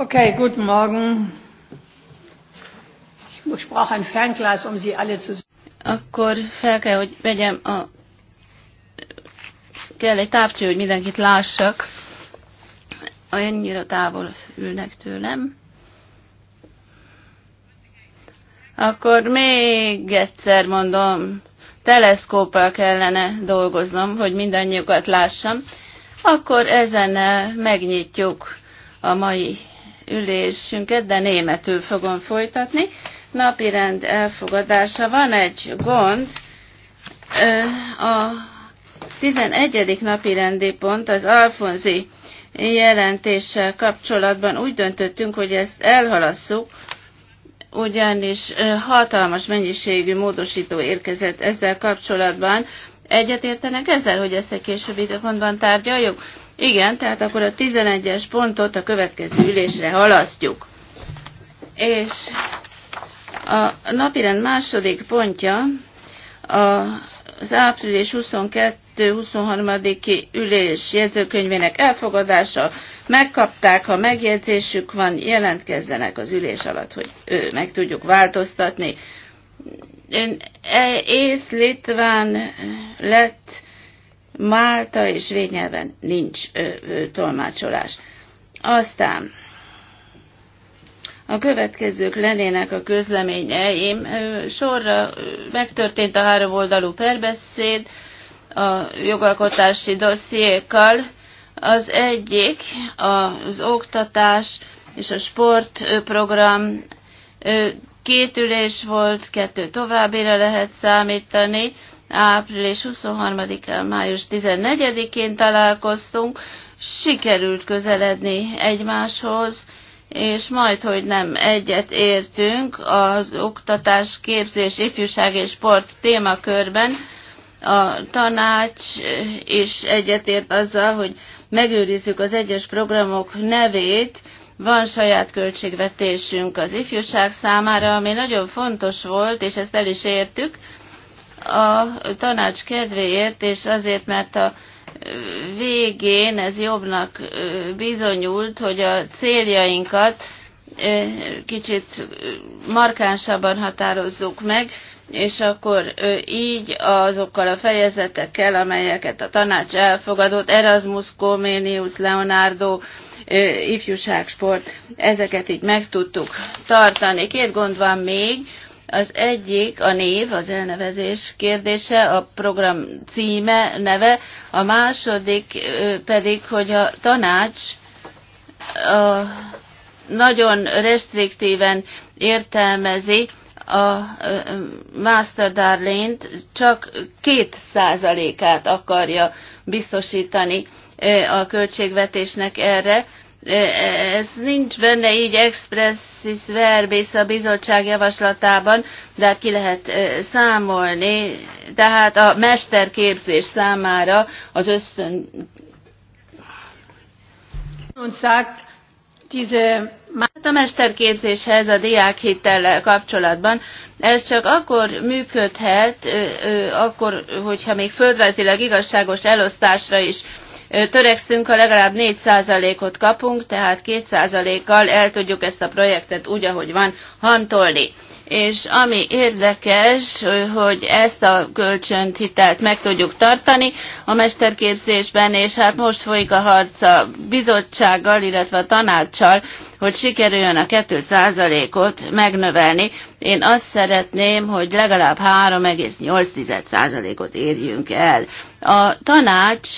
Okay, guten Morgen. Ich brauche ein Fernglas, um Sie alle zu Akkor fel kell, hogy vegyem a... Kell egy távcső, hogy mindenkit lássak. Annyira távol ülnek tőlem. Akkor még egyszer mondom, teleszkóppal kellene dolgoznom, hogy mindannyiukat lássam. Akkor ezen megnyitjuk a mai ülésünket, de németül fogom folytatni. Napirend elfogadása. Van egy gond. A 11. napirendi pont az Alfonzi jelentéssel kapcsolatban úgy döntöttünk, hogy ezt elhalasszuk, ugyanis hatalmas mennyiségű módosító érkezett ezzel kapcsolatban. Egyetértenek ezzel, hogy ezt egy később időpontban tárgyaljuk? Igen, tehát akkor a 11-es pontot a következő ülésre halasztjuk. És a napirend második pontja az április 22-23. ülés jegyzőkönyvének elfogadása. Megkapták, ha megjegyzésük van, jelentkezzenek az ülés alatt, hogy ő, meg tudjuk változtatni. Én e, ész, litván, lett, Málta és svéd nyelven nincs ö, ö, tolmácsolás. Aztán a következők lennének a közleményeim. Sorra megtörtént a három oldalú perbeszéd a jogalkotási dossziékkal. Az egyik az oktatás és a sportprogram. Két ülés volt, kettő továbbire lehet számítani április 23-án, május 14-én találkoztunk, sikerült közeledni egymáshoz, és majd, hogy nem egyet értünk az oktatás, képzés, ifjúság és sport témakörben, a tanács is egyetért azzal, hogy megőrizzük az egyes programok nevét, van saját költségvetésünk az ifjúság számára, ami nagyon fontos volt, és ezt el is értük, a tanács kedvéért, és azért, mert a végén ez jobbnak bizonyult, hogy a céljainkat kicsit markánsabban határozzuk meg, és akkor így azokkal a fejezetekkel, amelyeket a tanács elfogadott, Erasmus, Comenius, Leonardo, ifjúságsport, ezeket így meg tudtuk tartani. Két gond van még, az egyik a név, az elnevezés kérdése, a program címe, neve, a második pedig, hogy a tanács a nagyon restriktíven értelmezi a Master Darlint csak két százalékát akarja biztosítani a költségvetésnek erre, E, e, ez nincs benne így expressis verbis a bizottság javaslatában, de ki lehet e, számolni. Tehát a mesterképzés számára az összön... Hát a mesterképzéshez a diákhittel kapcsolatban ez csak akkor működhet, akkor, hogyha még földrajzilag igazságos elosztásra is törekszünk, ha legalább 4%-ot kapunk, tehát 2%-kal el tudjuk ezt a projektet úgy, ahogy van, hantolni. És ami érdekes, hogy ezt a kölcsönt hitelt meg tudjuk tartani a mesterképzésben, és hát most folyik a harc a bizottsággal, illetve a tanácssal, hogy sikerüljön a 2%-ot megnövelni. Én azt szeretném, hogy legalább 3,8%-ot érjünk el. A tanács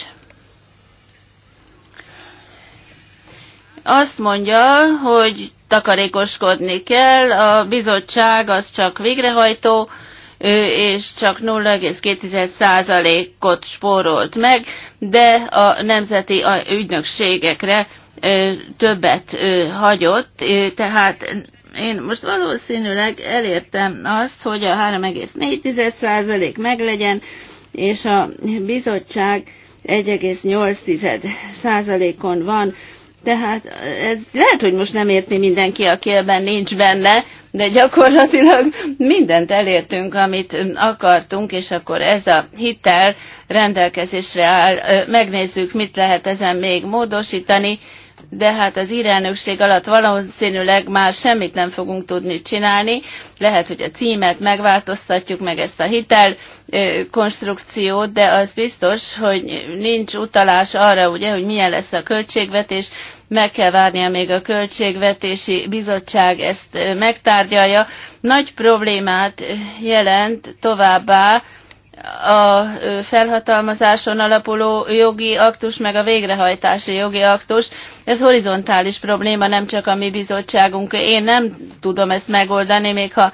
azt mondja, hogy takarékoskodni kell, a bizottság az csak végrehajtó, és csak 0,2%-ot spórolt meg, de a nemzeti ügynökségekre többet hagyott, tehát én most valószínűleg elértem azt, hogy a 3,4% meglegyen, és a bizottság 1,8%-on van, tehát ez lehet, hogy most nem érti mindenki, aki ebben nincs benne, de gyakorlatilag mindent elértünk, amit akartunk, és akkor ez a hitel rendelkezésre áll. Megnézzük, mit lehet ezen még módosítani de hát az irányokség alatt valószínűleg már semmit nem fogunk tudni csinálni. Lehet, hogy a címet megváltoztatjuk meg ezt a hitel konstrukciót, de az biztos, hogy nincs utalás arra, ugye, hogy milyen lesz a költségvetés, meg kell várnia még a Költségvetési Bizottság ezt megtárgyalja. Nagy problémát jelent továbbá, a felhatalmazáson alapuló jogi aktus, meg a végrehajtási jogi aktus. Ez horizontális probléma, nem csak a mi bizottságunk. Én nem tudom ezt megoldani, még ha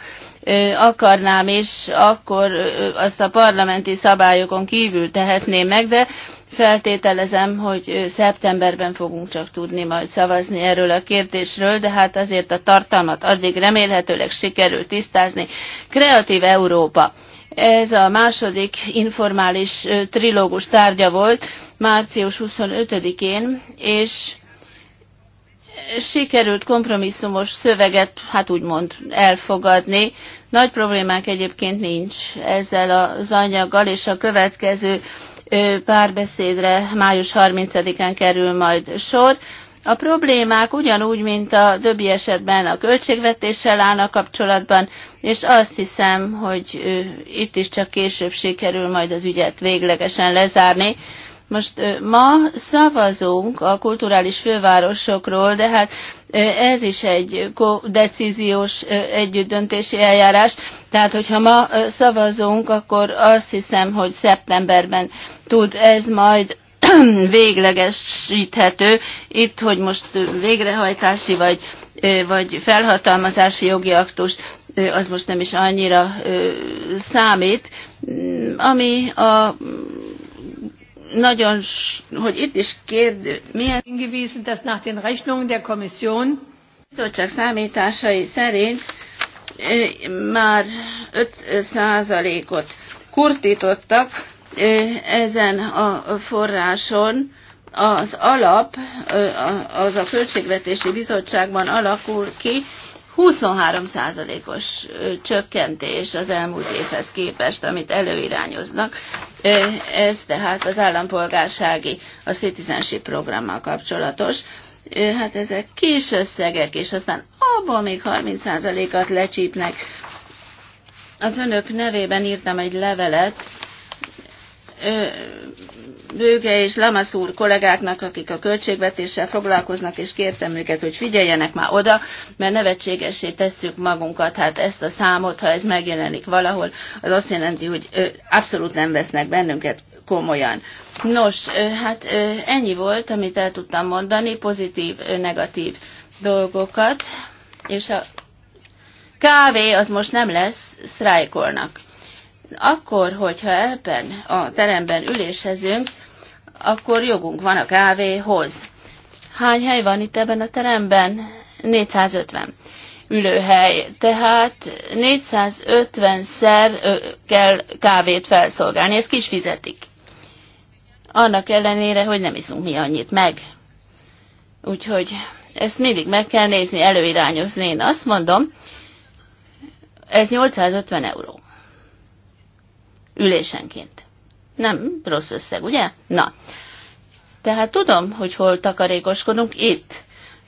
akarnám is, akkor azt a parlamenti szabályokon kívül tehetném meg, de feltételezem, hogy szeptemberben fogunk csak tudni majd szavazni erről a kérdésről, de hát azért a tartalmat addig remélhetőleg sikerül tisztázni. Kreatív Európa ez a második informális trilógus tárgya volt március 25-én, és sikerült kompromisszumos szöveget, hát úgymond elfogadni. Nagy problémák egyébként nincs ezzel az anyaggal, és a következő párbeszédre május 30-án kerül majd sor. A problémák ugyanúgy, mint a többi esetben a költségvetéssel állnak kapcsolatban, és azt hiszem, hogy itt is csak később sikerül majd az ügyet véglegesen lezárni. Most ma szavazunk a kulturális fővárosokról, de hát ez is egy decíziós együttdöntési eljárás. Tehát, hogyha ma szavazunk, akkor azt hiszem, hogy szeptemberben tud ez majd véglegesíthető. Itt, hogy most végrehajtási vagy, vagy felhatalmazási jogi aktus, az most nem is annyira számít, ami a nagyon, hogy itt is kérdő, milyen hingewiesen, dass nach den Rechnung der Kommission bizottság számításai szerint már 5%-ot kurtítottak ezen a forráson az alap, az a Költségvetési Bizottságban alakul ki, 23%-os csökkentés az elmúlt évhez képest, amit előirányoznak. Ez tehát az állampolgársági, a citizenship programmal kapcsolatos. Hát ezek kis összegek, és aztán abból még 30%-at lecsípnek. Az önök nevében írtam egy levelet, Bőge és úr kollégáknak, akik a költségvetéssel foglalkoznak, és kértem őket, hogy figyeljenek már oda, mert nevetségesé tesszük magunkat, hát ezt a számot, ha ez megjelenik valahol, az azt jelenti, hogy abszolút nem vesznek bennünket komolyan. Nos, hát ennyi volt, amit el tudtam mondani, pozitív, negatív dolgokat, és a kávé az most nem lesz, sztrájkolnak. Akkor, hogyha ebben a teremben ülésezünk, akkor jogunk van a kávéhoz. Hány hely van itt ebben a teremben? 450 ülőhely. Tehát 450-szer kell kávét felszolgálni, ezt kis fizetik. Annak ellenére, hogy nem iszunk mi annyit meg. Úgyhogy ezt mindig meg kell nézni, előirányozni. Én azt mondom, ez 850 euró ülésenként. Nem rossz összeg, ugye? Na. Tehát tudom, hogy hol takarékoskodunk itt.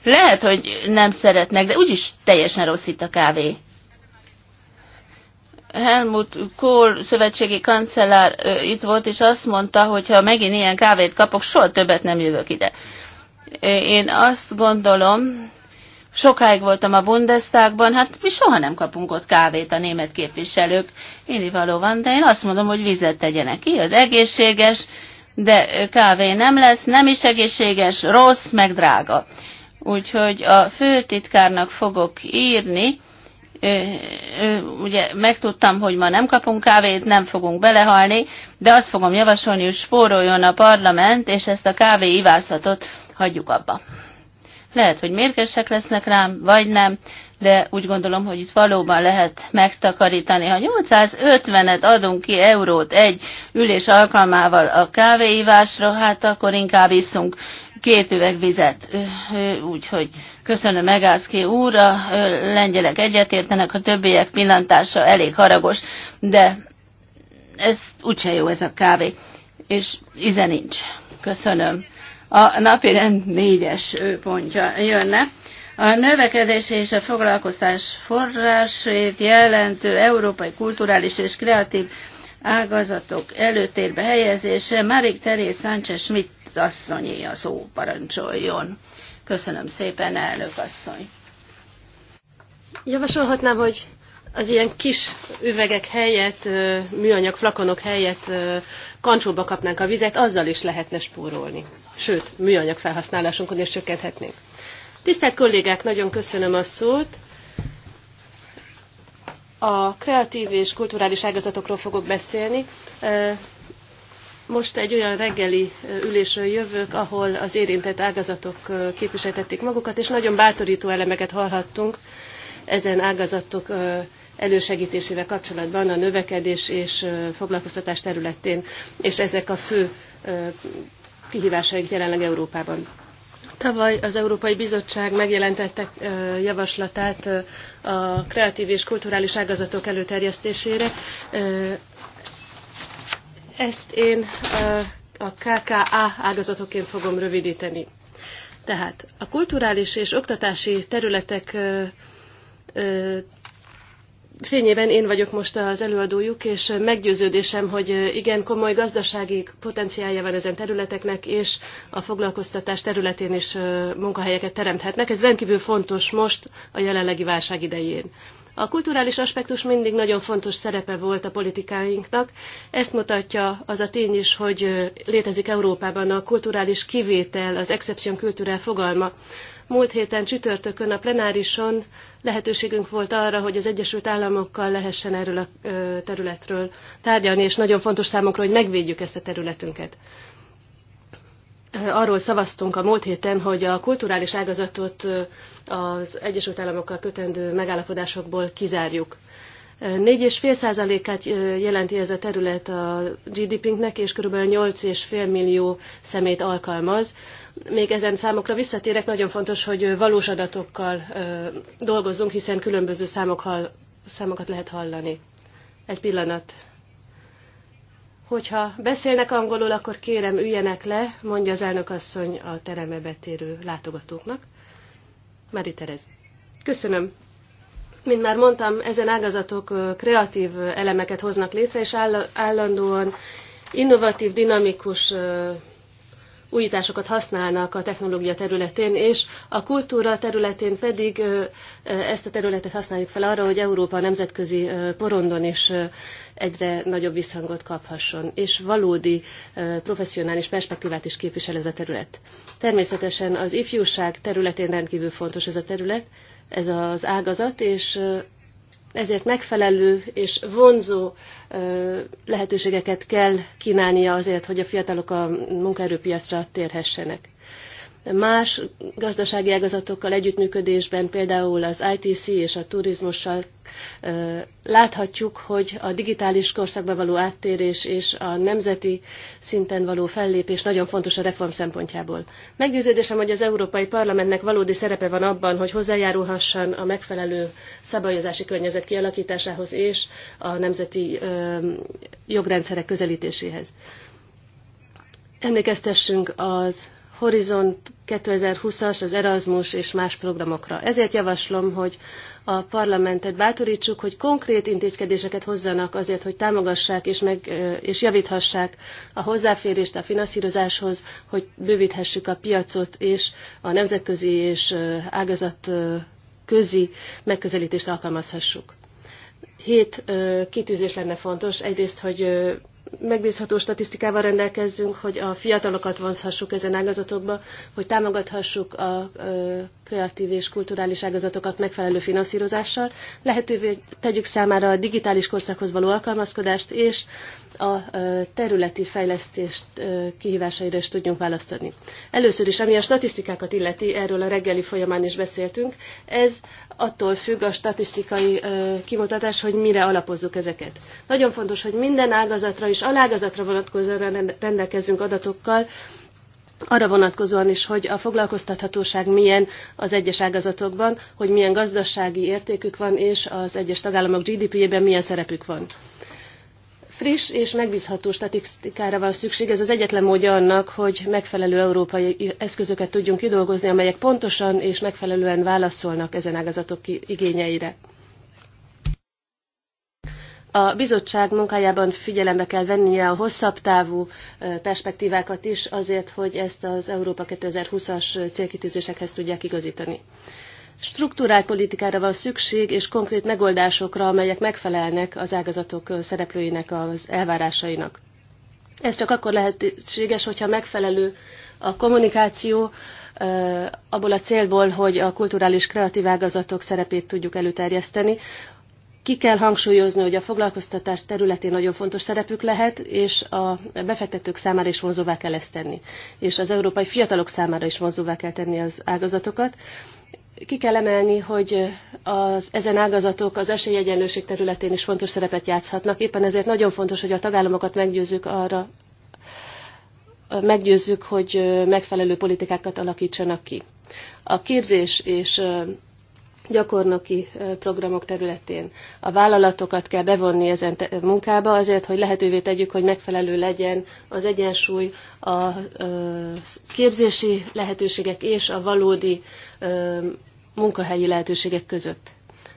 Lehet, hogy nem szeretnek, de úgyis teljesen rossz itt a kávé. Helmut Kohl szövetségi kancellár ö, itt volt, és azt mondta, hogy ha megint ilyen kávét kapok, soha többet nem jövök ide. Én azt gondolom, Sokáig voltam a Bundestagban, hát mi soha nem kapunk ott kávét a német képviselők. Élivalóan, de én azt mondom, hogy vizet tegyenek ki, az egészséges, de kávé nem lesz, nem is egészséges, rossz, meg drága. Úgyhogy a főtitkárnak fogok írni, ugye megtudtam, hogy ma nem kapunk kávét, nem fogunk belehalni, de azt fogom javasolni, hogy spóroljon a parlament, és ezt a kávé hagyjuk abba. Lehet, hogy mérgesek lesznek rám, vagy nem, de úgy gondolom, hogy itt valóban lehet megtakarítani. Ha 850-et adunk ki eurót egy ülés alkalmával a kávéivásra, hát akkor inkább iszunk két üveg vizet. Úgyhogy köszönöm Megászki úr, a lengyelek egyetértenek, a többiek pillantása elég haragos, de ez úgyse jó ez a kávé, és íze nincs. Köszönöm a rend négyes pontja jönne. A növekedés és a foglalkoztás forrásét jelentő európai kulturális és kreatív ágazatok előtérbe helyezése Marik Teréz Sánchez Schmidt asszonyé a szó parancsoljon. Köszönöm szépen, elnök asszony. Javasolhatnám, hogy az ilyen kis üvegek helyett, műanyag flakonok helyett kancsóba kapnánk a vizet, azzal is lehetne spórolni. Sőt, műanyag felhasználásunkon is csökkenthetnénk. Tisztelt kollégák, nagyon köszönöm a szót. A kreatív és kulturális ágazatokról fogok beszélni. Most egy olyan reggeli ülésről jövök, ahol az érintett ágazatok képviseltették magukat, és nagyon bátorító elemeket hallhattunk ezen ágazatok elősegítésével kapcsolatban a növekedés és foglalkoztatás területén, és ezek a fő kihívásaink jelenleg Európában. Tavaly az Európai Bizottság megjelentette javaslatát a kreatív és kulturális ágazatok előterjesztésére. Ezt én a KKA ágazatoként fogom rövidíteni. Tehát a kulturális és oktatási területek fényében én vagyok most az előadójuk, és meggyőződésem, hogy igen, komoly gazdasági potenciálja van ezen területeknek, és a foglalkoztatás területén is munkahelyeket teremthetnek. Ez rendkívül fontos most a jelenlegi válság idején. A kulturális aspektus mindig nagyon fontos szerepe volt a politikáinknak. Ezt mutatja az a tény is, hogy létezik Európában a kulturális kivétel, az exception kultúrál fogalma, Múlt héten csütörtökön a plenárison lehetőségünk volt arra, hogy az Egyesült Államokkal lehessen erről a területről tárgyalni, és nagyon fontos számunkra, hogy megvédjük ezt a területünket. Arról szavaztunk a múlt héten, hogy a kulturális ágazatot az Egyesült Államokkal kötendő megállapodásokból kizárjuk. 4,5%-át jelenti ez a terület a GDP-nknek, és kb. 8,5 millió szemét alkalmaz még ezen számokra visszatérek, nagyon fontos, hogy valós adatokkal dolgozzunk, hiszen különböző számok hall, számokat lehet hallani. Egy pillanat. Hogyha beszélnek angolul, akkor kérem üljenek le, mondja az elnökasszony a terembe betérő látogatóknak. Mari Terez. Köszönöm. Mint már mondtam, ezen ágazatok kreatív elemeket hoznak létre, és állandóan innovatív, dinamikus újításokat használnak a technológia területén, és a kultúra területén pedig ezt a területet használjuk fel arra, hogy Európa a nemzetközi porondon is egyre nagyobb visszhangot kaphasson, és valódi professzionális perspektívát is képvisel ez a terület. Természetesen az ifjúság területén rendkívül fontos ez a terület, ez az ágazat, és ezért megfelelő és vonzó lehetőségeket kell kínálnia azért, hogy a fiatalok a munkaerőpiacra térhessenek más gazdasági ágazatokkal együttműködésben, például az ITC és a turizmussal láthatjuk, hogy a digitális korszakba való áttérés és a nemzeti szinten való fellépés nagyon fontos a reform szempontjából. Meggyőződésem, hogy az Európai Parlamentnek valódi szerepe van abban, hogy hozzájárulhasson a megfelelő szabályozási környezet kialakításához és a nemzeti jogrendszerek közelítéséhez. Emlékeztessünk az Horizont 2020-as, az Erasmus és más programokra. Ezért javaslom, hogy a parlamentet bátorítsuk, hogy konkrét intézkedéseket hozzanak azért, hogy támogassák és, meg, és javíthassák a hozzáférést a finanszírozáshoz, hogy bővíthessük a piacot és a nemzetközi és ágazat közi megközelítést alkalmazhassuk. Hét kitűzés lenne fontos. Egyrészt, hogy megbízható statisztikával rendelkezzünk, hogy a fiatalokat vonzhassuk ezen ágazatokba, hogy támogathassuk a kreatív és kulturális ágazatokat megfelelő finanszírozással, lehetővé tegyük számára a digitális korszakhoz való alkalmazkodást, és a területi fejlesztést kihívásaira is tudjunk választ adni. Először is, ami a statisztikákat illeti, erről a reggeli folyamán is beszéltünk, ez attól függ a statisztikai kimutatás, hogy mire alapozzuk ezeket. Nagyon fontos, hogy minden ágazatra és alágazatra vonatkozóan rendelkezzünk adatokkal, arra vonatkozóan is, hogy a foglalkoztathatóság milyen az egyes ágazatokban, hogy milyen gazdasági értékük van, és az egyes tagállamok GDP-jében milyen szerepük van. Friss és megbízható statisztikára van szükség. Ez az egyetlen módja annak, hogy megfelelő európai eszközöket tudjunk kidolgozni, amelyek pontosan és megfelelően válaszolnak ezen ágazatok igényeire. A bizottság munkájában figyelembe kell vennie a hosszabb távú perspektívákat is azért, hogy ezt az Európa 2020-as célkitűzésekhez tudják igazítani. Struktúrált politikára van szükség, és konkrét megoldásokra, amelyek megfelelnek az ágazatok szereplőinek az elvárásainak. Ez csak akkor lehetséges, hogyha megfelelő a kommunikáció, abból a célból, hogy a kulturális kreatív ágazatok szerepét tudjuk előterjeszteni. Ki kell hangsúlyozni, hogy a foglalkoztatás területén nagyon fontos szerepük lehet, és a befektetők számára is vonzóvá kell ezt tenni. És az európai fiatalok számára is vonzóvá kell tenni az ágazatokat. Ki kell emelni, hogy az, ezen ágazatok az esélyegyenlőség területén is fontos szerepet játszhatnak. Éppen ezért nagyon fontos, hogy a tagállamokat meggyőzzük arra, meggyőzzük, hogy megfelelő politikákat alakítsanak ki. A képzés és gyakornoki programok területén. A vállalatokat kell bevonni ezen munkába azért, hogy lehetővé tegyük, hogy megfelelő legyen az egyensúly a képzési lehetőségek és a valódi munkahelyi lehetőségek között.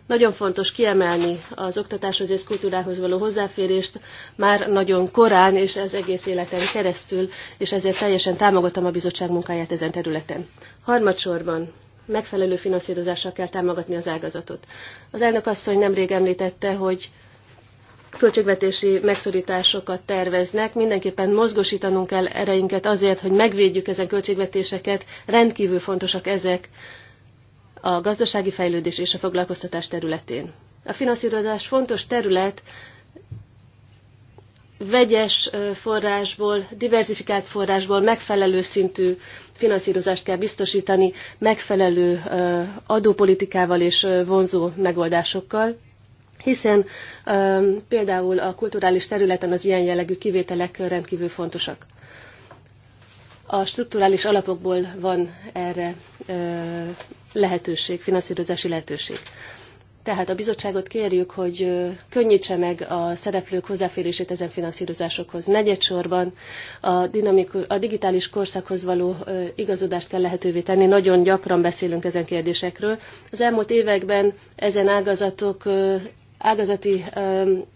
Nagyon fontos kiemelni az oktatáshoz és kultúrához való hozzáférést már nagyon korán, és ez egész életen keresztül, és ezért teljesen támogatom a bizottság munkáját ezen területen. Harmadsorban megfelelő finanszírozással kell támogatni az ágazatot. Az elnök asszony nemrég említette, hogy költségvetési megszorításokat terveznek, mindenképpen mozgosítanunk kell ereinket azért, hogy megvédjük ezen költségvetéseket, rendkívül fontosak ezek a gazdasági fejlődés és a foglalkoztatás területén. A finanszírozás fontos terület vegyes forrásból, diversifikált forrásból megfelelő szintű finanszírozást kell biztosítani, megfelelő adópolitikával és vonzó megoldásokkal hiszen például a kulturális területen az ilyen jellegű kivételek rendkívül fontosak. A strukturális alapokból van erre lehetőség, finanszírozási lehetőség. Tehát a bizottságot kérjük, hogy könnyítse meg a szereplők hozzáférését ezen finanszírozásokhoz. Negyedsorban a, a digitális korszakhoz való igazodást kell lehetővé tenni. Nagyon gyakran beszélünk ezen kérdésekről. Az elmúlt években ezen ágazatok ágazati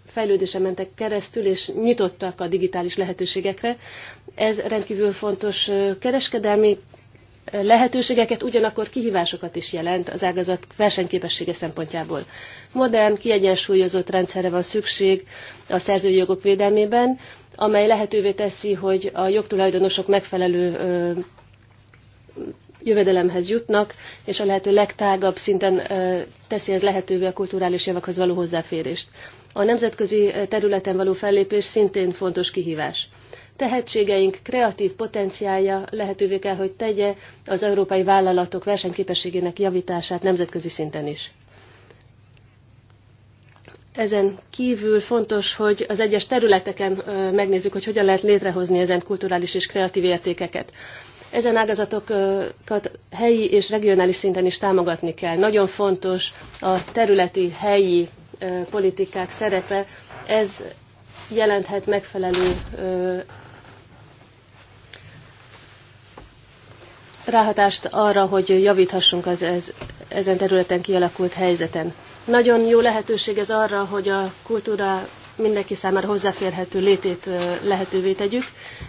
fejlődésen mentek keresztül, és nyitottak a digitális lehetőségekre. Ez rendkívül fontos kereskedelmi lehetőségeket, ugyanakkor kihívásokat is jelent az ágazat versenyképessége szempontjából. Modern, kiegyensúlyozott rendszerre van szükség a szerzői jogok védelmében, amely lehetővé teszi, hogy a jogtulajdonosok megfelelő jövedelemhez jutnak, és a lehető legtágabb szinten teszi ez lehetővé a kulturális javakhoz való hozzáférést. A nemzetközi területen való fellépés szintén fontos kihívás. Tehetségeink kreatív potenciálja lehetővé kell, hogy tegye az európai vállalatok versenyképességének javítását nemzetközi szinten is. Ezen kívül fontos, hogy az egyes területeken megnézzük, hogy hogyan lehet létrehozni ezen kulturális és kreatív értékeket. Ezen ágazatokat helyi és regionális szinten is támogatni kell. Nagyon fontos a területi, helyi politikák szerepe. Ez jelenthet megfelelő ráhatást arra, hogy javíthassunk az ez, ezen területen kialakult helyzeten. Nagyon jó lehetőség ez arra, hogy a kultúra mindenki számára hozzáférhető létét lehetővé tegyük,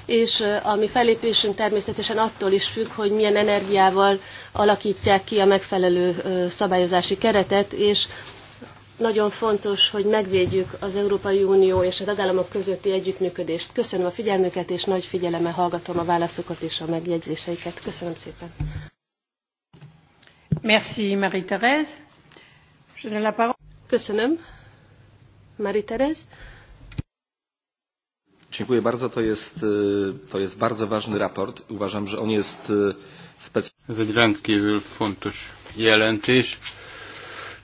és a mi felépésünk természetesen attól is függ, hogy milyen energiával alakítják ki a megfelelő szabályozási keretet, és nagyon fontos, hogy megvédjük az Európai Unió és a tagállamok közötti együttműködést. Köszönöm a figyelmüket, és nagy figyelemmel hallgatom a válaszokat és a megjegyzéseiket. Köszönöm szépen. Merci, Marie-Thérèse. Köszönöm. Mari Terez. Dziękuję bardzo. To jest, e, to jest bardzo ważny raport. Uważam, że on jest e, specjalny. Ez egy rendkívül fontos jelentés.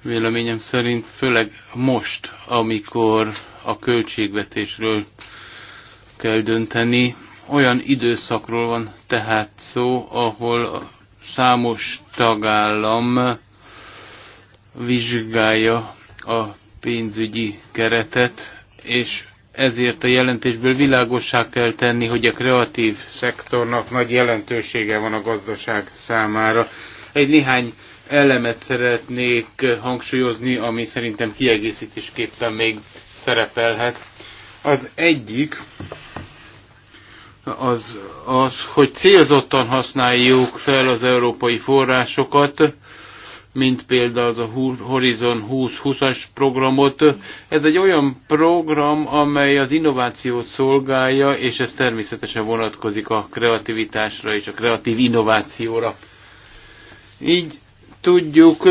Véleményem szerint főleg most, amikor a költségvetésről kell dönteni, olyan időszakról van tehát szó, ahol számos tagállam vizsgálja a pénzügyi keretet, és ezért a jelentésből világossá kell tenni, hogy a kreatív szektornak nagy jelentősége van a gazdaság számára. Egy néhány elemet szeretnék hangsúlyozni, ami szerintem kiegészítésképpen még szerepelhet. Az egyik az, az hogy célzottan használjuk fel az európai forrásokat, mint például az a Horizon 2020-as programot. Ez egy olyan program, amely az innovációt szolgálja, és ez természetesen vonatkozik a kreativitásra és a kreatív innovációra. Így tudjuk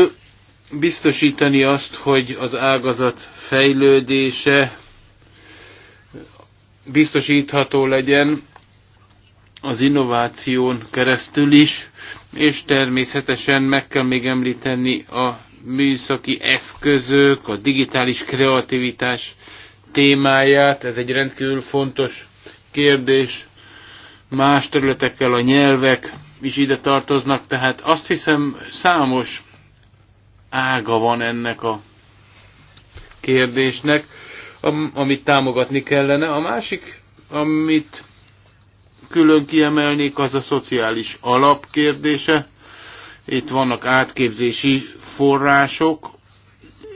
biztosítani azt, hogy az ágazat fejlődése biztosítható legyen az innováción keresztül is, és természetesen meg kell még említeni a műszaki eszközök, a digitális kreativitás témáját. Ez egy rendkívül fontos kérdés. Más területekkel a nyelvek is ide tartoznak, tehát azt hiszem számos ága van ennek a kérdésnek, amit támogatni kellene. A másik, amit külön kiemelnék, az a szociális alapkérdése. Itt vannak átképzési források,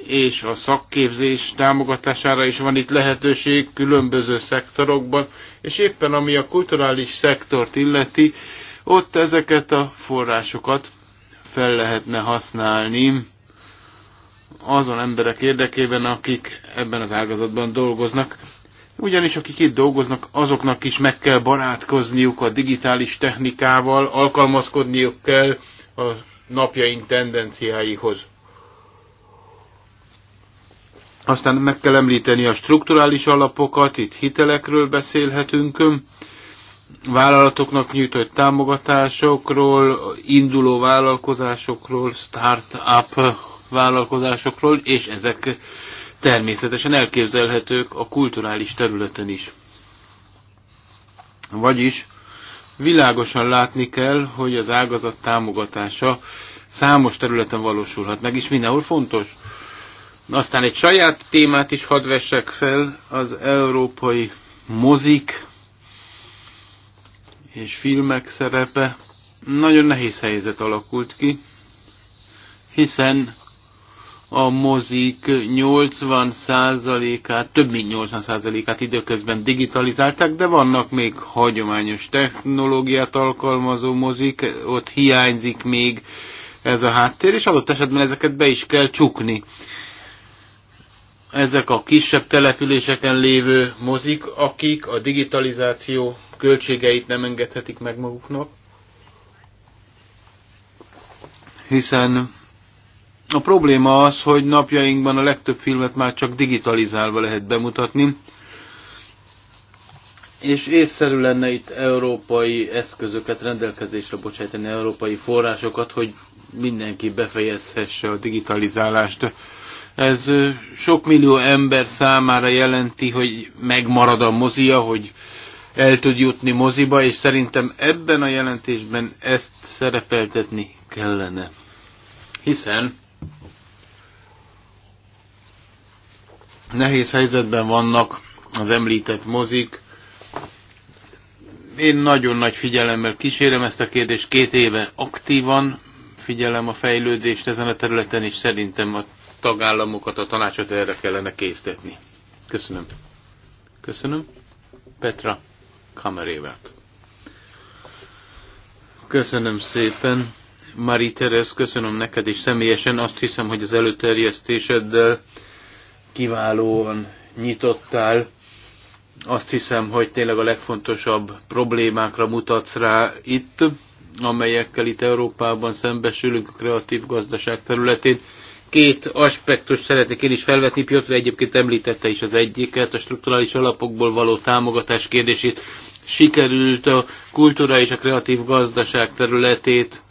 és a szakképzés támogatására is van itt lehetőség különböző szektorokban, és éppen ami a kulturális szektort illeti, ott ezeket a forrásokat fel lehetne használni azon emberek érdekében, akik ebben az ágazatban dolgoznak. Ugyanis akik itt dolgoznak, azoknak is meg kell barátkozniuk a digitális technikával, alkalmazkodniuk kell a napjaink tendenciáihoz. Aztán meg kell említeni a strukturális alapokat, itt hitelekről beszélhetünk, vállalatoknak nyújtott támogatásokról, induló vállalkozásokról, start-up vállalkozásokról, és ezek természetesen elképzelhetők a kulturális területen is. Vagyis világosan látni kell, hogy az ágazat támogatása számos területen valósulhat meg, és mindenhol fontos. Aztán egy saját témát is hadd vessek fel, az európai mozik és filmek szerepe. Nagyon nehéz helyzet alakult ki, hiszen a mozik 80%-át, több mint 80%-át időközben digitalizálták, de vannak még hagyományos technológiát alkalmazó mozik, ott hiányzik még ez a háttér, és adott esetben ezeket be is kell csukni. Ezek a kisebb településeken lévő mozik, akik a digitalizáció költségeit nem engedhetik meg maguknak, hiszen a probléma az, hogy napjainkban a legtöbb filmet már csak digitalizálva lehet bemutatni, és észszerű lenne itt európai eszközöket rendelkezésre bocsájtani, európai forrásokat, hogy mindenki befejezhesse a digitalizálást. Ez sok millió ember számára jelenti, hogy megmarad a mozia, hogy el tud jutni moziba, és szerintem ebben a jelentésben ezt szerepeltetni kellene. Hiszen Nehéz helyzetben vannak az említett mozik. Én nagyon nagy figyelemmel kísérem ezt a kérdést, két éve aktívan figyelem a fejlődést ezen a területen, és szerintem a tagállamokat, a tanácsot erre kellene késztetni. Köszönöm. Köszönöm. Petra Kamerévert. Köszönöm szépen. Marie Terez, köszönöm neked is személyesen. Azt hiszem, hogy az előterjesztéseddel kiválóan nyitottál. Azt hiszem, hogy tényleg a legfontosabb problémákra mutatsz rá itt, amelyekkel itt Európában szembesülünk a kreatív gazdaság területén. Két aspektus szeretnék én is felvetni, Piotr egyébként említette is az egyiket, a strukturális alapokból való támogatás kérdését. Sikerült a kultúra és a kreatív gazdaság területét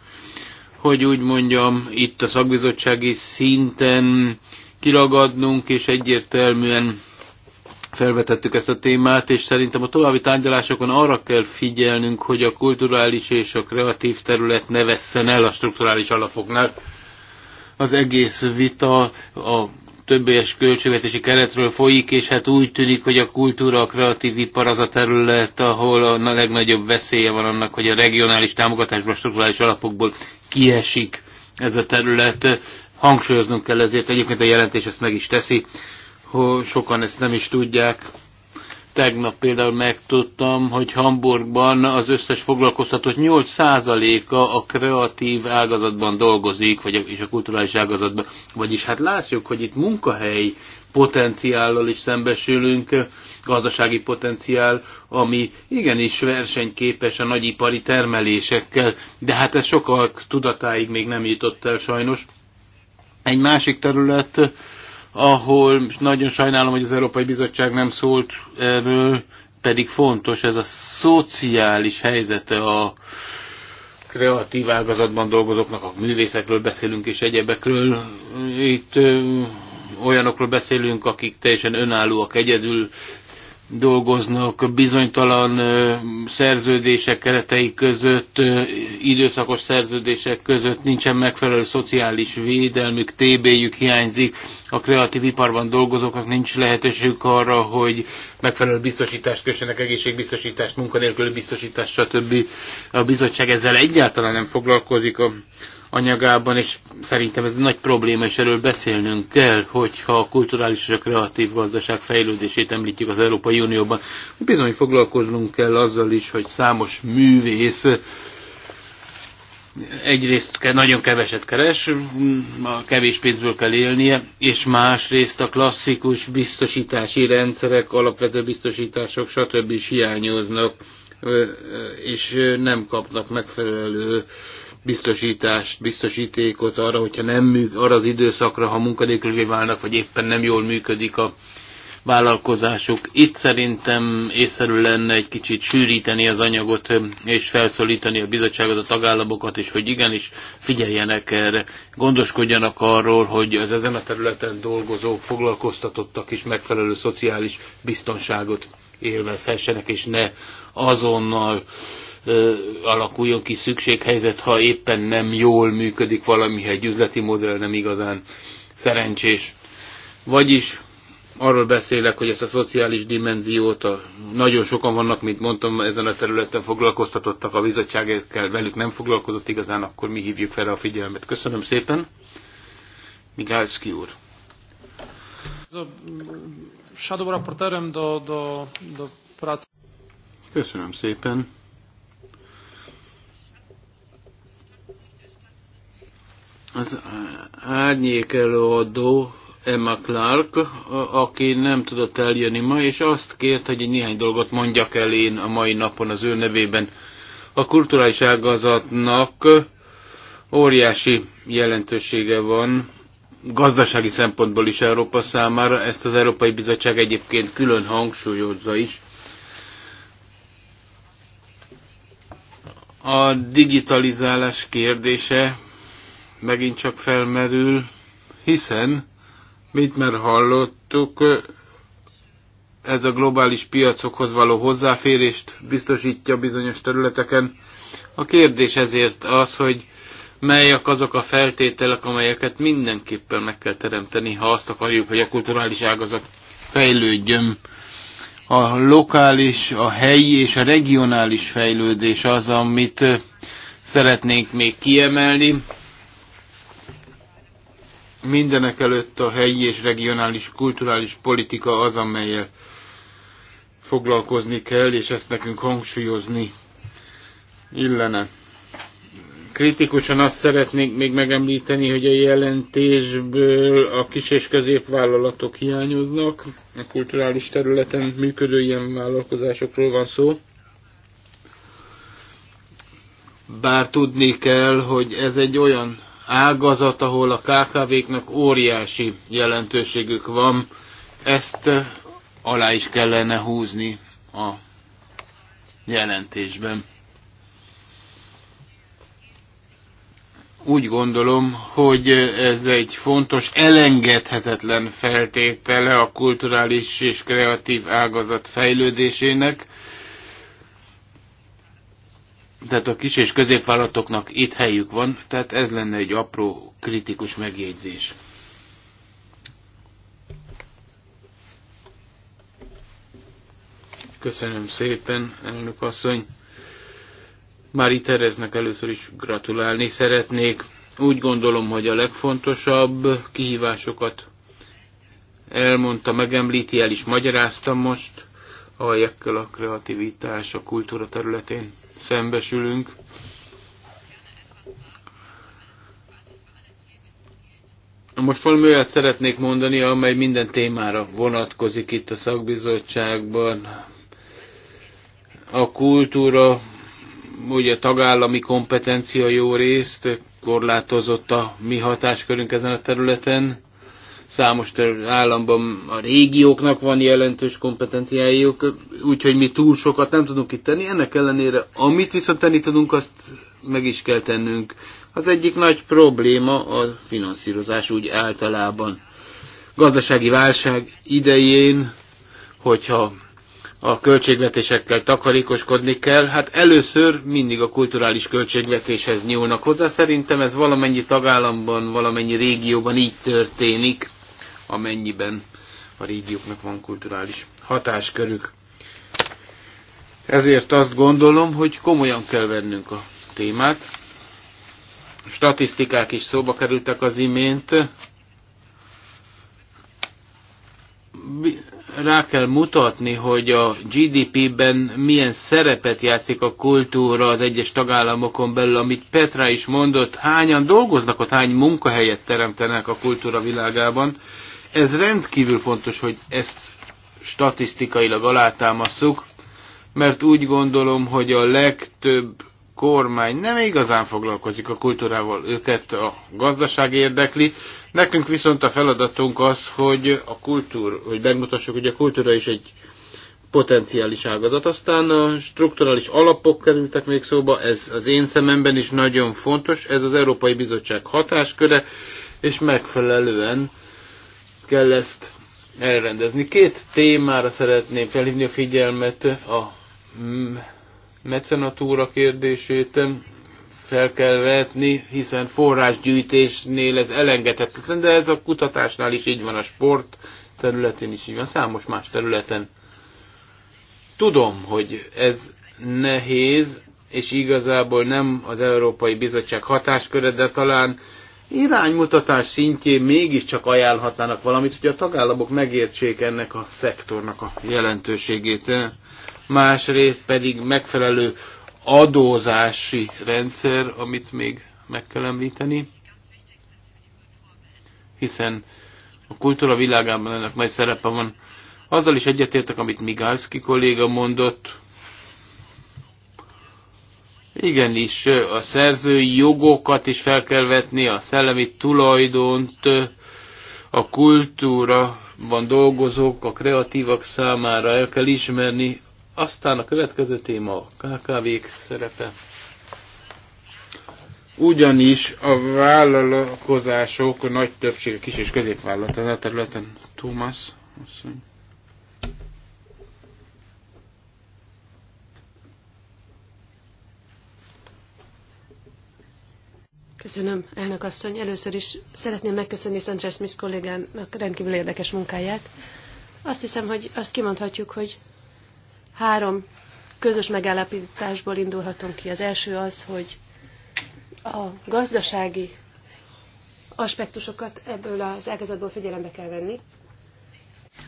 hogy úgy mondjam, itt a szakbizottsági szinten kiragadnunk, és egyértelműen felvetettük ezt a témát, és szerintem a további tárgyalásokon arra kell figyelnünk, hogy a kulturális és a kreatív terület ne vesszen el a strukturális alapoknál. Az egész vita a többes költségvetési keretről folyik, és hát úgy tűnik, hogy a kultúra, a kreatív ipar az a terület, ahol a legnagyobb veszélye van annak, hogy a regionális támogatásból, a strukturális alapokból kiesik ez a terület. Hangsúlyoznunk kell ezért, egyébként a jelentés ezt meg is teszi, hogy sokan ezt nem is tudják. Tegnap például megtudtam, hogy Hamburgban az összes foglalkoztatott 8%-a a kreatív ágazatban dolgozik, vagy a, és a kulturális ágazatban. Vagyis hát látjuk, hogy itt munkahely potenciállal is szembesülünk gazdasági potenciál, ami igenis versenyképes a nagyipari termelésekkel, de hát ez sokak tudatáig még nem jutott el sajnos. Egy másik terület, ahol nagyon sajnálom, hogy az Európai Bizottság nem szólt erről, pedig fontos ez a szociális helyzete a kreatív ágazatban dolgozóknak, a művészekről beszélünk és egyebekről. Itt ö, olyanokról beszélünk, akik teljesen önállóak, egyedül dolgoznak bizonytalan szerződések keretei között, időszakos szerződések között nincsen megfelelő szociális védelmük, TB-jük hiányzik, a kreatív iparban dolgozóknak nincs lehetőségük arra, hogy megfelelő biztosítást kössenek, egészségbiztosítást, munkanélkül biztosítást, stb. A bizottság ezzel egyáltalán nem foglalkozik. A anyagában, és szerintem ez nagy probléma, és erről beszélnünk kell, hogyha a kulturális és a kreatív gazdaság fejlődését említjük az Európai Unióban. Bizony foglalkoznunk kell azzal is, hogy számos művész egyrészt nagyon keveset keres, a kevés pénzből kell élnie, és másrészt a klasszikus biztosítási rendszerek, alapvető biztosítások, stb. is hiányoznak, és nem kapnak megfelelő biztosítást, biztosítékot arra, hogyha nem műk, arra az időszakra, ha munkanélkülé válnak, vagy éppen nem jól működik a vállalkozásuk. Itt szerintem észszerű lenne egy kicsit sűríteni az anyagot, és felszólítani a bizottságot, a tagállamokat, és hogy igenis figyeljenek erre, gondoskodjanak arról, hogy az ezen a területen dolgozó foglalkoztatottak is megfelelő szociális biztonságot élvezhessenek, és ne azonnal alakuljon ki szükséghelyzet, ha éppen nem jól működik valami, egy üzleti modell nem igazán szerencsés. Vagyis arról beszélek, hogy ezt a szociális dimenziót, a, nagyon sokan vannak, mint mondtam, ezen a területen foglalkoztatottak, a bizottságokkal, velük nem foglalkozott igazán, akkor mi hívjuk fel a figyelmet. Köszönöm szépen. Migálszki úr. Köszönöm szépen. az árnyék előadó Emma Clark, aki nem tudott eljönni ma, és azt kért, hogy egy néhány dolgot mondjak el én a mai napon az ő nevében. A kulturális ágazatnak óriási jelentősége van gazdasági szempontból is Európa számára, ezt az Európai Bizottság egyébként külön hangsúlyozza is. A digitalizálás kérdése megint csak felmerül, hiszen, mint már hallottuk, ez a globális piacokhoz való hozzáférést biztosítja bizonyos területeken. A kérdés ezért az, hogy melyek azok a feltételek, amelyeket mindenképpen meg kell teremteni, ha azt akarjuk, hogy a kulturális ágazat fejlődjön. A lokális, a helyi és a regionális fejlődés az, amit szeretnénk még kiemelni, Mindenek előtt a helyi és regionális kulturális politika az, amelyel foglalkozni kell, és ezt nekünk hangsúlyozni illene. Kritikusan azt szeretnék még megemlíteni, hogy a jelentésből a kis és középvállalatok hiányoznak, a kulturális területen működő ilyen vállalkozásokról van szó. Bár tudni kell, hogy ez egy olyan ágazat, ahol a kkv knek óriási jelentőségük van. Ezt eh, alá is kellene húzni a jelentésben. Úgy gondolom, hogy ez egy fontos, elengedhetetlen feltétele a kulturális és kreatív ágazat fejlődésének, tehát a kis és középvállalatoknak itt helyük van, tehát ez lenne egy apró kritikus megjegyzés. Köszönöm szépen, elnök asszony. itt Tereznek először is gratulálni szeretnék. Úgy gondolom, hogy a legfontosabb kihívásokat elmondta, megemlíti, el is magyaráztam most, a a kreativitás a kultúra területén szembesülünk. Most valami olyat szeretnék mondani, amely minden témára vonatkozik itt a szakbizottságban. A kultúra, ugye a tagállami kompetencia jó részt, korlátozott a mi hatáskörünk ezen a területen. Számos államban a régióknak van jelentős kompetenciájuk, úgyhogy mi túl sokat nem tudunk itt tenni. Ennek ellenére, amit viszont tenni tudunk, azt meg is kell tennünk. Az egyik nagy probléma a finanszírozás úgy általában. Gazdasági válság idején, hogyha a költségvetésekkel takarékoskodni kell, hát először mindig a kulturális költségvetéshez nyúlnak hozzá. Szerintem ez valamennyi tagállamban, valamennyi régióban így történik amennyiben a régióknak van kulturális hatáskörük. Ezért azt gondolom, hogy komolyan kell vennünk a témát. statisztikák is szóba kerültek az imént. Rá kell mutatni, hogy a GDP-ben milyen szerepet játszik a kultúra az egyes tagállamokon belül, amit Petra is mondott, hányan dolgoznak ott, hány munkahelyet teremtenek a kultúra világában ez rendkívül fontos, hogy ezt statisztikailag alátámasszuk, mert úgy gondolom, hogy a legtöbb kormány nem igazán foglalkozik a kultúrával, őket a gazdaság érdekli. Nekünk viszont a feladatunk az, hogy a kultúr, hogy megmutassuk, hogy a kultúra is egy potenciális ágazat. Aztán a strukturális alapok kerültek még szóba, ez az én szememben is nagyon fontos, ez az Európai Bizottság hatásköre, és megfelelően kell ezt elrendezni. Két témára szeretném felhívni a figyelmet, a mecenatúra kérdését fel kell vetni, hiszen forrásgyűjtésnél ez elengedhetetlen, de ez a kutatásnál is így van, a sport területén is így van, számos más területen. Tudom, hogy ez nehéz, és igazából nem az Európai Bizottság hatásköre, de talán iránymutatás szintjén mégiscsak ajánlhatnának valamit, hogy a tagállamok megértsék ennek a szektornak a jelentőségét. Másrészt pedig megfelelő adózási rendszer, amit még meg kell említeni, hiszen a kultúra világában ennek nagy szerepe van. Azzal is egyetértek, amit Migalski kolléga mondott, Igenis, a szerzői jogokat is fel kell vetni, a szellemi tulajdont, a kultúra van dolgozók, a kreatívak számára el kell ismerni. Aztán a következő téma a kkv szerepe. Ugyanis a vállalkozások a nagy többsége kis és középvállalat ezen a területen. Thomas, mondja. Köszönöm, elnök asszony. Először is szeretném megköszönni Sanchez Smith kollégának rendkívül érdekes munkáját. Azt hiszem, hogy azt kimondhatjuk, hogy három közös megállapításból indulhatunk ki. Az első az, hogy a gazdasági aspektusokat ebből az ágazatból figyelembe kell venni.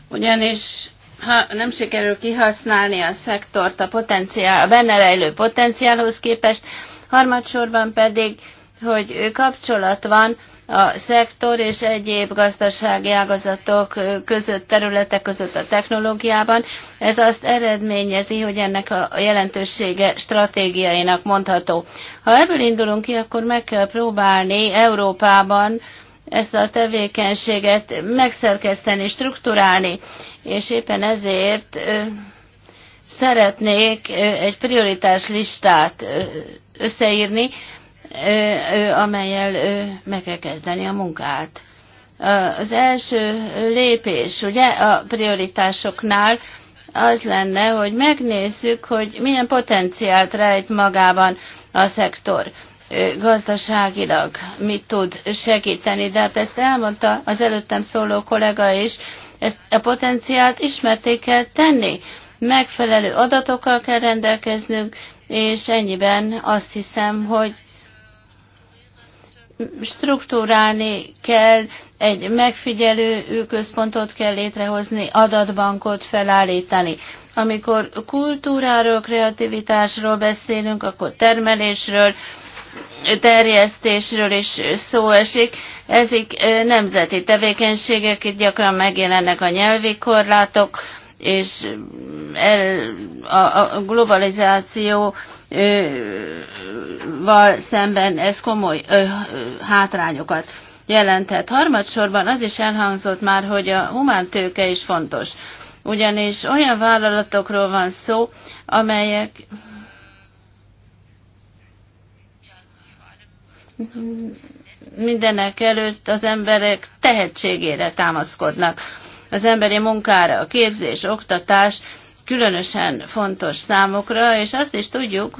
Ugyanis ha nem sikerül kihasználni a szektort a, potenciál, a benne rejlő potenciálhoz képest, harmadsorban pedig hogy kapcsolat van a szektor és egyéb gazdasági ágazatok között, területek között a technológiában. Ez azt eredményezi, hogy ennek a jelentősége stratégiainak mondható. Ha ebből indulunk ki, akkor meg kell próbálni Európában ezt a tevékenységet megszerkeszteni, strukturálni, és éppen ezért szeretnék egy prioritás listát összeírni, amelyel meg kell kezdeni a munkát. Az első lépés ugye a prioritásoknál az lenne, hogy megnézzük, hogy milyen potenciált rejt magában a szektor gazdaságilag mit tud segíteni, de hát ezt elmondta az előttem szóló kollega is, ezt a potenciált ismerté kell tenni, megfelelő adatokkal kell rendelkeznünk, és ennyiben azt hiszem, hogy struktúrálni kell, egy megfigyelő központot kell létrehozni, adatbankot felállítani. Amikor kultúráról, kreativitásról beszélünk, akkor termelésről, terjesztésről is szó esik. Ezek nemzeti tevékenységek, itt gyakran megjelennek a nyelvi korlátok, és el, a, a globalizáció val szemben ez komoly ö, ö, hátrányokat jelenthet. Harmadsorban az is elhangzott már, hogy a humántőke is fontos, ugyanis olyan vállalatokról van szó, amelyek mindenek előtt az emberek tehetségére támaszkodnak. Az emberi munkára, a képzés, oktatás, különösen fontos számokra, és azt is tudjuk,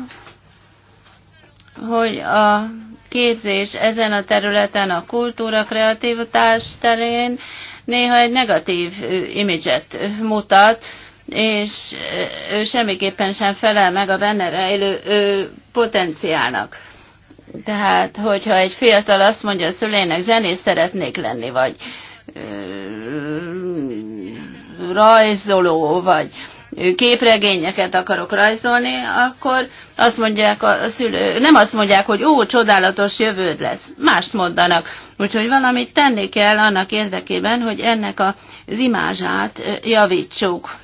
hogy a képzés ezen a területen, a kultúra kreativitás terén néha egy negatív imidzset mutat, és ő semmiképpen sem felel meg a benne rejlő potenciálnak. Tehát, hogyha egy fiatal azt mondja a szülének, zenész szeretnék lenni, vagy rajzoló, vagy képregényeket akarok rajzolni, akkor azt mondják a szülő, nem azt mondják, hogy ó, csodálatos jövőd lesz. Mást mondanak. Úgyhogy valamit tenni kell annak érdekében, hogy ennek az imázsát javítsuk.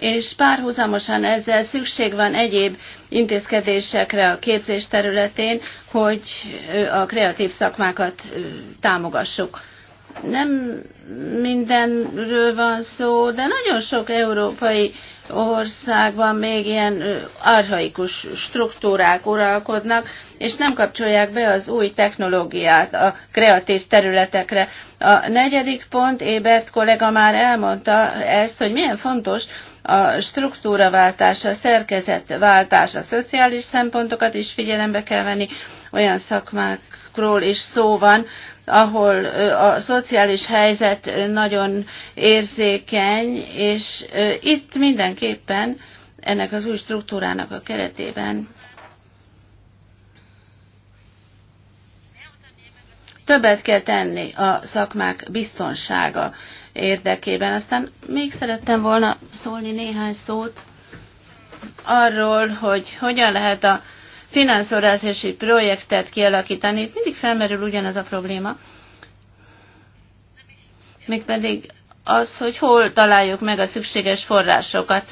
És párhuzamosan ezzel szükség van egyéb intézkedésekre a képzés területén, hogy a kreatív szakmákat támogassuk nem mindenről van szó, de nagyon sok európai országban még ilyen arhaikus struktúrák uralkodnak, és nem kapcsolják be az új technológiát a kreatív területekre. A negyedik pont, Ébert kollega már elmondta ezt, hogy milyen fontos a struktúraváltás, a szerkezetváltás, a szociális szempontokat is figyelembe kell venni, olyan szakmákról is szó van, ahol a szociális helyzet nagyon érzékeny, és itt mindenképpen ennek az új struktúrának a keretében többet kell tenni a szakmák biztonsága érdekében. Aztán még szerettem volna szólni néhány szót arról, hogy hogyan lehet a finanszírozási projektet kialakítani, itt mindig felmerül ugyanaz a probléma. Mégpedig az, hogy hol találjuk meg a szükséges forrásokat.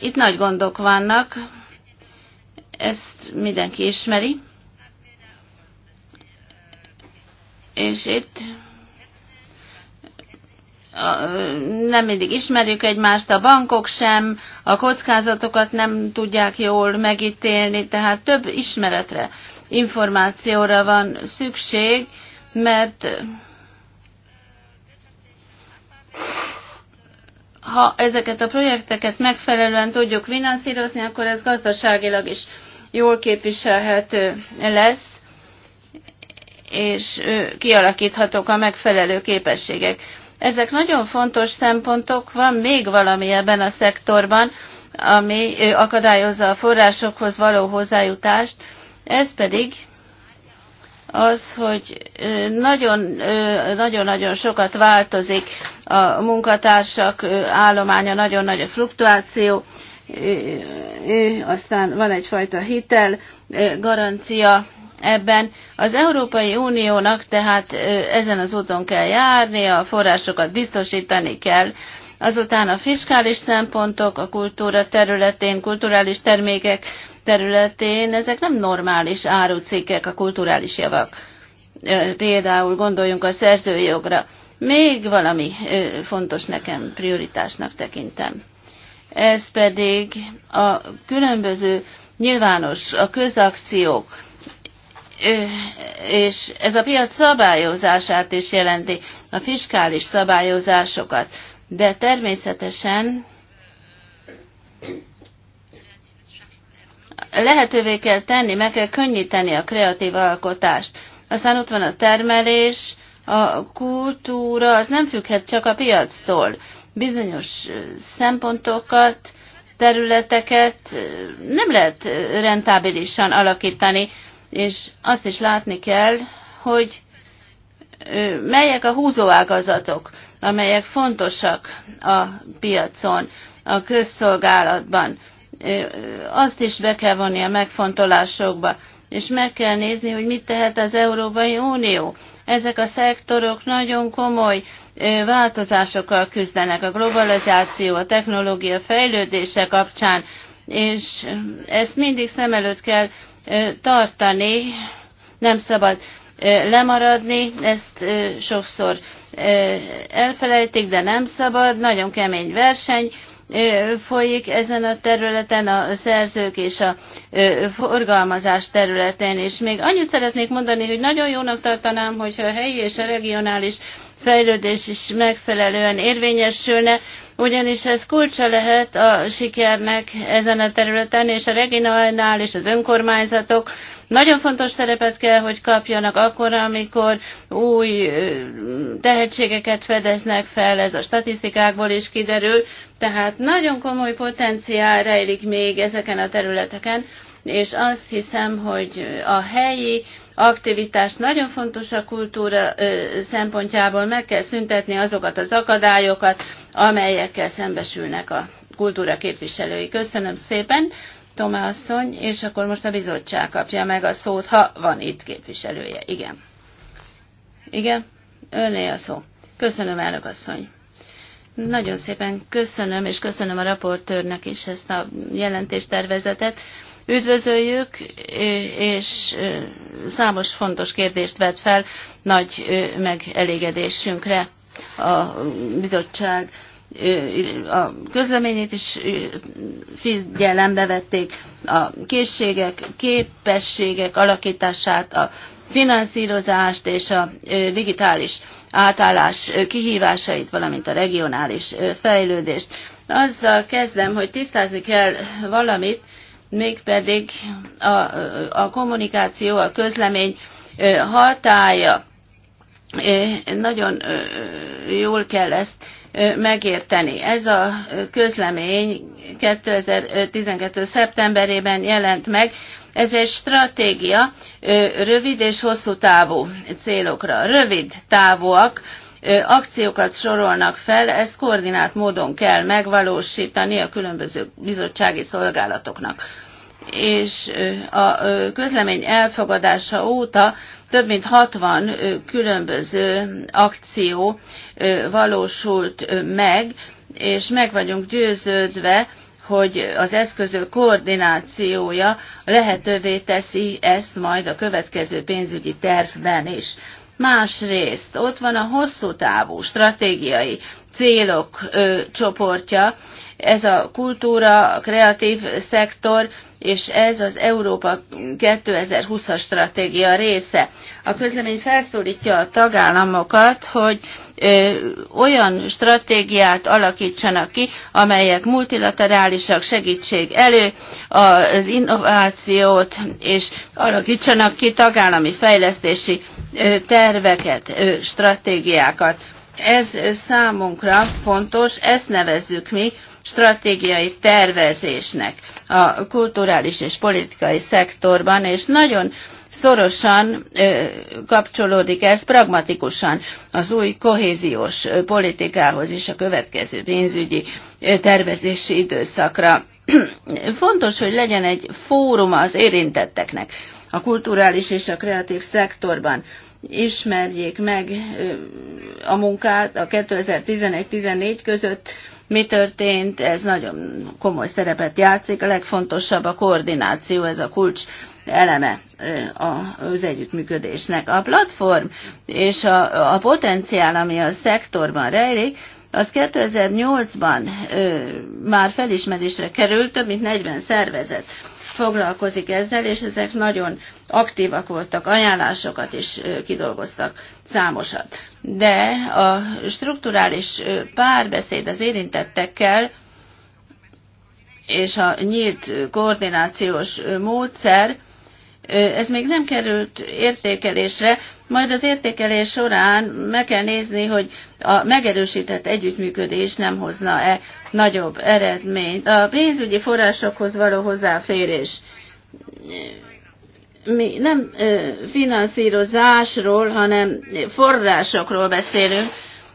Itt nagy gondok vannak, ezt mindenki ismeri. És itt nem mindig ismerjük egymást, a bankok sem, a kockázatokat nem tudják jól megítélni, tehát több ismeretre, információra van szükség, mert ha ezeket a projekteket megfelelően tudjuk finanszírozni, akkor ez gazdaságilag is jól képviselhető lesz, és kialakíthatók a megfelelő képességek. Ezek nagyon fontos szempontok, van még valami ebben a szektorban, ami akadályozza a forrásokhoz való hozzájutást, ez pedig az, hogy nagyon-nagyon sokat változik a munkatársak állománya, nagyon nagy a fluktuáció, aztán van egyfajta hitel, garancia ebben. Az Európai Uniónak tehát ezen az úton kell járni, a forrásokat biztosítani kell, azután a fiskális szempontok a kultúra területén, kulturális termékek területén, ezek nem normális árucikkek, a kulturális javak. Például gondoljunk a szerzőjogra. Még valami fontos nekem prioritásnak tekintem. Ez pedig a különböző nyilvános, a közakciók, és ez a piac szabályozását is jelenti, a fiskális szabályozásokat. De természetesen lehetővé kell tenni, meg kell könnyíteni a kreatív alkotást. Aztán ott van a termelés, a kultúra, az nem függhet csak a piactól. Bizonyos szempontokat, területeket nem lehet rentábilisan alakítani, és azt is látni kell, hogy melyek a húzóágazatok, amelyek fontosak a piacon, a közszolgálatban. Azt is be kell vonni a megfontolásokba, és meg kell nézni, hogy mit tehet az Európai Unió. Ezek a szektorok nagyon komoly változásokkal küzdenek a globalizáció, a technológia fejlődése kapcsán, és ezt mindig szem előtt kell tartani, nem szabad lemaradni, ezt sokszor elfelejtik, de nem szabad, nagyon kemény verseny folyik ezen a területen, a szerzők és a forgalmazás területén is. Még annyit szeretnék mondani, hogy nagyon jónak tartanám, hogyha a helyi és a regionális fejlődés is megfelelően érvényesülne, ugyanis ez kulcsa lehet a sikernek ezen a területen, és a regionálnál és az önkormányzatok nagyon fontos szerepet kell, hogy kapjanak akkor, amikor új tehetségeket fedeznek fel, ez a statisztikákból is kiderül, tehát nagyon komoly potenciál rejlik még ezeken a területeken, és azt hiszem, hogy a helyi aktivitást. Nagyon fontos a kultúra szempontjából meg kell szüntetni azokat az akadályokat, amelyekkel szembesülnek a kultúra képviselői. Köszönöm szépen, Tomá asszony, és akkor most a bizottság kapja meg a szót, ha van itt képviselője. Igen. Igen, önné a szó. Köszönöm, elnök asszony. Nagyon szépen köszönöm, és köszönöm a raportőrnek is ezt a jelentéstervezetet üdvözöljük, és számos fontos kérdést vet fel nagy megelégedésünkre a bizottság a közleményét is figyelembe vették, a készségek, képességek alakítását, a finanszírozást és a digitális átállás kihívásait, valamint a regionális fejlődést. Azzal kezdem, hogy tisztázni kell valamit, mégpedig a, a kommunikáció, a közlemény hatája. Nagyon jól kell ezt megérteni. Ez a közlemény 2012. szeptemberében jelent meg, ez egy stratégia rövid és hosszú távú célokra. Rövid távúak, akciókat sorolnak fel, ezt koordinált módon kell megvalósítani a különböző bizottsági szolgálatoknak. És a közlemény elfogadása óta több mint 60 különböző akció valósult meg, és meg vagyunk győződve, hogy az eszközök koordinációja lehetővé teszi ezt majd a következő pénzügyi tervben is. Másrészt ott van a hosszú távú stratégiai célok ö, csoportja, ez a kultúra, a kreatív szektor, és ez az Európa 2020-as stratégia része. A közlemény felszólítja a tagállamokat, hogy olyan stratégiát alakítsanak ki, amelyek multilaterálisak segítség elő az innovációt, és alakítsanak ki tagállami fejlesztési terveket, stratégiákat. Ez számunkra fontos, ezt nevezzük mi stratégiai tervezésnek a kulturális és politikai szektorban, és nagyon szorosan kapcsolódik ez pragmatikusan az új kohéziós politikához és a következő pénzügyi tervezési időszakra. Fontos, hogy legyen egy fórum az érintetteknek a kulturális és a kreatív szektorban ismerjék meg a munkát a 2011-14 között, mi történt, ez nagyon komoly szerepet játszik, a legfontosabb a koordináció, ez a kulcs eleme az együttműködésnek. A platform és a, a potenciál, ami a szektorban rejlik, az 2008-ban már felismerésre került, több mint 40 szervezet foglalkozik ezzel, és ezek nagyon aktívak voltak, ajánlásokat is kidolgoztak számosat. De a strukturális párbeszéd az érintettekkel és a nyílt koordinációs módszer ez még nem került értékelésre, majd az értékelés során meg kell nézni, hogy a megerősített együttműködés nem hozna-e nagyobb eredményt. A pénzügyi forrásokhoz való hozzáférés. Mi nem finanszírozásról, hanem forrásokról beszélünk,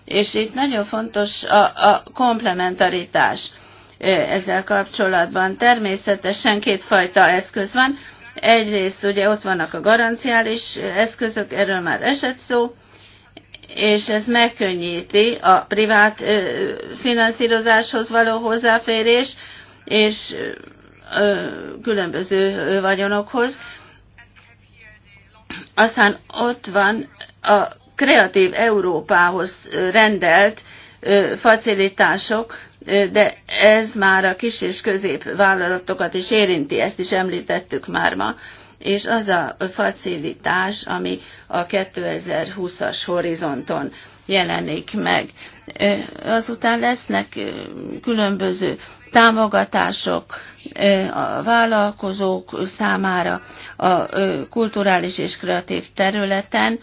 és itt nagyon fontos a, a komplementaritás ezzel kapcsolatban. Természetesen kétfajta eszköz van Egyrészt ugye ott vannak a garanciális eszközök, erről már esett szó, és ez megkönnyíti a privát finanszírozáshoz való hozzáférés, és különböző vagyonokhoz. Aztán ott van a kreatív Európához rendelt facilitások, de ez már a kis és közép vállalatokat is érinti, ezt is említettük már ma és az a facilitás, ami a 2020-as horizonton jelenik meg. Azután lesznek különböző támogatások a vállalkozók számára a kulturális és kreatív területen,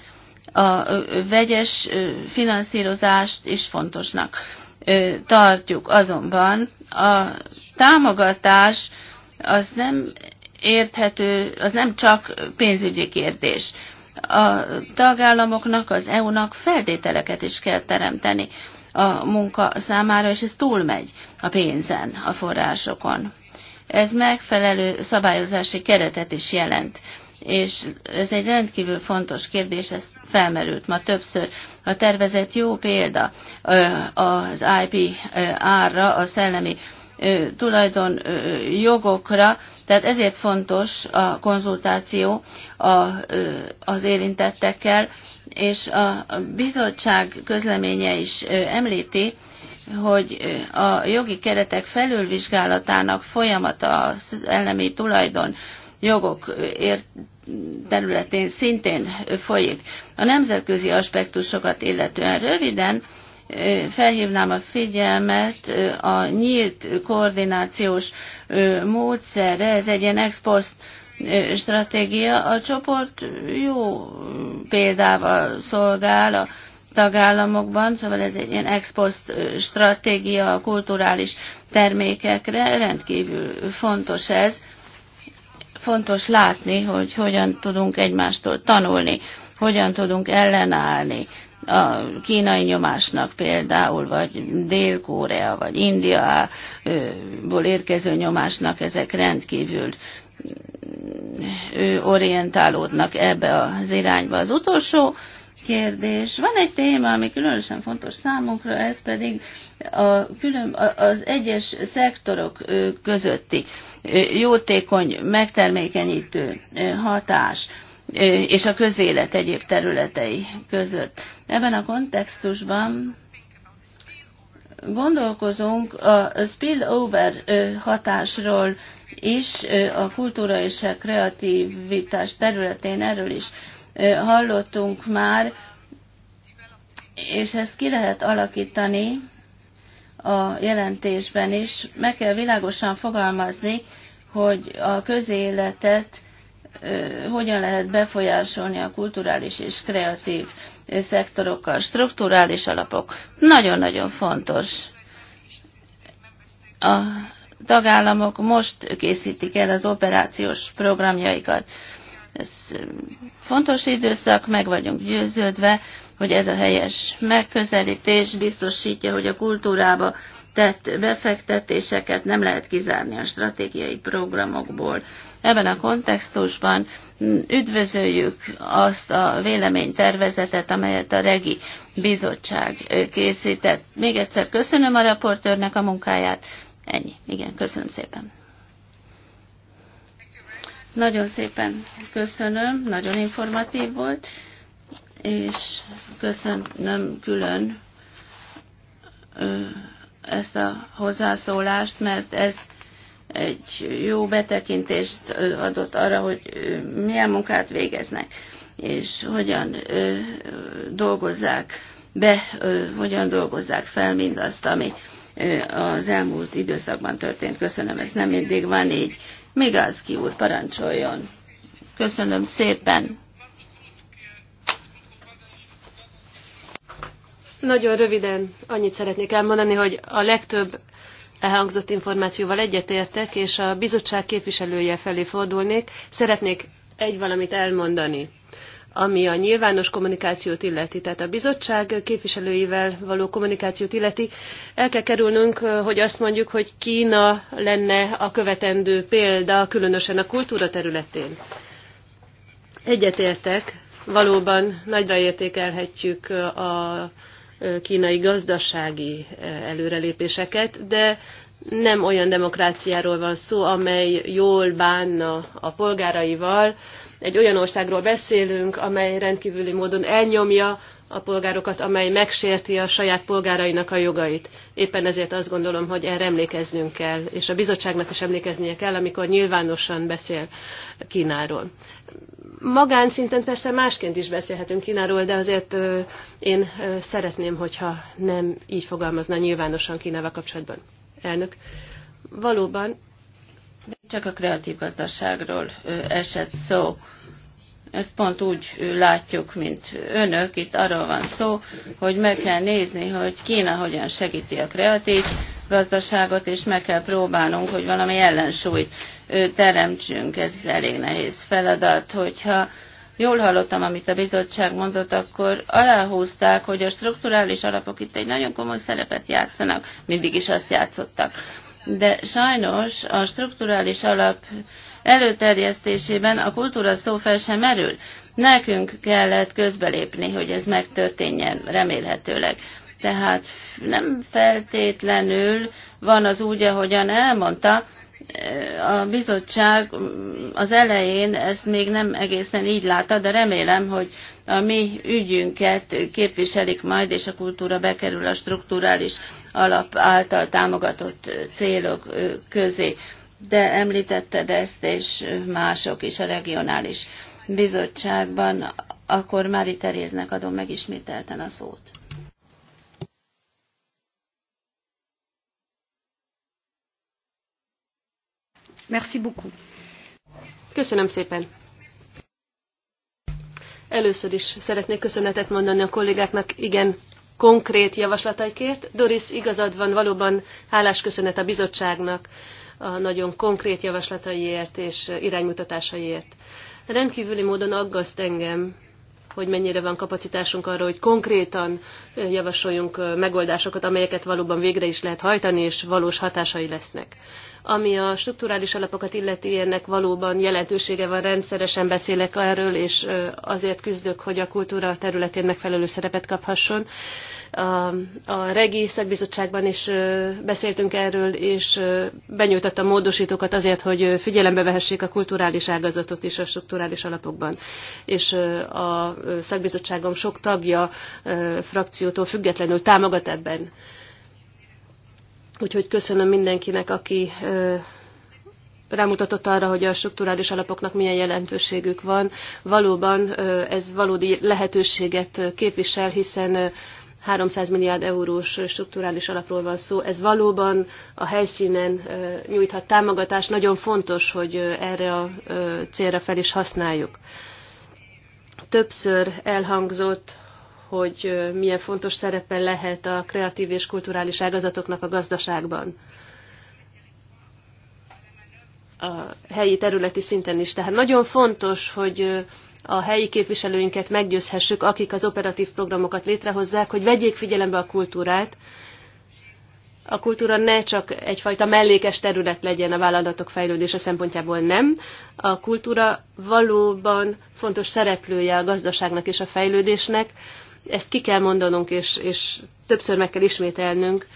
a vegyes finanszírozást is fontosnak tartjuk azonban. A támogatás az nem érthető, az nem csak pénzügyi kérdés. A tagállamoknak, az EU-nak feltételeket is kell teremteni a munka számára, és ez túlmegy a pénzen, a forrásokon. Ez megfelelő szabályozási keretet is jelent, és ez egy rendkívül fontos kérdés, ez felmerült ma többször. A tervezet jó példa az IP ra a szellemi tulajdon jogokra, tehát ezért fontos a konzultáció az érintettekkel, és a bizottság közleménye is említi, hogy a jogi keretek felülvizsgálatának folyamata a szellemi tulajdon jogok területén szintén folyik. A nemzetközi aspektusokat illetően röviden felhívnám a figyelmet a nyílt koordinációs módszerre, ez egy ilyen ex post stratégia. A csoport jó példával szolgál a tagállamokban, szóval ez egy ilyen ex post stratégia a kulturális termékekre, rendkívül fontos ez. Fontos látni, hogy hogyan tudunk egymástól tanulni hogyan tudunk ellenállni a kínai nyomásnak például, vagy Dél-Korea, vagy Indiából érkező nyomásnak, ezek rendkívül ő orientálódnak ebbe az irányba. Az utolsó kérdés. Van egy téma, ami különösen fontos számunkra, ez pedig a külön, az egyes szektorok közötti jótékony, megtermékenyítő hatás és a közélet egyéb területei között. Ebben a kontextusban gondolkozunk a spillover hatásról is, a kultúra és a kreativitás területén erről is hallottunk már, és ezt ki lehet alakítani a jelentésben is. Meg kell világosan fogalmazni, hogy a közéletet hogyan lehet befolyásolni a kulturális és kreatív szektorokkal. Strukturális alapok nagyon-nagyon fontos. A tagállamok most készítik el az operációs programjaikat. Ez fontos időszak, meg vagyunk győződve, hogy ez a helyes megközelítés biztosítja, hogy a kultúrába tett befektetéseket nem lehet kizárni a stratégiai programokból Ebben a kontextusban üdvözöljük azt a véleménytervezetet, amelyet a Regi Bizottság készített. Még egyszer köszönöm a raportőrnek a munkáját. Ennyi. Igen, köszönöm szépen. Nagyon szépen köszönöm, nagyon informatív volt, és köszönöm külön ezt a hozzászólást, mert ez egy jó betekintést adott arra, hogy milyen munkát végeznek, és hogyan dolgozzák be, hogyan dolgozzák fel mindazt, ami az elmúlt időszakban történt. Köszönöm, ez nem mindig van így. Migázki úr, parancsoljon. Köszönöm szépen. Nagyon röviden annyit szeretnék elmondani, hogy a legtöbb elhangzott információval egyetértek, és a bizottság képviselője felé fordulnék. Szeretnék egy valamit elmondani ami a nyilvános kommunikációt illeti, tehát a bizottság képviselőivel való kommunikációt illeti, el kell kerülnünk, hogy azt mondjuk, hogy Kína lenne a követendő példa, különösen a kultúra területén. Egyetértek, valóban nagyra értékelhetjük a kínai gazdasági előrelépéseket, de nem olyan demokráciáról van szó, amely jól bánna a polgáraival. Egy olyan országról beszélünk, amely rendkívüli módon elnyomja a polgárokat, amely megsérti a saját polgárainak a jogait. Éppen ezért azt gondolom, hogy erre emlékeznünk kell, és a bizottságnak is emlékeznie kell, amikor nyilvánosan beszél Kínáról. Magánszinten persze másként is beszélhetünk Kínáról, de azért én szeretném, hogyha nem így fogalmazna nyilvánosan Kínával kapcsolatban. Elnök, valóban. Csak a kreatív gazdaságról esett szó. Ezt pont úgy látjuk, mint önök. Itt arról van szó, hogy meg kell nézni, hogy Kína hogyan segíti a kreatív gazdaságot, és meg kell próbálnunk, hogy valami ellensúlyt teremtsünk. Ez elég nehéz feladat, hogyha jól hallottam, amit a bizottság mondott, akkor aláhúzták, hogy a strukturális alapok itt egy nagyon komoly szerepet játszanak, mindig is azt játszottak. De sajnos a strukturális alap előterjesztésében a kultúra szó fel sem merül. Nekünk kellett közbelépni, hogy ez megtörténjen remélhetőleg. Tehát nem feltétlenül van az úgy, ahogyan elmondta, a bizottság az elején ezt még nem egészen így látta, de remélem, hogy a mi ügyünket képviselik majd, és a kultúra bekerül a strukturális alap által támogatott célok közé de említetted ezt, és mások is a regionális bizottságban, akkor Mári Teréznek adom meg ismételten a szót. Merci beaucoup. Köszönöm szépen. Először is szeretnék köszönetet mondani a kollégáknak igen konkrét javaslataikért. Doris, igazad van, valóban hálás köszönet a bizottságnak a nagyon konkrét javaslataiért és iránymutatásaiért. Rendkívüli módon aggaszt engem, hogy mennyire van kapacitásunk arra, hogy konkrétan javasoljunk megoldásokat, amelyeket valóban végre is lehet hajtani, és valós hatásai lesznek ami a strukturális alapokat illeti, ennek valóban jelentősége van, rendszeresen beszélek erről, és azért küzdök, hogy a kultúra területén megfelelő szerepet kaphasson. A, a Regi Szakbizottságban is beszéltünk erről, és benyújtottam módosítókat azért, hogy figyelembe vehessék a kulturális ágazatot is a strukturális alapokban. És a szakbizottságom sok tagja frakciótól függetlenül támogat ebben. Úgyhogy köszönöm mindenkinek, aki rámutatott arra, hogy a strukturális alapoknak milyen jelentőségük van. Valóban ez valódi lehetőséget képvisel, hiszen 300 milliárd eurós strukturális alapról van szó. Ez valóban a helyszínen nyújthat támogatást. Nagyon fontos, hogy erre a célra fel is használjuk. Többször elhangzott, hogy milyen fontos szerepe lehet a kreatív és kulturális ágazatoknak a gazdaságban a helyi területi szinten is. Tehát nagyon fontos, hogy a helyi képviselőinket meggyőzhessük, akik az operatív programokat létrehozzák, hogy vegyék figyelembe a kultúrát. A kultúra ne csak egyfajta mellékes terület legyen a vállalatok fejlődése szempontjából, nem. A kultúra valóban fontos szereplője a gazdaságnak és a fejlődésnek. Ezt ki kell mondanunk, és, és többször meg kell ismételnünk.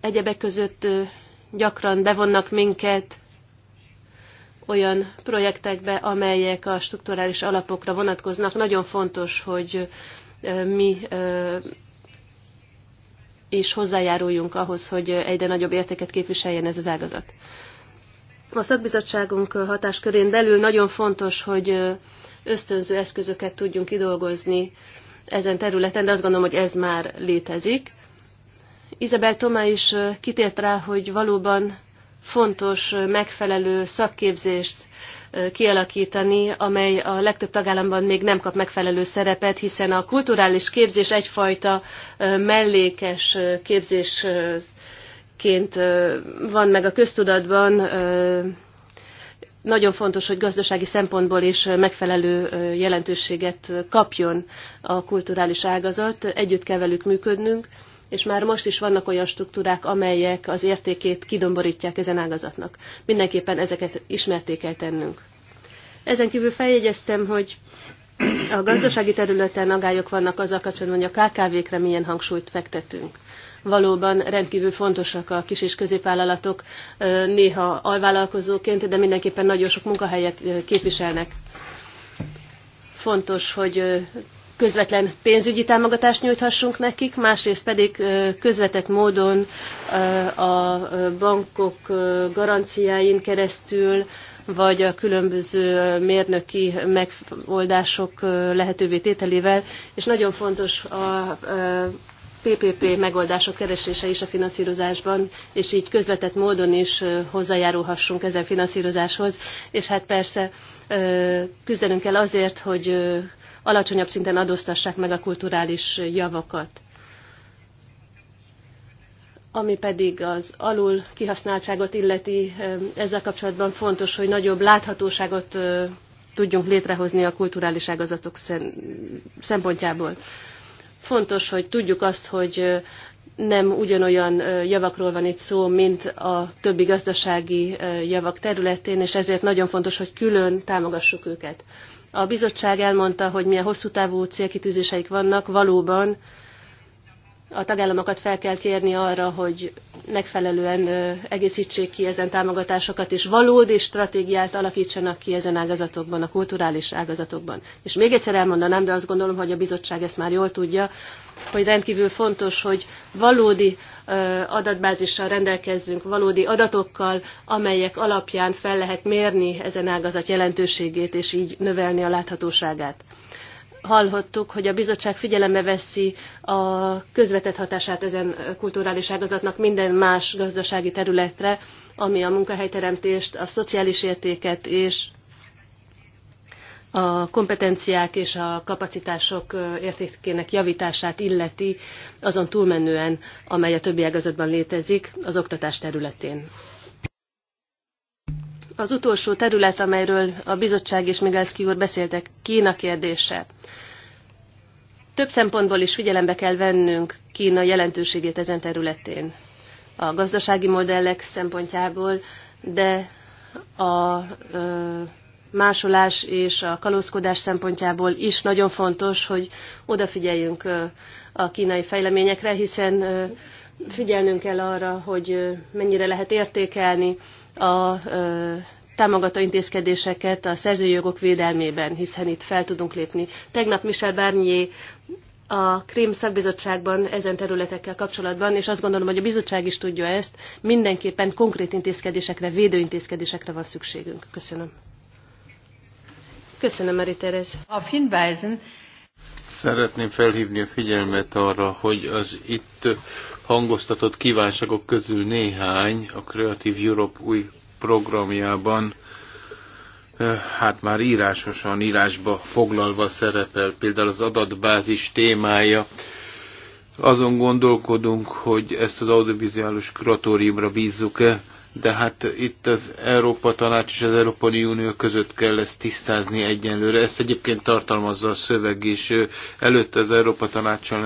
Egyebek között gyakran bevonnak minket olyan projektekbe, amelyek a strukturális alapokra vonatkoznak. Nagyon fontos, hogy mi is hozzájáruljunk ahhoz, hogy egyre nagyobb értéket képviseljen ez az ágazat. A szakbizottságunk hatáskörén belül nagyon fontos, hogy ösztönző eszközöket tudjunk kidolgozni ezen területen, de azt gondolom, hogy ez már létezik. Izabel Tomá is kitért rá, hogy valóban fontos megfelelő szakképzést kialakítani, amely a legtöbb tagállamban még nem kap megfelelő szerepet, hiszen a kulturális képzés egyfajta mellékes képzésként van meg a köztudatban. Nagyon fontos, hogy gazdasági szempontból is megfelelő jelentőséget kapjon a kulturális ágazat. Együtt kell velük működnünk és már most is vannak olyan struktúrák, amelyek az értékét kidomborítják ezen ágazatnak. Mindenképpen ezeket ismerté kell tennünk. Ezen kívül feljegyeztem, hogy a gazdasági területen agályok vannak azzal kapcsolatban, hogy a KKV-kre milyen hangsúlyt fektetünk. Valóban rendkívül fontosak a kis és középvállalatok, néha alvállalkozóként, de mindenképpen nagyon sok munkahelyet képviselnek. Fontos, hogy közvetlen pénzügyi támogatást nyújthassunk nekik, másrészt pedig közvetett módon a bankok garanciáin keresztül, vagy a különböző mérnöki megoldások lehetővé tételével, és nagyon fontos a PPP megoldások keresése is a finanszírozásban, és így közvetett módon is hozzájárulhassunk ezen finanszírozáshoz, és hát persze küzdenünk kell azért, hogy alacsonyabb szinten adóztassák meg a kulturális javakat. Ami pedig az alul kihasználtságot illeti, ezzel kapcsolatban fontos, hogy nagyobb láthatóságot tudjunk létrehozni a kulturális ágazatok szempontjából. Fontos, hogy tudjuk azt, hogy nem ugyanolyan javakról van itt szó, mint a többi gazdasági javak területén, és ezért nagyon fontos, hogy külön támogassuk őket. A bizottság elmondta, hogy milyen hosszú távú célkitűzéseik vannak, valóban a tagállamokat fel kell kérni arra, hogy megfelelően egészítsék ki ezen támogatásokat, és valódi stratégiát alakítsanak ki ezen ágazatokban, a kulturális ágazatokban. És még egyszer elmondanám, de azt gondolom, hogy a bizottság ezt már jól tudja, hogy rendkívül fontos, hogy valódi adatbázissal rendelkezzünk, valódi adatokkal, amelyek alapján fel lehet mérni ezen ágazat jelentőségét, és így növelni a láthatóságát hallhattuk, hogy a bizottság figyelembe veszi a közvetett hatását ezen kulturális ágazatnak minden más gazdasági területre, ami a munkahelyteremtést, a szociális értéket és a kompetenciák és a kapacitások értékének javítását illeti azon túlmenően, amely a többi ágazatban létezik az oktatás területén. Az utolsó terület, amelyről a bizottság és Migelszki úr beszéltek, Kína kérdése. Több szempontból is figyelembe kell vennünk Kína jelentőségét ezen területén. A gazdasági modellek szempontjából, de a másolás és a kalózkodás szempontjából is nagyon fontos, hogy odafigyeljünk a kínai fejleményekre, hiszen figyelnünk kell arra, hogy mennyire lehet értékelni a támogató intézkedéseket a szerzőjogok védelmében, hiszen itt fel tudunk lépni. Tegnap Michel Barnier a Krím szakbizottságban ezen területekkel kapcsolatban, és azt gondolom, hogy a bizottság is tudja ezt, mindenképpen konkrét intézkedésekre, védőintézkedésekre van szükségünk. Köszönöm. Köszönöm, Mari Terez. A Finnweisen Szeretném felhívni a figyelmet arra, hogy az itt hangoztatott kívánságok közül néhány a Creative Europe új programjában eh, hát már írásosan, írásba foglalva szerepel, például az adatbázis témája. Azon gondolkodunk, hogy ezt az audiovizuális kuratóriumra bízzuk-e, de hát itt az Európa Tanács és az Európai Unió között kell ezt tisztázni egyenlőre. Ezt egyébként tartalmazza a szöveg is. Előtt az Európa Tanácson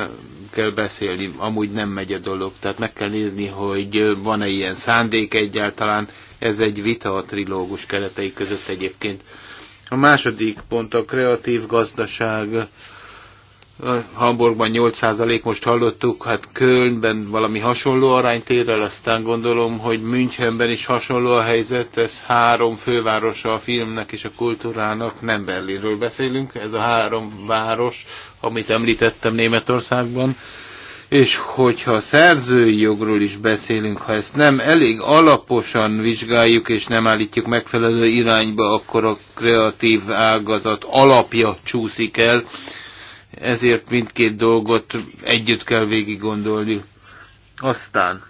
kell beszélni, amúgy nem megy a dolog. Tehát meg kell nézni, hogy van-e ilyen szándék egyáltalán. Ez egy vita a trilógus keretei között egyébként. A második pont a kreatív gazdaság Hamburgban 8% most hallottuk, hát Kölnben valami hasonló arányt ér el, aztán gondolom, hogy Münchenben is hasonló a helyzet, ez három fővárosa a filmnek és a kultúrának, nem Berlinről beszélünk, ez a három város, amit említettem Németországban, és hogyha a szerzői jogról is beszélünk, ha ezt nem elég alaposan vizsgáljuk és nem állítjuk megfelelő irányba, akkor a kreatív ágazat alapja csúszik el, ezért mindkét dolgot együtt kell végig gondolni. Aztán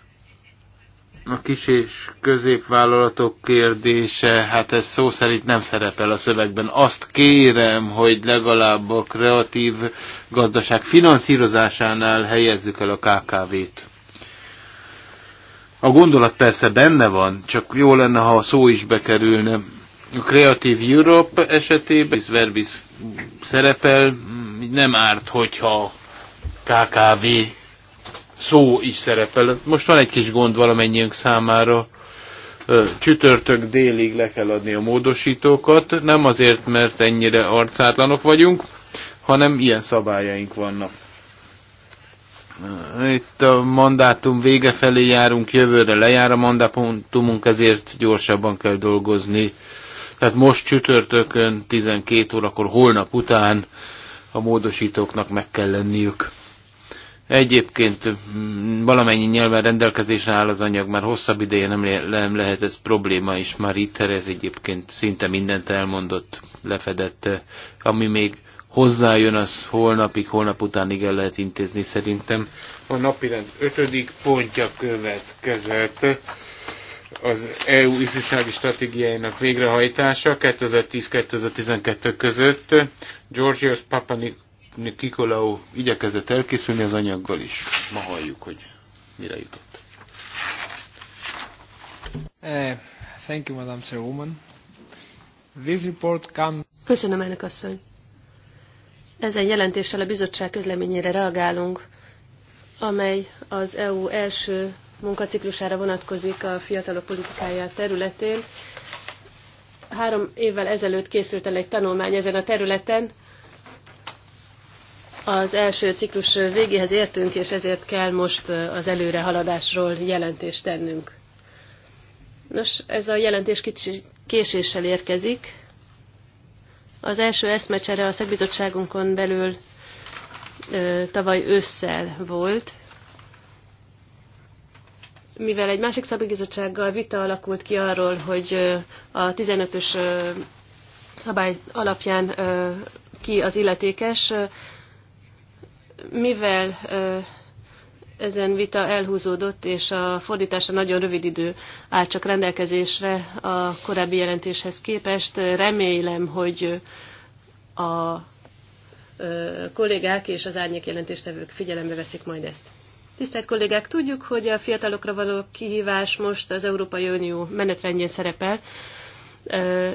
a kis és középvállalatok kérdése, hát ez szó szerint nem szerepel a szövegben. Azt kérem, hogy legalább a kreatív gazdaság finanszírozásánál helyezzük el a KKV-t. A gondolat persze benne van, csak jó lenne, ha a szó is bekerülne. A Creative Europe esetében is verbis szerepel, nem árt, hogyha KKV szó is szerepel. Most van egy kis gond valamennyiünk számára. Csütörtök délig le kell adni a módosítókat, nem azért, mert ennyire arcátlanok vagyunk, hanem ilyen szabályaink vannak. Itt a mandátum vége felé járunk, jövőre lejár a mandátumunk, ezért gyorsabban kell dolgozni. Tehát most csütörtökön 12 órakor, holnap után a módosítóknak meg kell lenniük. Egyébként mm, valamennyi nyelven rendelkezésre áll az anyag, már hosszabb ideje nem, le- nem lehet ez probléma, és már itt ez egyébként szinte mindent elmondott, lefedett. Ami még hozzájön, az holnapig, holnap utánig el lehet intézni szerintem. A napirend ötödik pontja következett az EU ifjúsági stratégiájának végrehajtása 2010-2012 között. Georgios Papanikolaou igyekezett elkészülni az anyaggal is. Ma halljuk, hogy mire jutott. Eh, thank you, Madam Chairwoman. This report comes... Köszönöm, elnök asszony. Ezen jelentéssel a bizottság közleményére reagálunk, amely az EU első munkaciklusára vonatkozik a fiatalok politikája területén. Három évvel ezelőtt készült el egy tanulmány ezen a területen. Az első ciklus végéhez értünk, és ezért kell most az előre haladásról jelentést tennünk. Nos, ez a jelentés kicsi késéssel érkezik. Az első eszmecsere a szakbizottságunkon belül ö, tavaly ősszel volt, mivel egy másik szabálybizottsággal vita alakult ki arról, hogy a 15-ös szabály alapján ki az illetékes, mivel ezen vita elhúzódott, és a fordítása nagyon rövid idő áll csak rendelkezésre a korábbi jelentéshez képest. Remélem, hogy a kollégák és az árnyék jelentéstevők figyelembe veszik majd ezt. Tisztelt kollégák, tudjuk, hogy a fiatalokra való kihívás most az Európai Unió menetrendjén szerepel.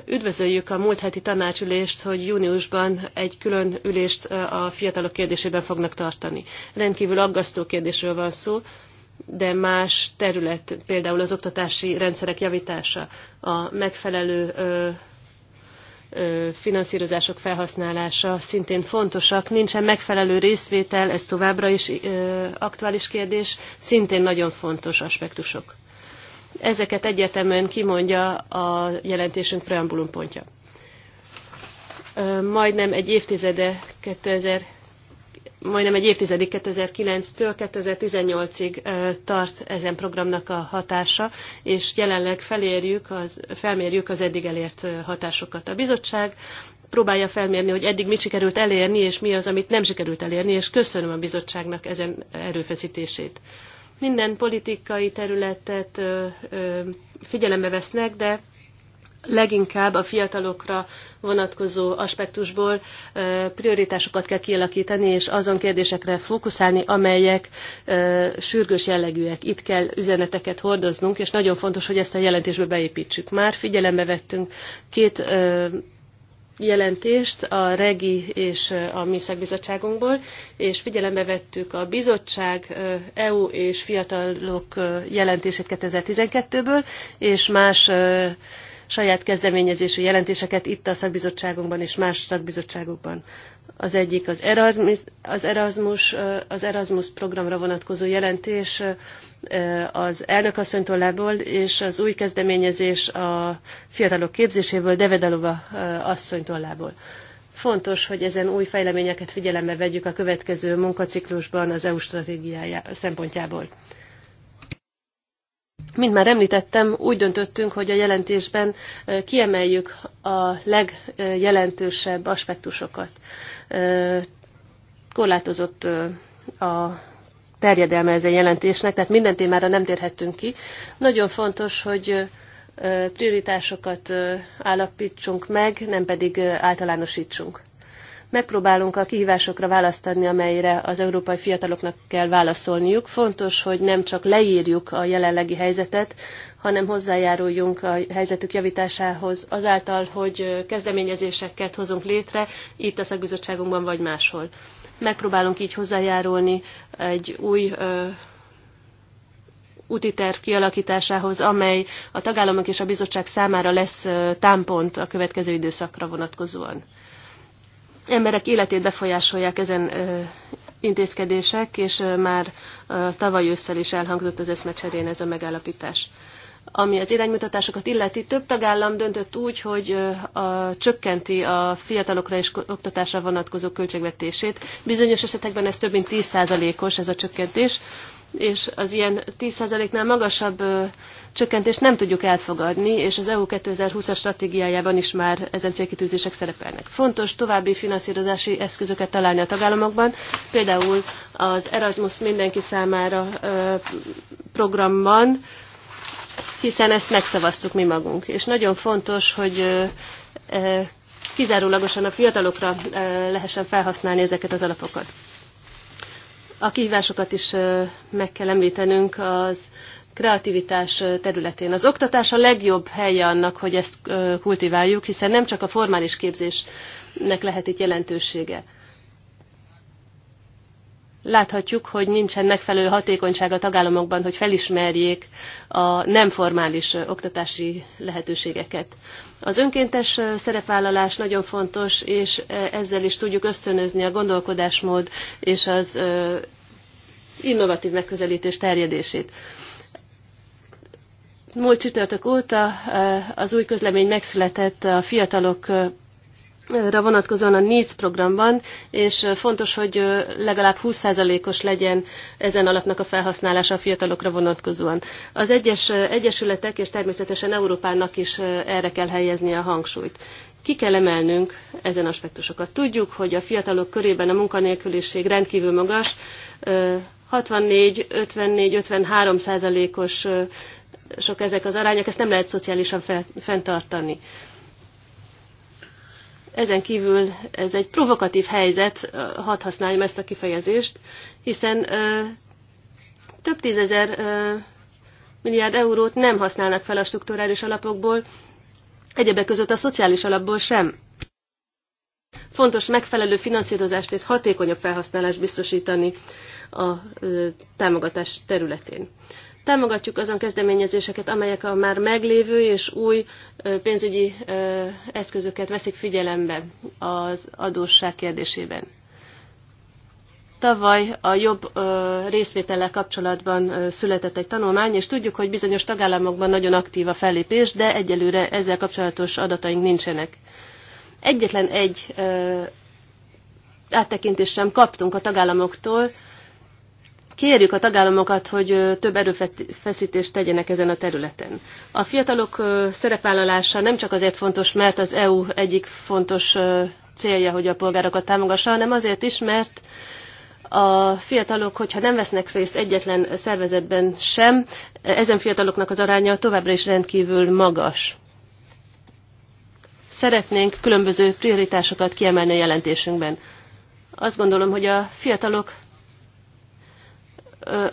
Üdvözöljük a múlt heti tanácsülést, hogy júniusban egy külön ülést a fiatalok kérdésében fognak tartani. Rendkívül aggasztó kérdésről van szó, de más terület, például az oktatási rendszerek javítása, a megfelelő finanszírozások felhasználása szintén fontosak. Nincsen megfelelő részvétel, ez továbbra is aktuális kérdés, szintén nagyon fontos aspektusok. Ezeket egyértelműen kimondja a jelentésünk preambulum pontja. Majdnem egy évtizede 2000 majdnem egy évtizedig 2009-től 2018-ig tart ezen programnak a hatása, és jelenleg felérjük az, felmérjük az eddig elért hatásokat. A bizottság próbálja felmérni, hogy eddig mit sikerült elérni, és mi az, amit nem sikerült elérni, és köszönöm a bizottságnak ezen erőfeszítését. Minden politikai területet figyelembe vesznek, de leginkább a fiatalokra vonatkozó aspektusból prioritásokat kell kialakítani, és azon kérdésekre fókuszálni, amelyek sürgős jellegűek. Itt kell üzeneteket hordoznunk, és nagyon fontos, hogy ezt a jelentésbe beépítsük. Már figyelembe vettünk két jelentést a REGI és a mi szakbizottságunkból, és figyelembe vettük a bizottság, EU és fiatalok jelentését 2012-ből, és más saját kezdeményezésű jelentéseket itt a szakbizottságunkban és más szakbizottságokban. Az egyik az Erasmus, az Erasmus, az Erasmus programra vonatkozó jelentés az elnökasszonytól tollából, és az új kezdeményezés a fiatalok képzéséből Devedalova asszonytól tollából. Fontos, hogy ezen új fejleményeket figyelembe vegyük a következő munkaciklusban az EU stratégiája szempontjából. Mint már említettem, úgy döntöttünk, hogy a jelentésben kiemeljük a legjelentősebb aspektusokat. Korlátozott a terjedelme ezen jelentésnek, tehát minden témára nem térhettünk ki. Nagyon fontos, hogy prioritásokat állapítsunk meg, nem pedig általánosítsunk megpróbálunk a kihívásokra választ adni, amelyre az európai fiataloknak kell válaszolniuk. Fontos, hogy nem csak leírjuk a jelenlegi helyzetet, hanem hozzájáruljunk a helyzetük javításához azáltal, hogy kezdeményezéseket hozunk létre, itt a szakbizottságunkban vagy máshol. Megpróbálunk így hozzájárulni egy új úti terv kialakításához, amely a tagállamok és a bizottság számára lesz támpont a következő időszakra vonatkozóan emberek életét befolyásolják ezen intézkedések, és már tavaly ősszel is elhangzott az eszmecserén ez a megállapítás. Ami az iránymutatásokat illeti, több tagállam döntött úgy, hogy a, csökkenti a fiatalokra és oktatásra vonatkozó költségvetését. Bizonyos esetekben ez több mint 10%-os ez a csökkentés, és az ilyen 10%-nál magasabb csökkentést nem tudjuk elfogadni, és az EU 2020-as stratégiájában is már ezen célkitűzések szerepelnek. Fontos további finanszírozási eszközöket találni a tagállamokban, például az Erasmus mindenki számára programban, hiszen ezt megszavaztuk mi magunk. És nagyon fontos, hogy kizárólagosan a fiatalokra lehessen felhasználni ezeket az alapokat. A kihívásokat is meg kell említenünk az kreativitás területén. Az oktatás a legjobb helye annak, hogy ezt kultiváljuk, hiszen nem csak a formális képzésnek lehet itt jelentősége. Láthatjuk, hogy nincsen megfelelő hatékonyság a tagállamokban, hogy felismerjék a nem formális oktatási lehetőségeket. Az önkéntes szerepvállalás nagyon fontos, és ezzel is tudjuk ösztönözni a gondolkodásmód és az innovatív megközelítés terjedését. Múlt csütörtök óta az új közlemény megszületett a fiatalok vonatkozóan a NEEDS programban, és fontos, hogy legalább 20%-os legyen ezen alapnak a felhasználása a fiatalokra vonatkozóan. Az egyes egyesületek, és természetesen Európának is erre kell helyezni a hangsúlyt. Ki kell emelnünk ezen aspektusokat. Tudjuk, hogy a fiatalok körében a munkanélküliség rendkívül magas, 64, 54, 53 százalékos sok ezek az arányok, ezt nem lehet szociálisan fenntartani. Ezen kívül ez egy provokatív helyzet, hadd használjam ezt a kifejezést, hiszen ö, több tízezer ö, milliárd eurót nem használnak fel a struktúrális alapokból, egyebek között a szociális alapból sem. Fontos megfelelő finanszírozást és hatékonyabb felhasználást biztosítani a támogatás területén. Támogatjuk azon kezdeményezéseket, amelyek a már meglévő és új pénzügyi eszközöket veszik figyelembe az adósság kérdésében. Tavaly a jobb részvétellel kapcsolatban született egy tanulmány, és tudjuk, hogy bizonyos tagállamokban nagyon aktív a fellépés, de egyelőre ezzel kapcsolatos adataink nincsenek. Egyetlen egy áttekintést sem kaptunk a tagállamoktól, kérjük a tagállamokat, hogy több erőfeszítést tegyenek ezen a területen. A fiatalok szerepvállalása nem csak azért fontos, mert az EU egyik fontos célja, hogy a polgárokat támogassa, hanem azért is, mert a fiatalok, hogyha nem vesznek részt egyetlen szervezetben sem, ezen fiataloknak az aránya továbbra is rendkívül magas. Szeretnénk különböző prioritásokat kiemelni a jelentésünkben. Azt gondolom, hogy a fiatalok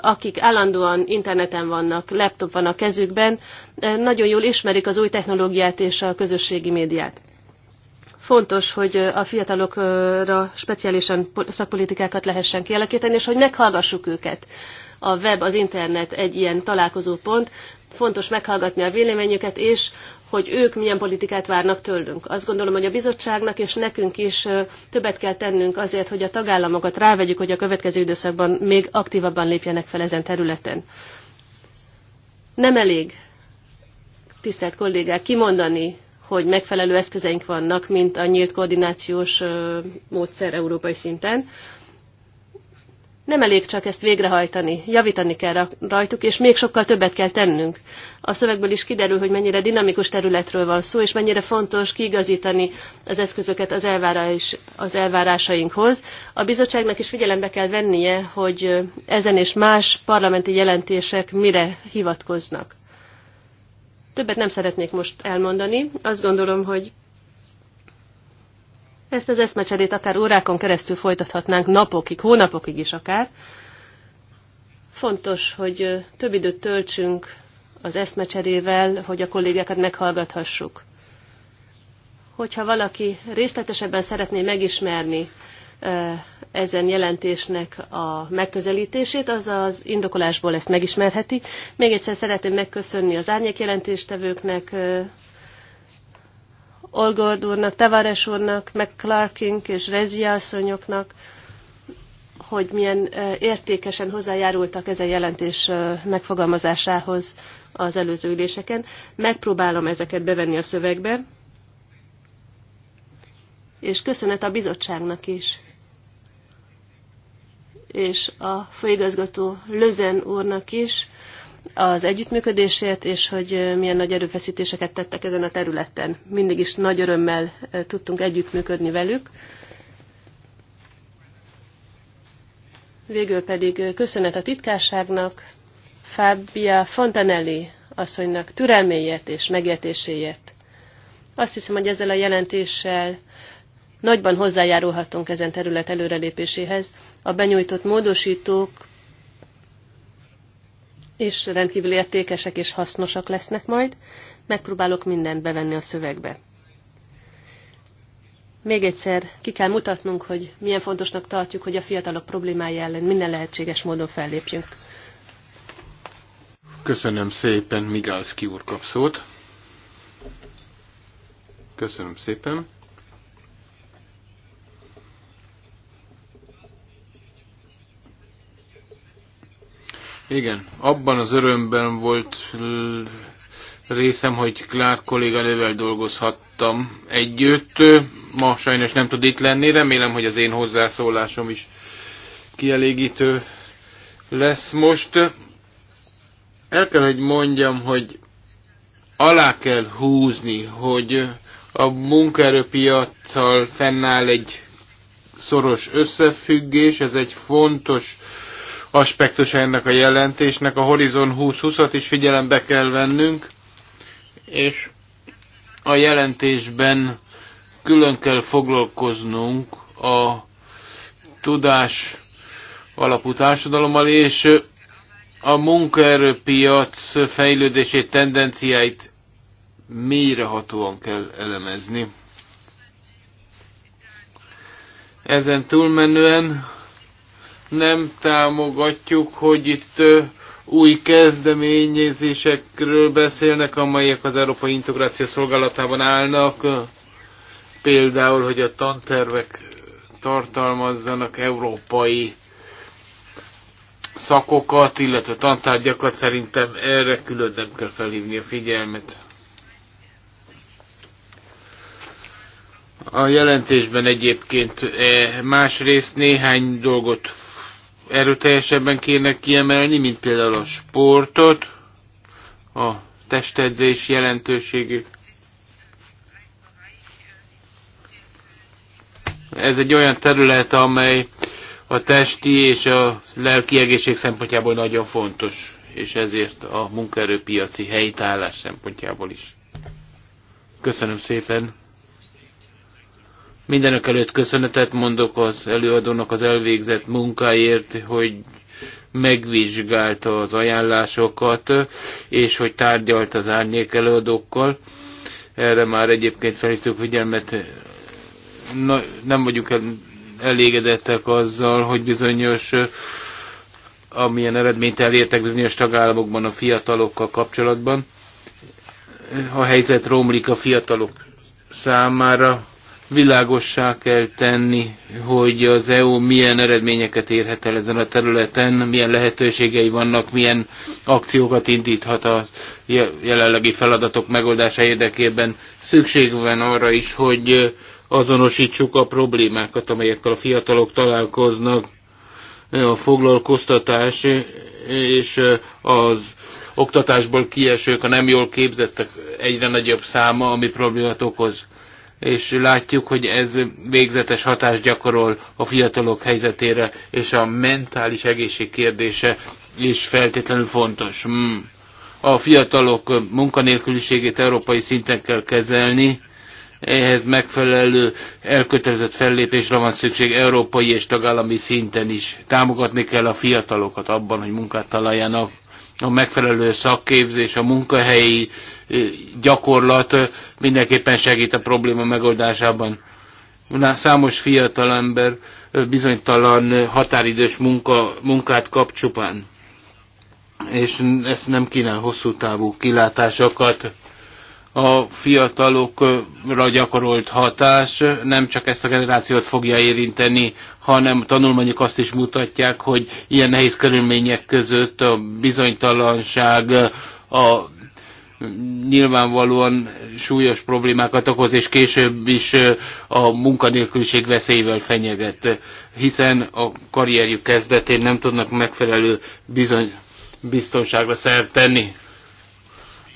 akik állandóan interneten vannak, laptop van a kezükben, nagyon jól ismerik az új technológiát és a közösségi médiát. Fontos, hogy a fiatalokra speciálisan szakpolitikákat lehessen kialakítani, és hogy meghallgassuk őket. A web, az internet egy ilyen találkozópont, fontos meghallgatni a véleményüket, és hogy ők milyen politikát várnak tőlünk. Azt gondolom, hogy a bizottságnak és nekünk is többet kell tennünk azért, hogy a tagállamokat rávegyük, hogy a következő időszakban még aktívabban lépjenek fel ezen területen. Nem elég, tisztelt kollégák, kimondani, hogy megfelelő eszközeink vannak, mint a nyílt koordinációs módszer európai szinten, nem elég csak ezt végrehajtani, javítani kell rajtuk, és még sokkal többet kell tennünk. A szövegből is kiderül, hogy mennyire dinamikus területről van szó, és mennyire fontos kiigazítani az eszközöket az, elvárás, az elvárásainkhoz. A bizottságnak is figyelembe kell vennie, hogy ezen és más parlamenti jelentések mire hivatkoznak. Többet nem szeretnék most elmondani. Azt gondolom, hogy ezt az eszmecserét akár órákon keresztül folytathatnánk, napokig, hónapokig is akár. Fontos, hogy több időt töltsünk az eszmecserével, hogy a kollégákat meghallgathassuk. Hogyha valaki részletesebben szeretné megismerni ezen jelentésnek a megközelítését, az az indokolásból ezt megismerheti. Még egyszer szeretném megköszönni az árnyék jelentéstevőknek, Olgord úrnak, Tavares úrnak, meg Clarkink és Rezi asszonyoknak, hogy milyen értékesen hozzájárultak ez a jelentés megfogalmazásához az előző üléseken. Megpróbálom ezeket bevenni a szövegbe, és köszönet a bizottságnak is, és a főigazgató Lözen úrnak is, az együttműködésért, és hogy milyen nagy erőfeszítéseket tettek ezen a területen. Mindig is nagy örömmel tudtunk együttműködni velük. Végül pedig köszönet a titkárságnak, Fábia Fontanelli asszonynak türelméért és megértéséért. Azt hiszem, hogy ezzel a jelentéssel nagyban hozzájárulhatunk ezen terület előrelépéséhez. A benyújtott módosítók és rendkívül értékesek és hasznosak lesznek majd. Megpróbálok mindent bevenni a szövegbe. Még egyszer ki kell mutatnunk, hogy milyen fontosnak tartjuk, hogy a fiatalok problémája ellen minden lehetséges módon fellépjünk. Köszönöm szépen, Migálszki úr kapszót. Köszönöm szépen. Igen, abban az örömben volt részem, hogy Clark kolléganővel dolgozhattam együtt. Ma sajnos nem tud itt lenni, remélem, hogy az én hozzászólásom is kielégítő lesz most. El kell, hogy mondjam, hogy alá kell húzni, hogy a munkaerőpiacsal fennáll egy szoros összefüggés, ez egy fontos aspektus ennek a jelentésnek, a Horizon 2020-at is figyelembe kell vennünk, és a jelentésben külön kell foglalkoznunk a tudás alapú társadalommal, és a munkaerőpiac fejlődését, tendenciáit mélyrehatóan kell elemezni. Ezen túlmenően nem támogatjuk, hogy itt új kezdeményezésekről beszélnek, amelyek az Európai Integráció Szolgálatában állnak, például, hogy a tantervek tartalmazzanak európai szakokat, illetve tantárgyakat, szerintem erre külön nem kell felhívni a figyelmet. A jelentésben egyébként eh, másrészt néhány dolgot erőteljesebben kéne kiemelni, mint például a sportot, a testedzés jelentőségét. Ez egy olyan terület, amely a testi és a lelki egészség szempontjából nagyon fontos, és ezért a munkaerőpiaci helytállás szempontjából is. Köszönöm szépen! Mindenek előtt köszönetet mondok az előadónak az elvégzett munkáért, hogy megvizsgálta az ajánlásokat, és hogy tárgyalt az árnyék előadókkal. Erre már egyébként felhívtuk figyelmet. Na, nem vagyunk elégedettek azzal, hogy bizonyos amilyen eredményt elértek bizonyos tagállamokban a fiatalokkal kapcsolatban. A helyzet romlik a fiatalok számára, világossá kell tenni, hogy az EU milyen eredményeket érhet el ezen a területen, milyen lehetőségei vannak, milyen akciókat indíthat a jelenlegi feladatok megoldása érdekében. Szükség van arra is, hogy azonosítsuk a problémákat, amelyekkel a fiatalok találkoznak, a foglalkoztatás és az oktatásból kiesők, a nem jól képzettek egyre nagyobb száma, ami problémát okoz és látjuk, hogy ez végzetes hatást gyakorol a fiatalok helyzetére, és a mentális egészség kérdése is feltétlenül fontos. Hmm. A fiatalok munkanélküliségét európai szinten kell kezelni, ehhez megfelelő elkötelezett fellépésre van szükség európai és tagállami szinten is. Támogatni kell a fiatalokat abban, hogy munkát találjanak a megfelelő szakképzés, a munkahelyi eh, gyakorlat eh, mindenképpen segít a probléma megoldásában. Számos fiatal ember eh, bizonytalan határidős munka, munkát kap csupán, és ezt nem kínál hosszú távú kilátásokat a fiatalokra gyakorolt hatás nem csak ezt a generációt fogja érinteni, hanem tanulmányok azt is mutatják, hogy ilyen nehéz körülmények között a bizonytalanság, a nyilvánvalóan súlyos problémákat okoz, és később is a munkanélküliség veszélyvel fenyeget, hiszen a karrierjük kezdetén nem tudnak megfelelő bizony, biztonságra szert tenni.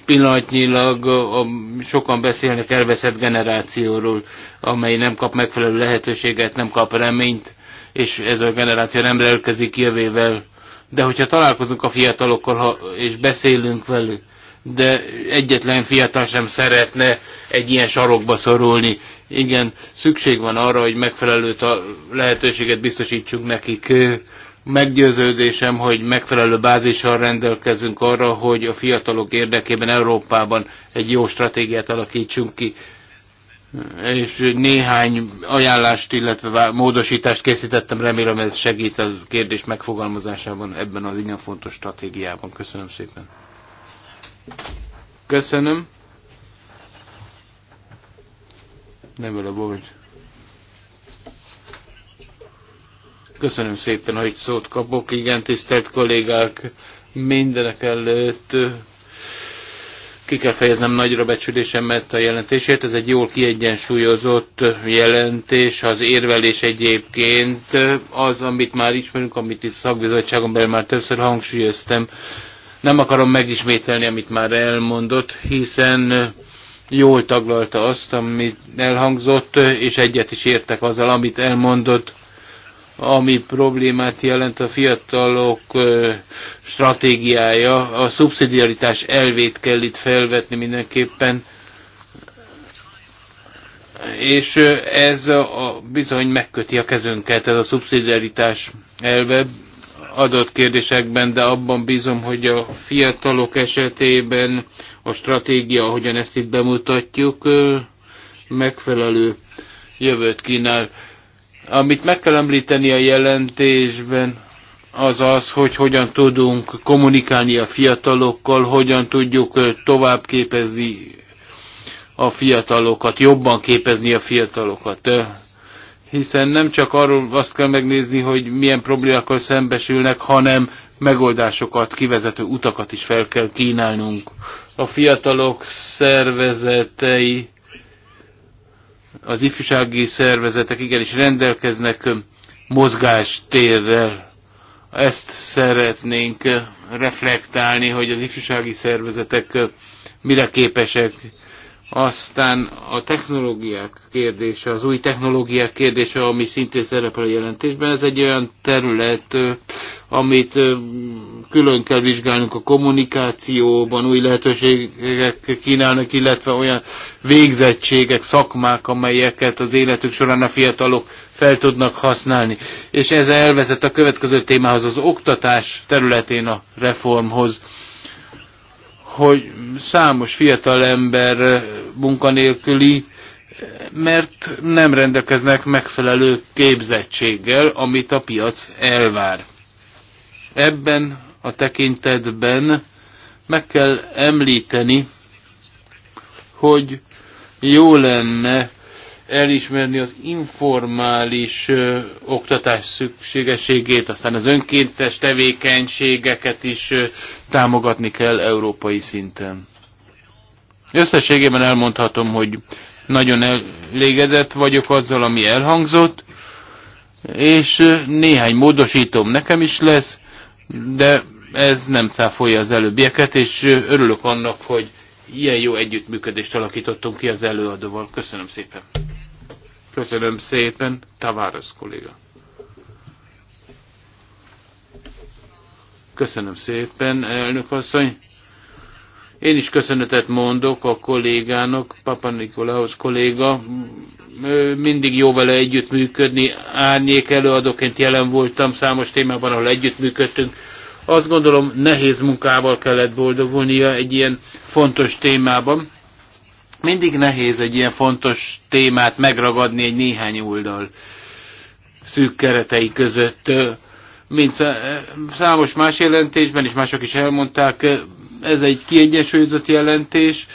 Pillanatnyilag a, sokan beszélnek elveszett generációról, amely nem kap megfelelő lehetőséget, nem kap reményt, és ez a generáció nem rendelkezik jövővel. De hogyha találkozunk a fiatalokkal ha, és beszélünk velük, de egyetlen fiatal sem szeretne egy ilyen sarokba szorulni. Igen, szükség van arra, hogy megfelelő lehetőséget biztosítsunk nekik Meggyőződésem, hogy megfelelő bázissal rendelkezünk arra, hogy a fiatalok érdekében Európában egy jó stratégiát alakítsunk ki és néhány ajánlást, illetve módosítást készítettem, remélem ez segít a kérdés megfogalmazásában ebben az igen fontos stratégiában. Köszönöm szépen. Köszönöm. Nem vele volt. Köszönöm szépen, hogy szót kapok. Igen, tisztelt kollégák, mindenek előtt ki kell fejeznem nagyra becsülésemet a jelentésért. Ez egy jól kiegyensúlyozott jelentés, az érvelés egyébként az, amit már ismerünk, amit itt szakbizottságon belül már többször hangsúlyoztam. Nem akarom megismételni, amit már elmondott, hiszen jól taglalta azt, amit elhangzott, és egyet is értek azzal, amit elmondott ami problémát jelent a fiatalok stratégiája. A szubszidiaritás elvét kell itt felvetni mindenképpen, és ez a, bizony megköti a kezünket, ez a szubszidiaritás elve adott kérdésekben, de abban bízom, hogy a fiatalok esetében a stratégia, ahogyan ezt itt bemutatjuk, megfelelő jövőt kínál amit meg kell említeni a jelentésben, az az, hogy hogyan tudunk kommunikálni a fiatalokkal, hogyan tudjuk tovább képezni a fiatalokat, jobban képezni a fiatalokat. Hiszen nem csak arról azt kell megnézni, hogy milyen problémákkal szembesülnek, hanem megoldásokat, kivezető utakat is fel kell kínálnunk. A fiatalok szervezetei az ifjúsági szervezetek igenis rendelkeznek mozgástérrel. Ezt szeretnénk reflektálni, hogy az ifjúsági szervezetek mire képesek, aztán a technológiák kérdése, az új technológiák kérdése, ami szintén szerepel a jelentésben, ez egy olyan terület, amit külön kell vizsgálnunk a kommunikációban, új lehetőségek kínálnak, illetve olyan végzettségek, szakmák, amelyeket az életük során a fiatalok fel tudnak használni. És ez elvezet a következő témához, az oktatás területén a reformhoz hogy számos fiatal ember munkanélküli, mert nem rendelkeznek megfelelő képzettséggel, amit a piac elvár. Ebben a tekintetben meg kell említeni, hogy jó lenne elismerni az informális ö, oktatás szükségességét, aztán az önkéntes tevékenységeket is ö, támogatni kell európai szinten. Összességében elmondhatom, hogy nagyon elégedett vagyok azzal, ami elhangzott, és ö, néhány módosítom nekem is lesz, de ez nem cáfolja az előbbieket, és örülök annak, hogy ilyen jó együttműködést alakítottunk ki az előadóval. Köszönöm szépen. Köszönöm szépen, Tavares kolléga. Köszönöm szépen, elnök asszony. Én is köszönetet mondok a kollégának, Papa Nikolához kolléga. Mindig jó vele együttműködni. Árnyék előadóként jelen voltam számos témában, ahol együttműködtünk. Azt gondolom, nehéz munkával kellett boldogulnia egy ilyen fontos témában. Mindig nehéz egy ilyen fontos témát megragadni egy néhány oldal szűk keretei között. Mint számos más jelentésben, és mások is elmondták, ez egy kiegyensúlyozott jelentés.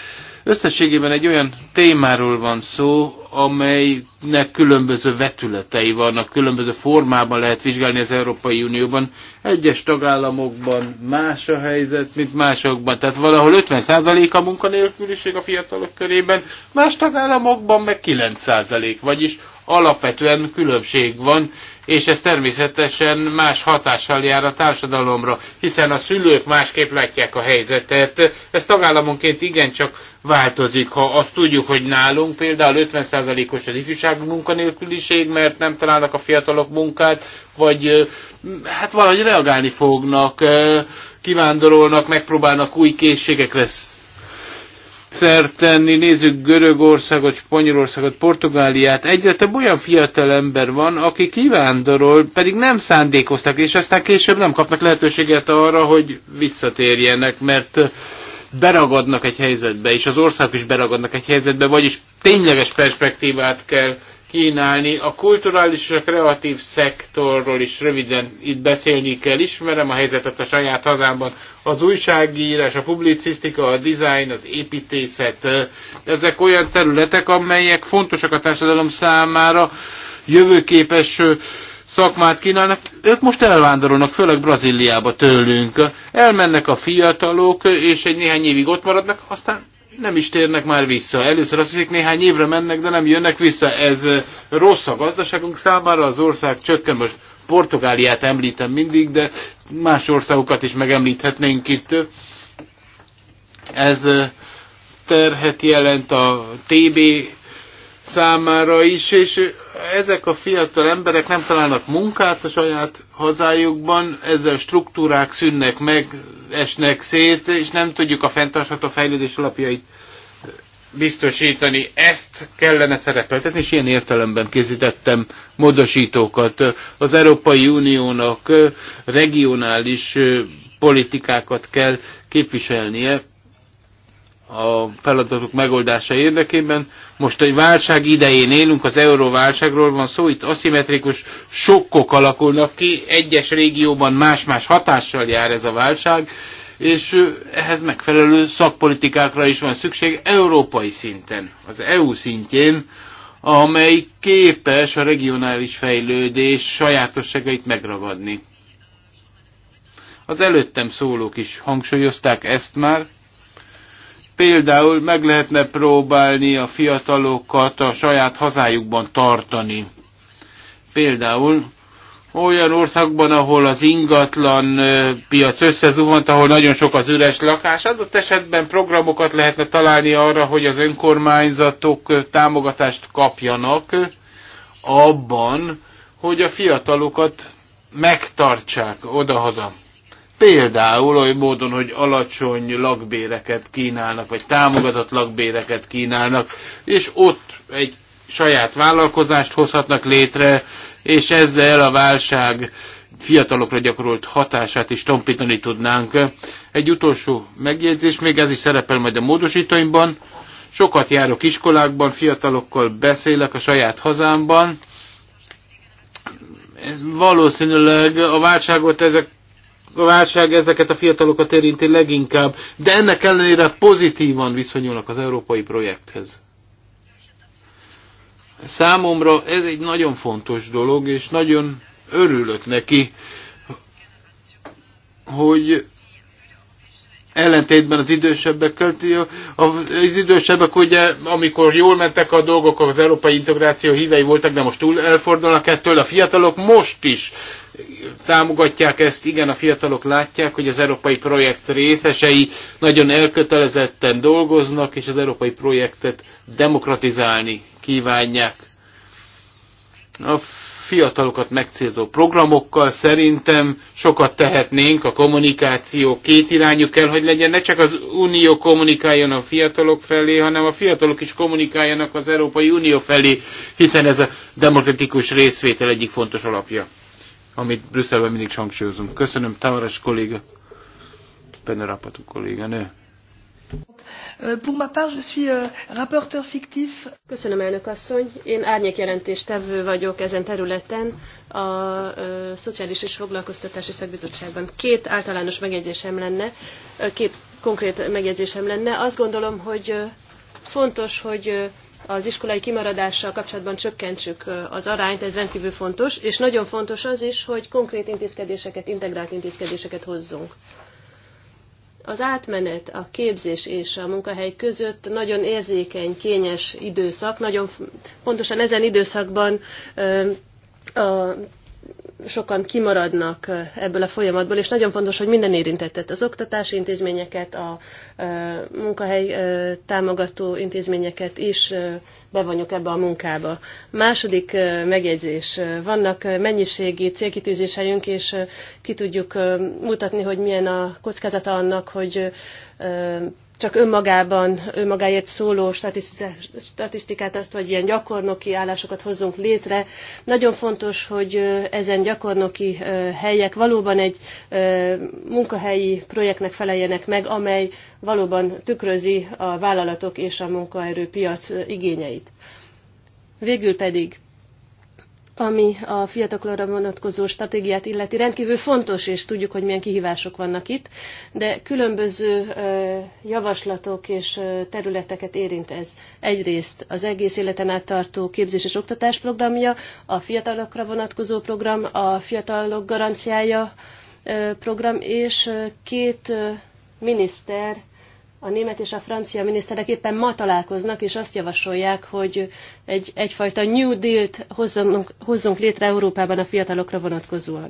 Összességében egy olyan témáról van szó, amelynek különböző vetületei vannak, különböző formában lehet vizsgálni az Európai Unióban. Egyes tagállamokban más a helyzet, mint másokban. Tehát valahol 50% a munkanélküliség a fiatalok körében, más tagállamokban meg 9%, vagyis alapvetően különbség van, és ez természetesen más hatással jár a társadalomra, hiszen a szülők másképp látják a helyzetet. Ez tagállamonként igencsak változik, ha azt tudjuk, hogy nálunk például 50%-os az ifjúsági munkanélküliség, mert nem találnak a fiatalok munkát, vagy hát valahogy reagálni fognak, kivándorolnak, megpróbálnak új készségekre szert tenni. Nézzük Görögországot, Spanyolországot, Portugáliát. Egyre több olyan fiatal ember van, aki kivándorol, pedig nem szándékoztak, és aztán később nem kapnak lehetőséget arra, hogy visszatérjenek, mert beragadnak egy helyzetbe, és az ország is beragadnak egy helyzetbe, vagyis tényleges perspektívát kell kínálni. A kulturális és a kreatív szektorról is röviden itt beszélni kell. Ismerem a helyzetet a saját hazámban. Az újságírás, a publicisztika, a design, az építészet, ezek olyan területek, amelyek fontosak a társadalom számára, jövőképes szakmát kínálnak, ők most elvándorolnak, főleg Brazíliába tőlünk. Elmennek a fiatalok, és egy néhány évig ott maradnak, aztán nem is térnek már vissza. Először azt hiszik, néhány évre mennek, de nem jönnek vissza. Ez rossz a gazdaságunk számára, az ország csökken. Most Portugáliát említem mindig, de más országokat is megemlíthetnénk itt. Ez terhet jelent a TB számára is, és ezek a fiatal emberek nem találnak munkát a saját hazájukban, ezzel struktúrák szűnnek meg, esnek szét, és nem tudjuk a fenntartható fejlődés alapjait biztosítani. Ezt kellene szerepeltetni, és ilyen értelemben készítettem módosítókat. Az Európai Uniónak regionális politikákat kell képviselnie, a feladatok megoldása érdekében. Most egy válság idején élünk, az euróválságról van szó, itt aszimmetrikus sokkok alakulnak ki, egyes régióban más-más hatással jár ez a válság, és ehhez megfelelő szakpolitikákra is van szükség európai szinten, az EU szintjén, amely képes a regionális fejlődés sajátosságait megragadni. Az előttem szólók is hangsúlyozták ezt már, Például meg lehetne próbálni a fiatalokat a saját hazájukban tartani. Például olyan országban, ahol az ingatlan piac összezuhant, ahol nagyon sok az üres lakás, adott esetben programokat lehetne találni arra, hogy az önkormányzatok támogatást kapjanak abban, hogy a fiatalokat megtartsák odahaza. Például oly módon, hogy alacsony lakbéreket kínálnak, vagy támogatott lakbéreket kínálnak, és ott egy saját vállalkozást hozhatnak létre, és ezzel a válság fiatalokra gyakorolt hatását is tompítani tudnánk. Egy utolsó megjegyzés, még ez is szerepel majd a módosítóimban. Sokat járok iskolákban, fiatalokkal beszélek a saját hazámban. Valószínűleg a válságot ezek a válság ezeket a fiatalokat érinti leginkább, de ennek ellenére pozitívan viszonyulnak az európai projekthez. Számomra ez egy nagyon fontos dolog, és nagyon örülök neki, hogy ellentétben az idősebbekkel. Az idősebbek ugye, amikor jól mentek a dolgok, az európai integráció hívei voltak, de most túl elfordulnak ettől. A fiatalok most is támogatják ezt, igen, a fiatalok látják, hogy az európai projekt részesei nagyon elkötelezetten dolgoznak, és az európai projektet demokratizálni kívánják. A fiatalokat megcélzó programokkal szerintem sokat tehetnénk, a kommunikáció két irányú kell, hogy legyen, ne csak az Unió kommunikáljon a fiatalok felé, hanem a fiatalok is kommunikáljanak az Európai Unió felé, hiszen ez a demokratikus részvétel egyik fontos alapja, amit Brüsszelben mindig hangsúlyozunk. Köszönöm, Tamaras kolléga, kolléga, kolléganő. Pour ma part, je suis euh, rapporteur fictif. Köszönöm, elnök asszony. Én árnyékjelentéstevő vagyok ezen területen a Szociális és Foglalkoztatási Szakbizottságban. Két általános megjegyzésem lenne, két konkrét megjegyzésem lenne. Azt gondolom, hogy fontos, hogy az iskolai kimaradással kapcsolatban csökkentsük az arányt, ez rendkívül fontos, és nagyon fontos az is, hogy konkrét intézkedéseket, integrált intézkedéseket hozzunk. Az átmenet a képzés és a munkahely között nagyon érzékeny, kényes időszak, nagyon pontosan ezen időszakban a sokan kimaradnak ebből a folyamatból, és nagyon fontos, hogy minden érintettet, az oktatási intézményeket, a munkahely támogató intézményeket is bevonjuk ebbe a munkába. Második megjegyzés. Vannak mennyiségi célkitűzéseink, és ki tudjuk mutatni, hogy milyen a kockázata annak, hogy csak önmagában, önmagáért szóló statisztikát, vagy ilyen gyakornoki állásokat hozzunk létre. Nagyon fontos, hogy ezen gyakornoki helyek valóban egy munkahelyi projektnek feleljenek meg, amely valóban tükrözi a vállalatok és a munkaerőpiac igényeit. Végül pedig ami a fiatalokra vonatkozó stratégiát illeti rendkívül fontos, és tudjuk, hogy milyen kihívások vannak itt, de különböző javaslatok és területeket érint ez. Egyrészt az egész életen át tartó képzés és oktatás programja, a fiatalokra vonatkozó program, a fiatalok garanciája program, és két miniszter a német és a francia miniszterek éppen ma találkoznak, és azt javasolják, hogy egy, egyfajta New Deal-t hozzunk, hozzunk létre Európában a fiatalokra vonatkozóan.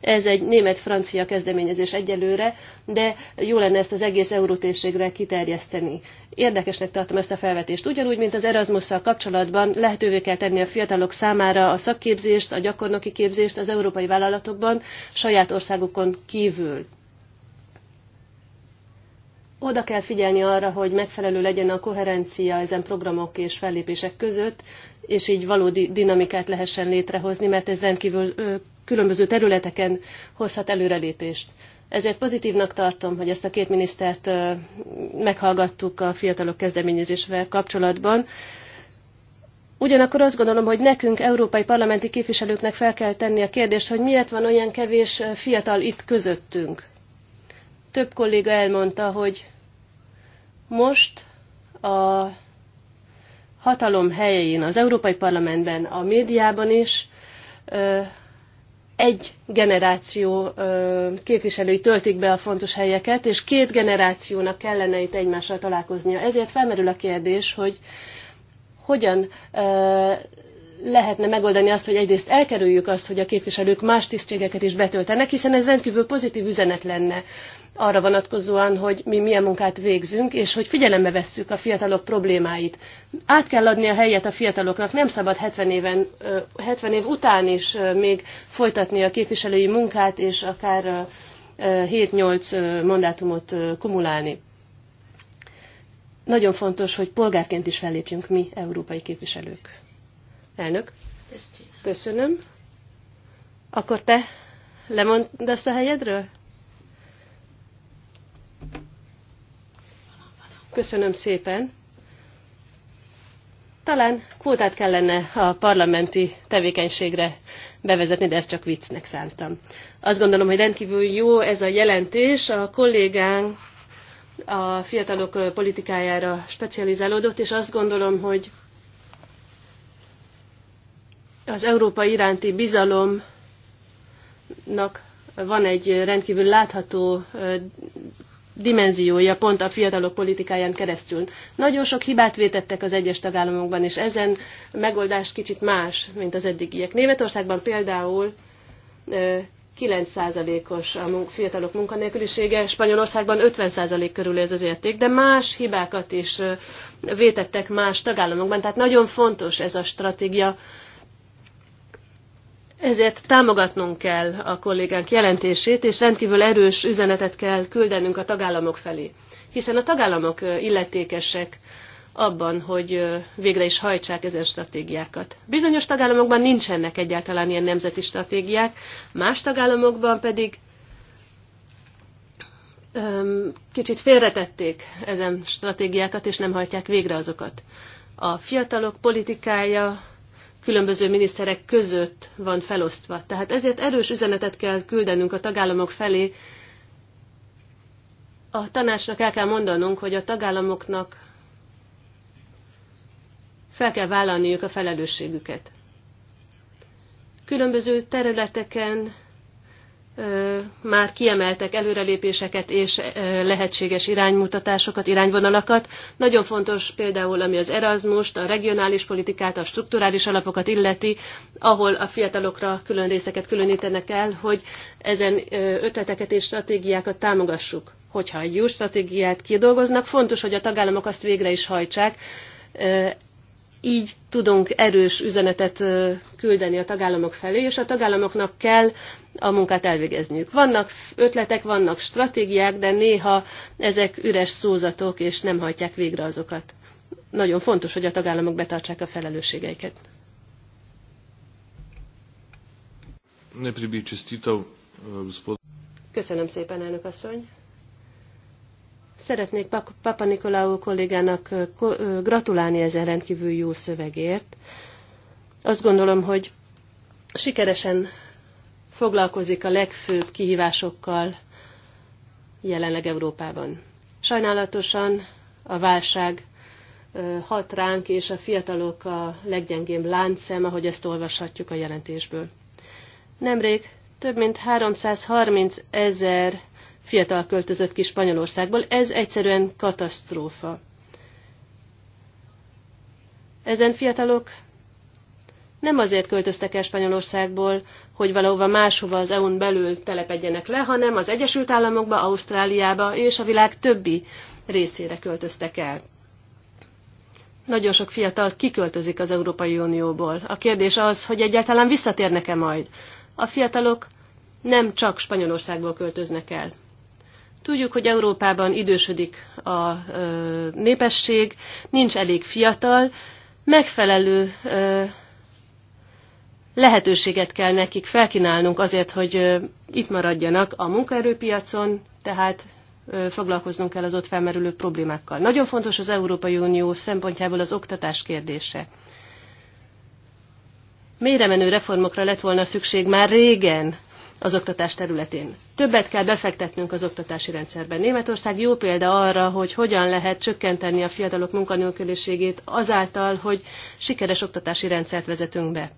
Ez egy német-francia kezdeményezés egyelőre, de jó lenne ezt az egész eurótérségre kiterjeszteni. Érdekesnek tartom ezt a felvetést. Ugyanúgy, mint az Erasmusszal kapcsolatban lehetővé kell tenni a fiatalok számára a szakképzést, a gyakornoki képzést az európai vállalatokban saját országukon kívül oda kell figyelni arra, hogy megfelelő legyen a koherencia ezen programok és fellépések között, és így valódi dinamikát lehessen létrehozni, mert ez rendkívül különböző területeken hozhat előrelépést. Ezért pozitívnak tartom, hogy ezt a két minisztert meghallgattuk a fiatalok kezdeményezésvel kapcsolatban. Ugyanakkor azt gondolom, hogy nekünk, európai parlamenti képviselőknek fel kell tenni a kérdést, hogy miért van olyan kevés fiatal itt közöttünk. Több kolléga elmondta, hogy most a hatalom helyén, az Európai Parlamentben, a médiában is egy generáció képviselői töltik be a fontos helyeket, és két generációnak kellene itt egymással találkoznia. Ezért felmerül a kérdés, hogy hogyan lehetne megoldani azt, hogy egyrészt elkerüljük azt, hogy a képviselők más tisztségeket is betöltenek, hiszen ez rendkívül pozitív üzenet lenne arra vonatkozóan, hogy mi milyen munkát végzünk, és hogy figyelembe vesszük a fiatalok problémáit. Át kell adni a helyet a fiataloknak, nem szabad 70, éven, 70 év után is még folytatni a képviselői munkát, és akár 7-8 mandátumot kumulálni. Nagyon fontos, hogy polgárként is fellépjünk mi, európai képviselők. Elnök, köszönöm. Akkor te lemondasz a helyedről? Köszönöm szépen. Talán kvótát kellene a parlamenti tevékenységre bevezetni, de ezt csak viccnek szántam. Azt gondolom, hogy rendkívül jó ez a jelentés. A kollégánk a fiatalok politikájára specializálódott, és azt gondolom, hogy az Európa iránti bizalomnak van egy rendkívül látható dimenziója pont a fiatalok politikáján keresztül. Nagyon sok hibát vétettek az egyes tagállamokban, és ezen megoldás kicsit más, mint az eddigiek. Németországban például 9%-os a fiatalok munkanélkülisége, Spanyolországban 50% körül ez az érték, de más hibákat is vétettek más tagállamokban, tehát nagyon fontos ez a stratégia ezért támogatnunk kell a kollégánk jelentését, és rendkívül erős üzenetet kell küldenünk a tagállamok felé. Hiszen a tagállamok illetékesek abban, hogy végre is hajtsák ezen stratégiákat. Bizonyos tagállamokban nincsenek egyáltalán ilyen nemzeti stratégiák, más tagállamokban pedig öm, kicsit félretették ezen stratégiákat, és nem hajtják végre azokat. A fiatalok politikája különböző miniszterek között van felosztva. Tehát ezért erős üzenetet kell küldenünk a tagállamok felé. A tanácsnak el kell mondanunk, hogy a tagállamoknak fel kell vállalniuk a felelősségüket. Különböző területeken már kiemeltek előrelépéseket és lehetséges iránymutatásokat, irányvonalakat. Nagyon fontos például, ami az Erasmust, a regionális politikát, a strukturális alapokat illeti, ahol a fiatalokra külön részeket különítenek el, hogy ezen ötleteket és stratégiákat támogassuk. Hogyha egy jó stratégiát kidolgoznak, fontos, hogy a tagállamok azt végre is hajtsák, így tudunk erős üzenetet küldeni a tagállamok felé, és a tagállamoknak kell a munkát elvégezniük. Vannak ötletek, vannak stratégiák, de néha ezek üres szózatok, és nem hajtják végre azokat. Nagyon fontos, hogy a tagállamok betartsák a felelősségeiket. Eh, Köszönöm szépen, elnök asszony! Szeretnék Papa Nikolaou kollégának gratulálni ezen rendkívül jó szövegért. Azt gondolom, hogy sikeresen foglalkozik a legfőbb kihívásokkal jelenleg Európában. Sajnálatosan a válság hat ránk, és a fiatalok a leggyengébb láncszem, ahogy ezt olvashatjuk a jelentésből. Nemrég több mint 330 ezer fiatal költözött ki Spanyolországból. Ez egyszerűen katasztrófa. Ezen fiatalok nem azért költöztek el Spanyolországból, hogy valahova máshova az EU-n belül telepedjenek le, hanem az Egyesült Államokba, Ausztráliába és a világ többi részére költöztek el. Nagyon sok fiatal kiköltözik az Európai Unióból. A kérdés az, hogy egyáltalán visszatérnek-e majd. A fiatalok nem csak Spanyolországból költöznek el. Tudjuk, hogy Európában idősödik a népesség, nincs elég fiatal, megfelelő lehetőséget kell nekik felkínálnunk azért, hogy itt maradjanak a munkaerőpiacon, tehát foglalkoznunk kell az ott felmerülő problémákkal. Nagyon fontos az Európai Unió szempontjából az oktatás kérdése. menő reformokra lett volna szükség már régen, az oktatás területén. Többet kell befektetnünk az oktatási rendszerben. Németország jó példa arra, hogy hogyan lehet csökkenteni a fiatalok munkanélküliségét azáltal, hogy sikeres oktatási rendszert vezetünk be.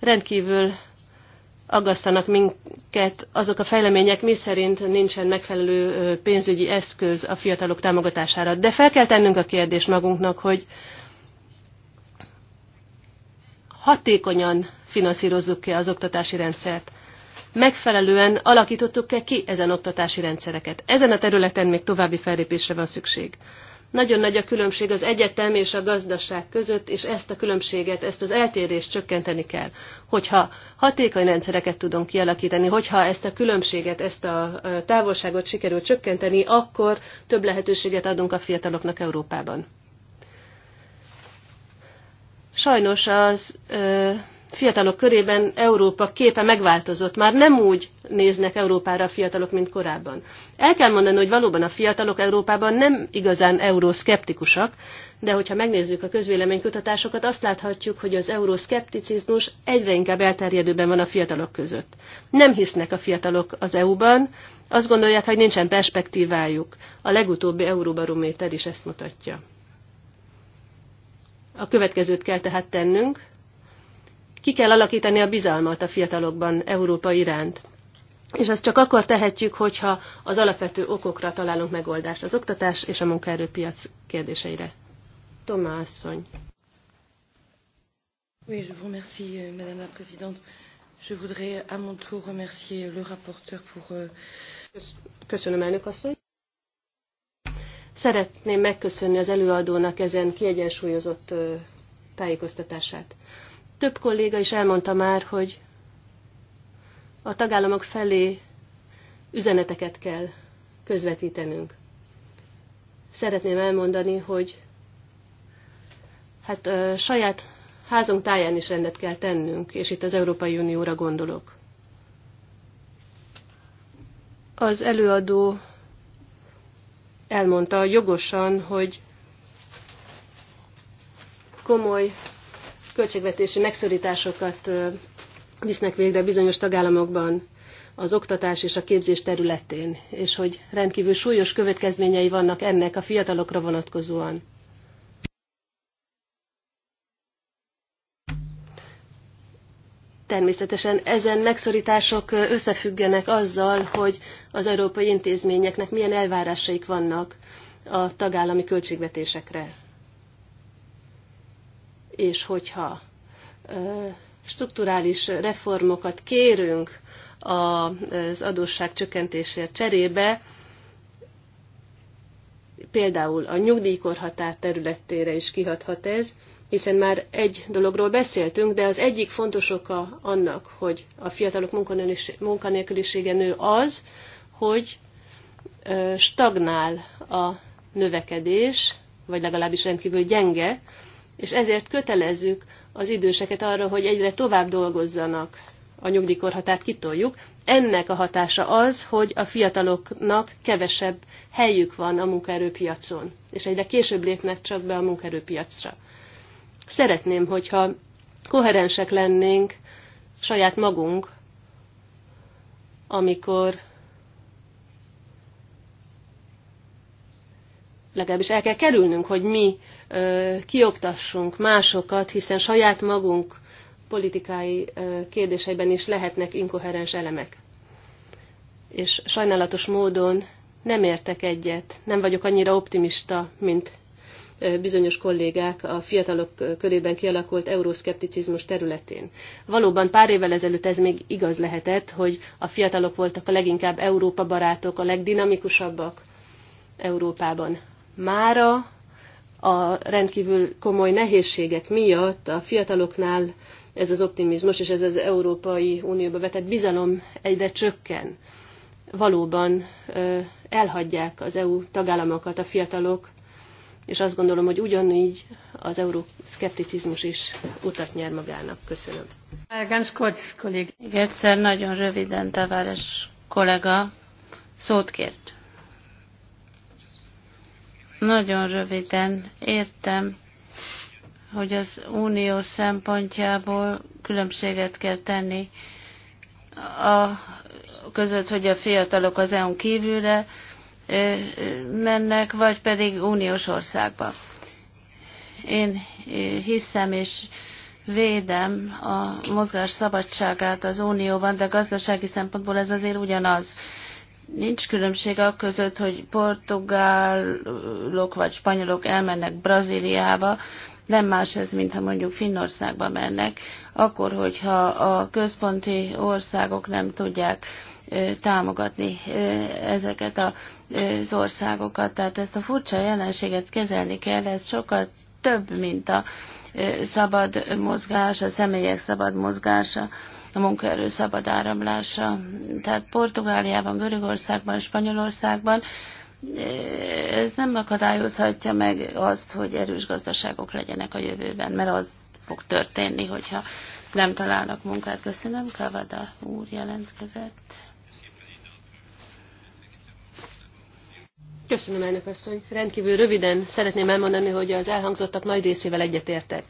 Rendkívül aggasztanak minket azok a fejlemények, mi szerint nincsen megfelelő pénzügyi eszköz a fiatalok támogatására. De fel kell tennünk a kérdést magunknak, hogy hatékonyan finanszírozzuk ki az oktatási rendszert. Megfelelően alakítottuk-e ki ezen oktatási rendszereket. Ezen a területen még további fellépésre van szükség. Nagyon nagy a különbség az egyetem és a gazdaság között, és ezt a különbséget, ezt az eltérést csökkenteni kell. Hogyha hatékony rendszereket tudunk kialakítani, hogyha ezt a különbséget, ezt a távolságot sikerül csökkenteni, akkor több lehetőséget adunk a fiataloknak Európában. Sajnos az ö, fiatalok körében Európa képe megváltozott. Már nem úgy néznek Európára a fiatalok, mint korábban. El kell mondani, hogy valóban a fiatalok Európában nem igazán euroszkeptikusak, de hogyha megnézzük a közvéleménykutatásokat, azt láthatjuk, hogy az euroszkepticizmus egyre inkább elterjedőben van a fiatalok között. Nem hisznek a fiatalok az EU-ban, azt gondolják, hogy nincsen perspektívájuk. A legutóbbi Euróbarométer is ezt mutatja. A következőt kell tehát tennünk, ki kell alakítani a bizalmat a fiatalokban Európa iránt. És ezt csak akkor tehetjük, hogyha az alapvető okokra találunk megoldást az oktatás és a munkaerőpiac kérdéseire. Tomás asszony. Oui, je vous remercie, euh, Madame la Présidente. Je voudrais à mon tour remercier le rapporteur pour... Euh, köszönöm, elnök asszony. Szeretném megköszönni az előadónak ezen kiegyensúlyozott tájékoztatását. Több kolléga is elmondta már, hogy a tagállamok felé üzeneteket kell közvetítenünk. Szeretném elmondani, hogy hát ö, saját házunk táján is rendet kell tennünk, és itt az Európai Unióra gondolok. Az előadó elmondta jogosan, hogy komoly költségvetési megszorításokat visznek végre bizonyos tagállamokban az oktatás és a képzés területén, és hogy rendkívül súlyos következményei vannak ennek a fiatalokra vonatkozóan. Természetesen ezen megszorítások összefüggenek azzal, hogy az európai intézményeknek milyen elvárásaik vannak a tagállami költségvetésekre és hogyha strukturális reformokat kérünk az adósság csökkentésért cserébe, például a nyugdíjkorhatár területére is kihathat ez, hiszen már egy dologról beszéltünk, de az egyik fontos oka annak, hogy a fiatalok munkanélkülisége nő az, hogy stagnál a növekedés, vagy legalábbis rendkívül gyenge, és ezért kötelezzük az időseket arra, hogy egyre tovább dolgozzanak. A nyugdíjkorhatárt kitoljuk. Ennek a hatása az, hogy a fiataloknak kevesebb helyük van a munkaerőpiacon, és egyre később lépnek csak be a munkaerőpiacra. Szeretném, hogyha koherensek lennénk saját magunk, amikor legalábbis el kell kerülnünk, hogy mi ö, kioktassunk másokat, hiszen saját magunk politikai ö, kérdéseiben is lehetnek inkoherens elemek. És sajnálatos módon nem értek egyet, nem vagyok annyira optimista, mint bizonyos kollégák a fiatalok körében kialakult euroszkepticizmus területén. Valóban pár évvel ezelőtt ez még igaz lehetett, hogy a fiatalok voltak a leginkább Európa barátok, a legdinamikusabbak Európában. Mára a rendkívül komoly nehézségek miatt a fiataloknál ez az optimizmus és ez az Európai Unióba vetett bizalom egyre csökken. Valóban elhagyják az EU tagállamokat a fiatalok, és azt gondolom, hogy ugyanígy az euroszkepticizmus is utat nyer magának. Köszönöm. Ganz kurz, kollég. egyszer nagyon röviden, Tavares kollega szót kért. Nagyon röviden értem, hogy az unió szempontjából különbséget kell tenni a között, hogy a fiatalok az EU-n kívülre mennek, vagy pedig uniós országba. Én hiszem és védem a mozgás szabadságát az unióban, de gazdasági szempontból ez azért ugyanaz Nincs különbség a között, hogy portugálok vagy spanyolok elmennek Brazíliába, nem más ez, mint ha mondjuk Finnországba mennek, akkor, hogyha a központi országok nem tudják támogatni ezeket az országokat. Tehát ezt a furcsa jelenséget kezelni kell, ez sokkal több, mint a szabad mozgás, a személyek szabad mozgása a munkaerő szabad áramlása. Tehát Portugáliában, Görögországban, Spanyolországban eh, ez nem akadályozhatja meg azt, hogy erős gazdaságok legyenek a jövőben, mert az fog történni, hogyha nem találnak munkát. Köszönöm, Kavada úr jelentkezett. Köszönöm, elnök asszony. Rendkívül röviden szeretném elmondani, hogy az elhangzottak nagy részével egyetértek.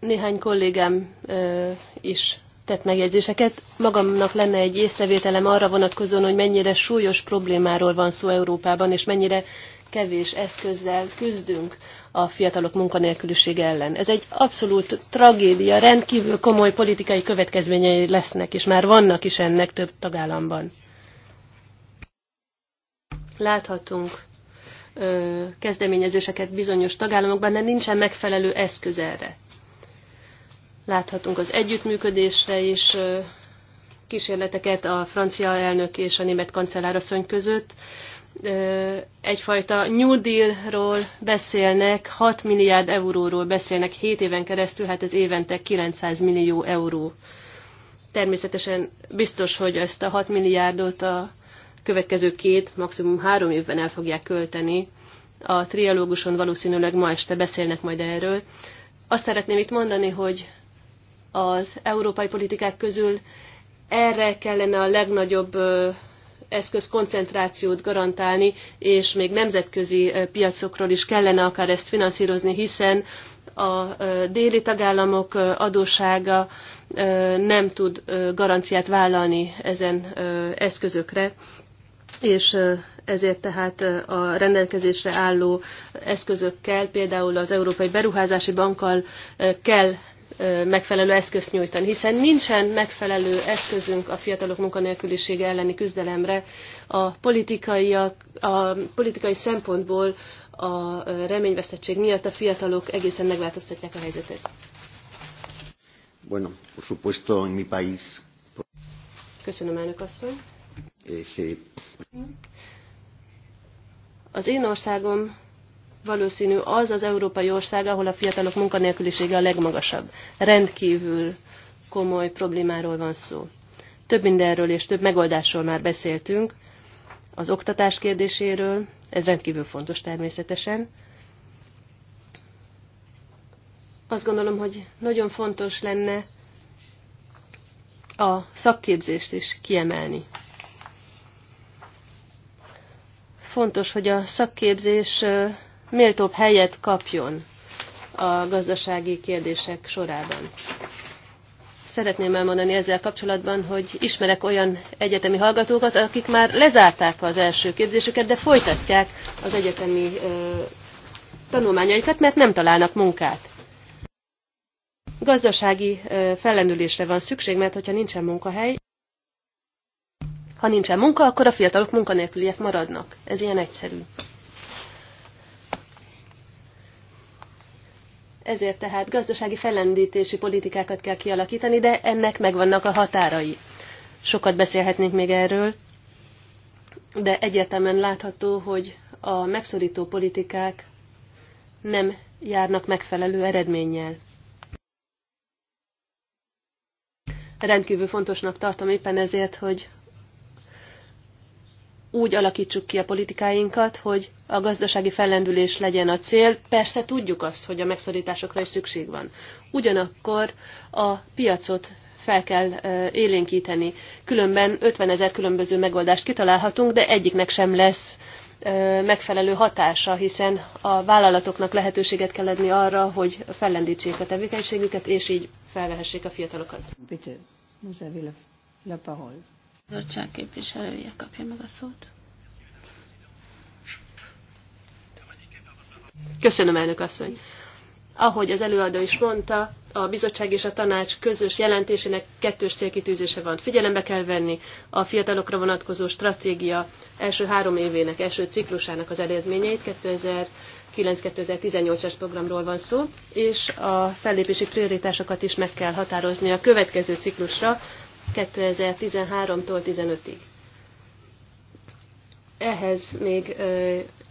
Néhány kollégám is tett megjegyzéseket. Magamnak lenne egy észrevételem arra vonatkozóan, hogy mennyire súlyos problémáról van szó Európában, és mennyire kevés eszközzel küzdünk a fiatalok munkanélkülisége ellen. Ez egy abszolút tragédia, rendkívül komoly politikai következményei lesznek, és már vannak is ennek több tagállamban. Láthatunk ö, kezdeményezéseket bizonyos tagállamokban, de nincsen megfelelő eszköz erre. Láthatunk az együttműködésre is kísérleteket a francia elnök és a német kancellárasszony között. Egyfajta New Deal-ról beszélnek, 6 milliárd euróról beszélnek 7 éven keresztül, hát ez évente 900 millió euró. Természetesen biztos, hogy ezt a 6 milliárdot a következő két, maximum három évben el fogják költeni. A trialóguson valószínűleg ma este beszélnek majd erről. Azt szeretném itt mondani, hogy az európai politikák közül erre kellene a legnagyobb eszközkoncentrációt garantálni, és még nemzetközi piacokról is kellene akár ezt finanszírozni, hiszen a déli tagállamok adósága nem tud garanciát vállalni ezen eszközökre, és ezért tehát a rendelkezésre álló eszközökkel, például az Európai Beruházási Bankkal kell megfelelő eszközt nyújtani, hiszen nincsen megfelelő eszközünk a fiatalok munkanélkülisége elleni küzdelemre. A politikai, a, a politikai szempontból a reményvesztettség miatt a fiatalok egészen megváltoztatják a helyzetet. Bueno, por supuesto, en mi país. Köszönöm, elnök asszony. Eh, Az én országom valószínű az az európai ország, ahol a fiatalok munkanélkülisége a legmagasabb. Rendkívül komoly problémáról van szó. Több mindenről és több megoldásról már beszéltünk. Az oktatás kérdéséről, ez rendkívül fontos természetesen. Azt gondolom, hogy nagyon fontos lenne a szakképzést is kiemelni. Fontos, hogy a szakképzés méltóbb helyet kapjon a gazdasági kérdések sorában. Szeretném elmondani ezzel kapcsolatban, hogy ismerek olyan egyetemi hallgatókat, akik már lezárták az első képzésüket, de folytatják az egyetemi ö, tanulmányaikat, mert nem találnak munkát. Gazdasági ö, fellendülésre van szükség, mert hogyha nincsen munkahely, ha nincsen munka, akkor a fiatalok munkanélküliek maradnak. Ez ilyen egyszerű. Ezért tehát gazdasági fellendítési politikákat kell kialakítani, de ennek megvannak a határai. Sokat beszélhetnénk még erről, de egyértelműen látható, hogy a megszorító politikák nem járnak megfelelő eredménnyel. Rendkívül fontosnak tartom éppen ezért, hogy úgy alakítsuk ki a politikáinkat, hogy a gazdasági fellendülés legyen a cél. Persze tudjuk azt, hogy a megszorításokra is szükség van. Ugyanakkor a piacot fel kell élénkíteni. Különben 50 ezer különböző megoldást kitalálhatunk, de egyiknek sem lesz megfelelő hatása, hiszen a vállalatoknak lehetőséget kell adni arra, hogy fellendítsék a tevékenységüket, és így felvehessék a fiatalokat. Peter, vous avez la, la parole bizottság képviselője kapja meg a szót. Köszönöm, elnök asszony. Ahogy az előadó is mondta, a bizottság és a tanács közös jelentésének kettős célkitűzése van. Figyelembe kell venni a fiatalokra vonatkozó stratégia első három évének, első ciklusának az eredményeit, 2009-2018-as programról van szó, és a fellépési prioritásokat is meg kell határozni a következő ciklusra, 2013-tól 15-ig. Ehhez még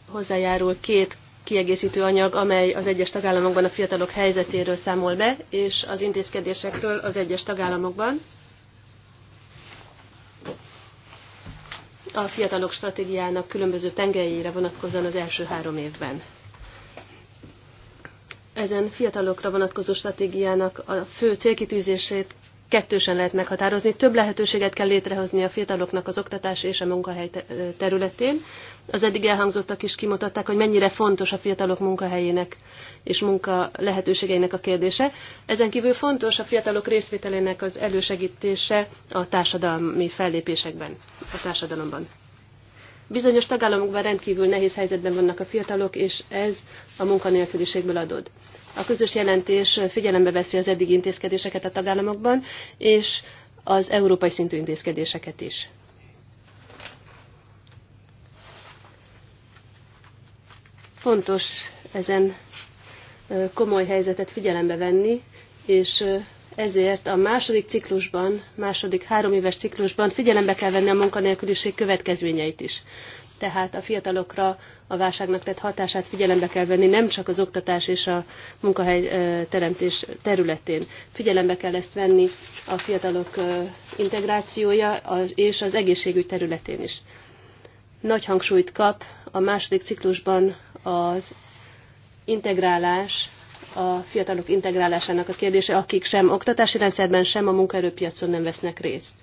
hozzájárul két kiegészítő anyag, amely az egyes tagállamokban a fiatalok helyzetéről számol be, és az intézkedésekről az egyes tagállamokban. A fiatalok stratégiának különböző tengelyére vonatkozóan az első három évben. Ezen fiatalokra vonatkozó stratégiának a fő célkitűzését kettősen lehet meghatározni. Több lehetőséget kell létrehozni a fiataloknak az oktatás és a munkahely területén. Az eddig elhangzottak is kimutatták, hogy mennyire fontos a fiatalok munkahelyének és munka lehetőségeinek a kérdése. Ezen kívül fontos a fiatalok részvételének az elősegítése a társadalmi fellépésekben, a társadalomban. Bizonyos tagállamokban rendkívül nehéz helyzetben vannak a fiatalok, és ez a munkanélküliségből adód. A közös jelentés figyelembe veszi az eddig intézkedéseket a tagállamokban, és az európai szintű intézkedéseket is. Fontos ezen komoly helyzetet figyelembe venni, és ezért a második ciklusban, második három éves ciklusban figyelembe kell venni a munkanélküliség következményeit is tehát a fiatalokra a válságnak tett hatását figyelembe kell venni, nem csak az oktatás és a munkahely teremtés területén. Figyelembe kell ezt venni a fiatalok integrációja és az egészségügy területén is. Nagy hangsúlyt kap a második ciklusban az integrálás, a fiatalok integrálásának a kérdése, akik sem oktatási rendszerben, sem a munkaerőpiacon nem vesznek részt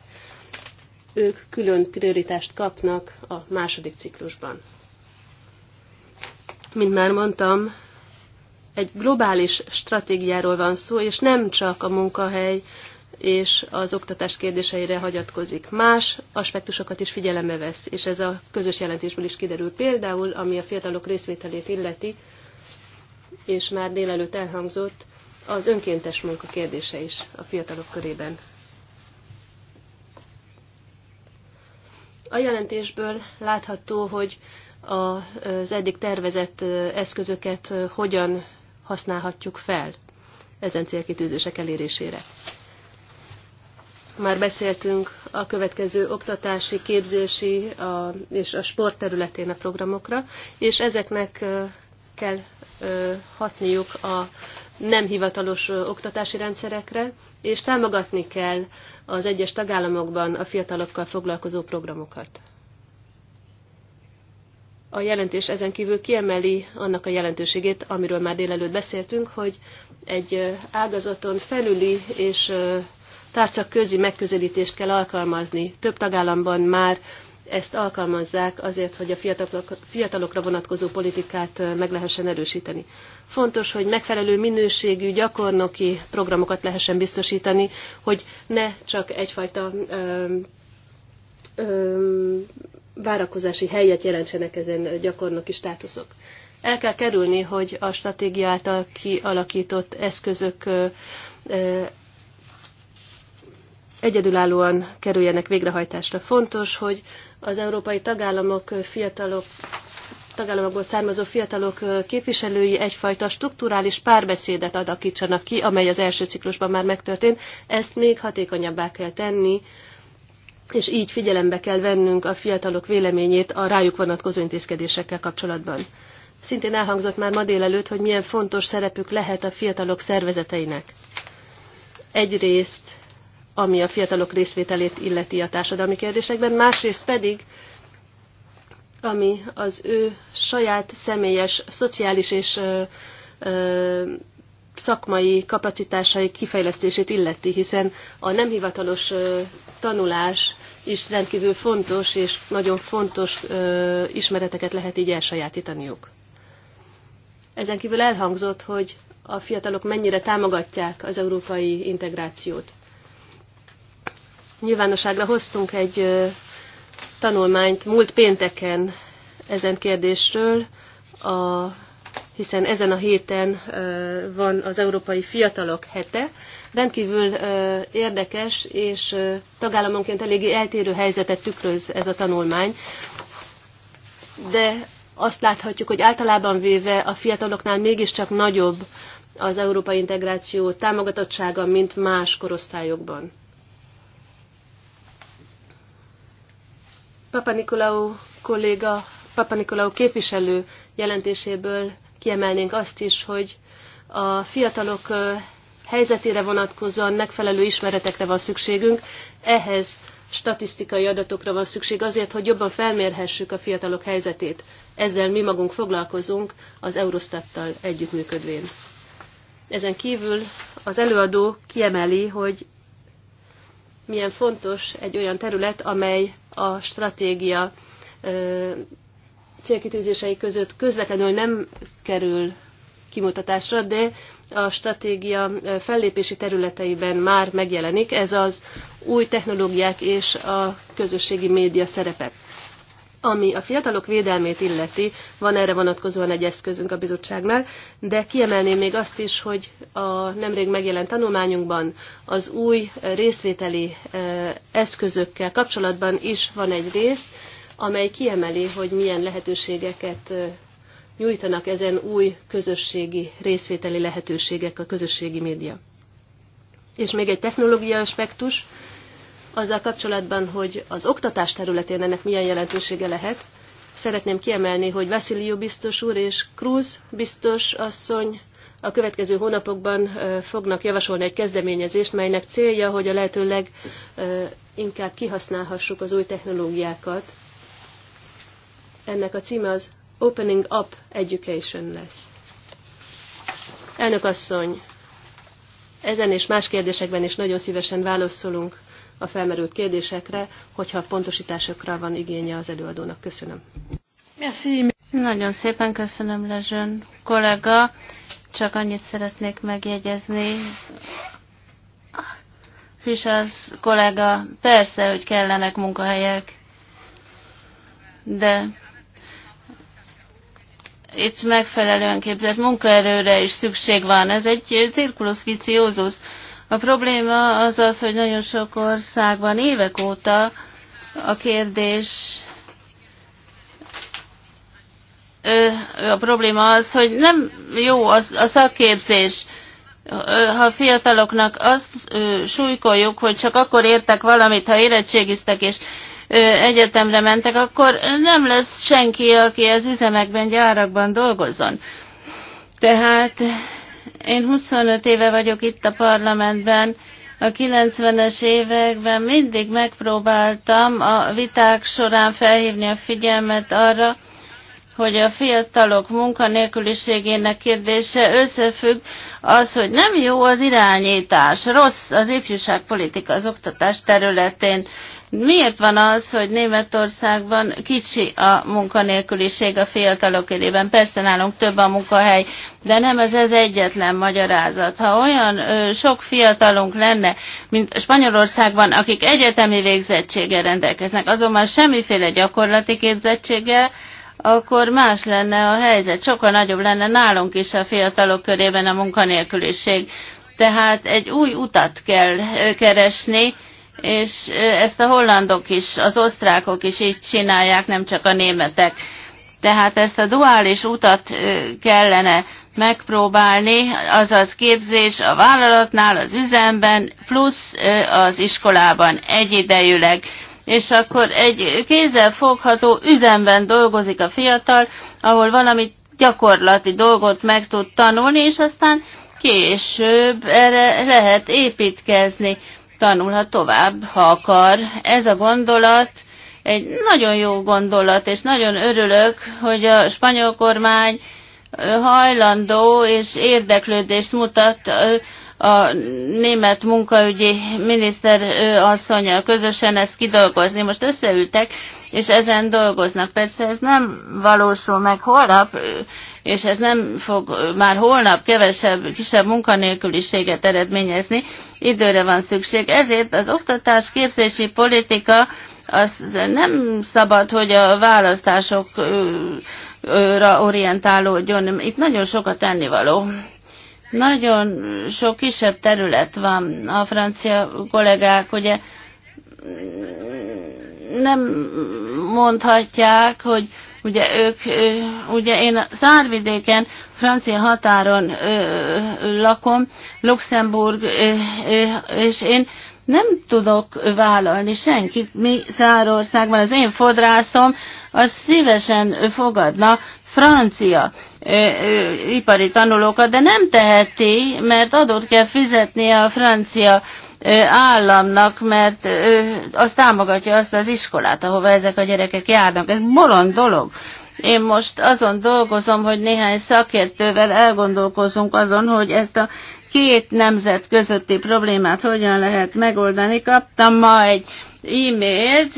ők külön prioritást kapnak a második ciklusban. Mint már mondtam, egy globális stratégiáról van szó, és nem csak a munkahely és az oktatás kérdéseire hagyatkozik. Más aspektusokat is figyelembe vesz, és ez a közös jelentésből is kiderül például, ami a fiatalok részvételét illeti, és már délelőtt elhangzott, az önkéntes munka kérdése is a fiatalok körében. A jelentésből látható, hogy az eddig tervezett eszközöket hogyan használhatjuk fel ezen célkitűzések elérésére. Már beszéltünk a következő oktatási, képzési a, és a sport területén a programokra, és ezeknek kell hatniuk a nem hivatalos oktatási rendszerekre, és támogatni kell az egyes tagállamokban a fiatalokkal foglalkozó programokat. A jelentés ezen kívül kiemeli annak a jelentőségét, amiről már délelőtt beszéltünk, hogy egy ágazaton felüli és tárcak közi megközelítést kell alkalmazni. Több tagállamban már ezt alkalmazzák azért, hogy a fiatalokra vonatkozó politikát meg lehessen erősíteni. Fontos, hogy megfelelő minőségű gyakornoki programokat lehessen biztosítani, hogy ne csak egyfajta ö, ö, várakozási helyet jelentsenek ezen gyakornoki státuszok. El kell kerülni, hogy a stratégia által kialakított eszközök ö, ö, egyedülállóan kerüljenek végrehajtásra. Fontos, hogy az európai tagállamok fiatalok tagállamokból származó fiatalok képviselői egyfajta strukturális párbeszédet adakítsanak ki, amely az első ciklusban már megtörtént. Ezt még hatékonyabbá kell tenni, és így figyelembe kell vennünk a fiatalok véleményét a rájuk vonatkozó intézkedésekkel kapcsolatban. Szintén elhangzott már ma délelőtt, hogy milyen fontos szerepük lehet a fiatalok szervezeteinek. Egyrészt ami a fiatalok részvételét illeti a társadalmi kérdésekben, másrészt pedig, ami az ő saját személyes, szociális és ö, ö, szakmai kapacitásai kifejlesztését illeti, hiszen a nem hivatalos ö, tanulás is rendkívül fontos, és nagyon fontos ö, ismereteket lehet így elsajátítaniuk. Ezen kívül elhangzott, hogy a fiatalok mennyire támogatják az európai integrációt nyilvánosságra hoztunk egy tanulmányt múlt pénteken ezen kérdésről, a, hiszen ezen a héten van az Európai Fiatalok hete. Rendkívül érdekes és tagállamonként eléggé eltérő helyzetet tükröz ez a tanulmány, de azt láthatjuk, hogy általában véve a fiataloknál mégiscsak nagyobb az európai integráció támogatottsága, mint más korosztályokban. Papa Nikolaou kolléga, Papa Nikolaou képviselő jelentéséből kiemelnénk azt is, hogy a fiatalok helyzetére vonatkozóan megfelelő ismeretekre van szükségünk, ehhez statisztikai adatokra van szükség azért, hogy jobban felmérhessük a fiatalok helyzetét. Ezzel mi magunk foglalkozunk az Eurostattal együttműködvén. Ezen kívül az előadó kiemeli, hogy milyen fontos egy olyan terület, amely a stratégia célkitűzései között közvetlenül nem kerül kimutatásra, de a stratégia fellépési területeiben már megjelenik, ez az új technológiák és a közösségi média szerepe. Ami a fiatalok védelmét illeti, van erre vonatkozóan egy eszközünk a bizottságnál, de kiemelném még azt is, hogy a nemrég megjelent tanulmányunkban az új részvételi eszközökkel kapcsolatban is van egy rész, amely kiemeli, hogy milyen lehetőségeket nyújtanak ezen új közösségi részvételi lehetőségek a közösségi média. És még egy technológiai aspektus, azzal kapcsolatban, hogy az oktatás területén ennek milyen jelentősége lehet, szeretném kiemelni, hogy Vasiliu biztos úr és Cruz biztos asszony a következő hónapokban fognak javasolni egy kezdeményezést, melynek célja, hogy a lehetőleg inkább kihasználhassuk az új technológiákat. Ennek a címe az Opening Up Education lesz. Elnök asszony, ezen és más kérdésekben is nagyon szívesen válaszolunk a felmerült kérdésekre, hogyha pontosításokra van igénye az előadónak. Köszönöm. Merci. Nagyon szépen köszönöm, Lezsön kollega. Csak annyit szeretnék megjegyezni. Fisasz kollega, persze, hogy kellenek munkahelyek, de itt megfelelően képzett munkaerőre is szükség van. Ez egy cirkulus viciózus a probléma az az, hogy nagyon sok országban évek óta a kérdés a probléma az, hogy nem jó az, a szakképzés. Ha fiataloknak azt súlykoljuk, hogy csak akkor értek valamit, ha érettségiztek és egyetemre mentek, akkor nem lesz senki, aki az üzemekben, gyárakban dolgozzon. Tehát én 25 éve vagyok itt a parlamentben, a 90-es években mindig megpróbáltam a viták során felhívni a figyelmet arra, hogy a fiatalok munkanélküliségének kérdése összefügg az, hogy nem jó az irányítás, rossz az ifjúságpolitika az oktatás területén. Miért van az, hogy Németországban kicsi a munkanélküliség a fiatalok körében? Persze nálunk több a munkahely, de nem ez az egyetlen magyarázat. Ha olyan ö, sok fiatalunk lenne, mint Spanyolországban, akik egyetemi végzettséggel rendelkeznek, azonban semmiféle gyakorlati képzettséggel, akkor más lenne a helyzet. Sokkal nagyobb lenne nálunk is a fiatalok körében a munkanélküliség. Tehát egy új utat kell keresni, és ezt a hollandok is, az osztrákok is így csinálják, nem csak a németek. Tehát ezt a duális utat kellene megpróbálni, azaz képzés a vállalatnál, az üzemben, plusz az iskolában egyidejűleg. És akkor egy kézzel fogható üzemben dolgozik a fiatal, ahol valamit gyakorlati dolgot meg tud tanulni, és aztán később erre lehet építkezni tanulhat tovább, ha akar. Ez a gondolat egy nagyon jó gondolat, és nagyon örülök, hogy a spanyol kormány hajlandó és érdeklődést mutat a német munkaügyi miniszter asszonya közösen ezt kidolgozni. Most összeültek, és ezen dolgoznak. Persze ez nem valósul meg holnap, és ez nem fog már holnap kevesebb, kisebb munkanélküliséget eredményezni, időre van szükség. Ezért az oktatás képzési politika az nem szabad, hogy a választásokra orientálódjon. Itt nagyon sok a tennivaló. Nagyon sok kisebb terület van. A francia kollégák ugye nem mondhatják, hogy Ugye ők, ugye én a szárvidéken, francia határon lakom, Luxemburg, és én nem tudok vállalni senkit. Mi Szárországban az én fodrászom, az szívesen fogadna francia ö, ö, ipari tanulókat, de nem teheti, mert adót kell fizetnie a francia ö, államnak, mert az támogatja azt az iskolát, ahova ezek a gyerekek járnak. Ez bolond dolog. Én most azon dolgozom, hogy néhány szakértővel elgondolkozunk azon, hogy ezt a két nemzet közötti problémát hogyan lehet megoldani. Kaptam ma egy e-mailt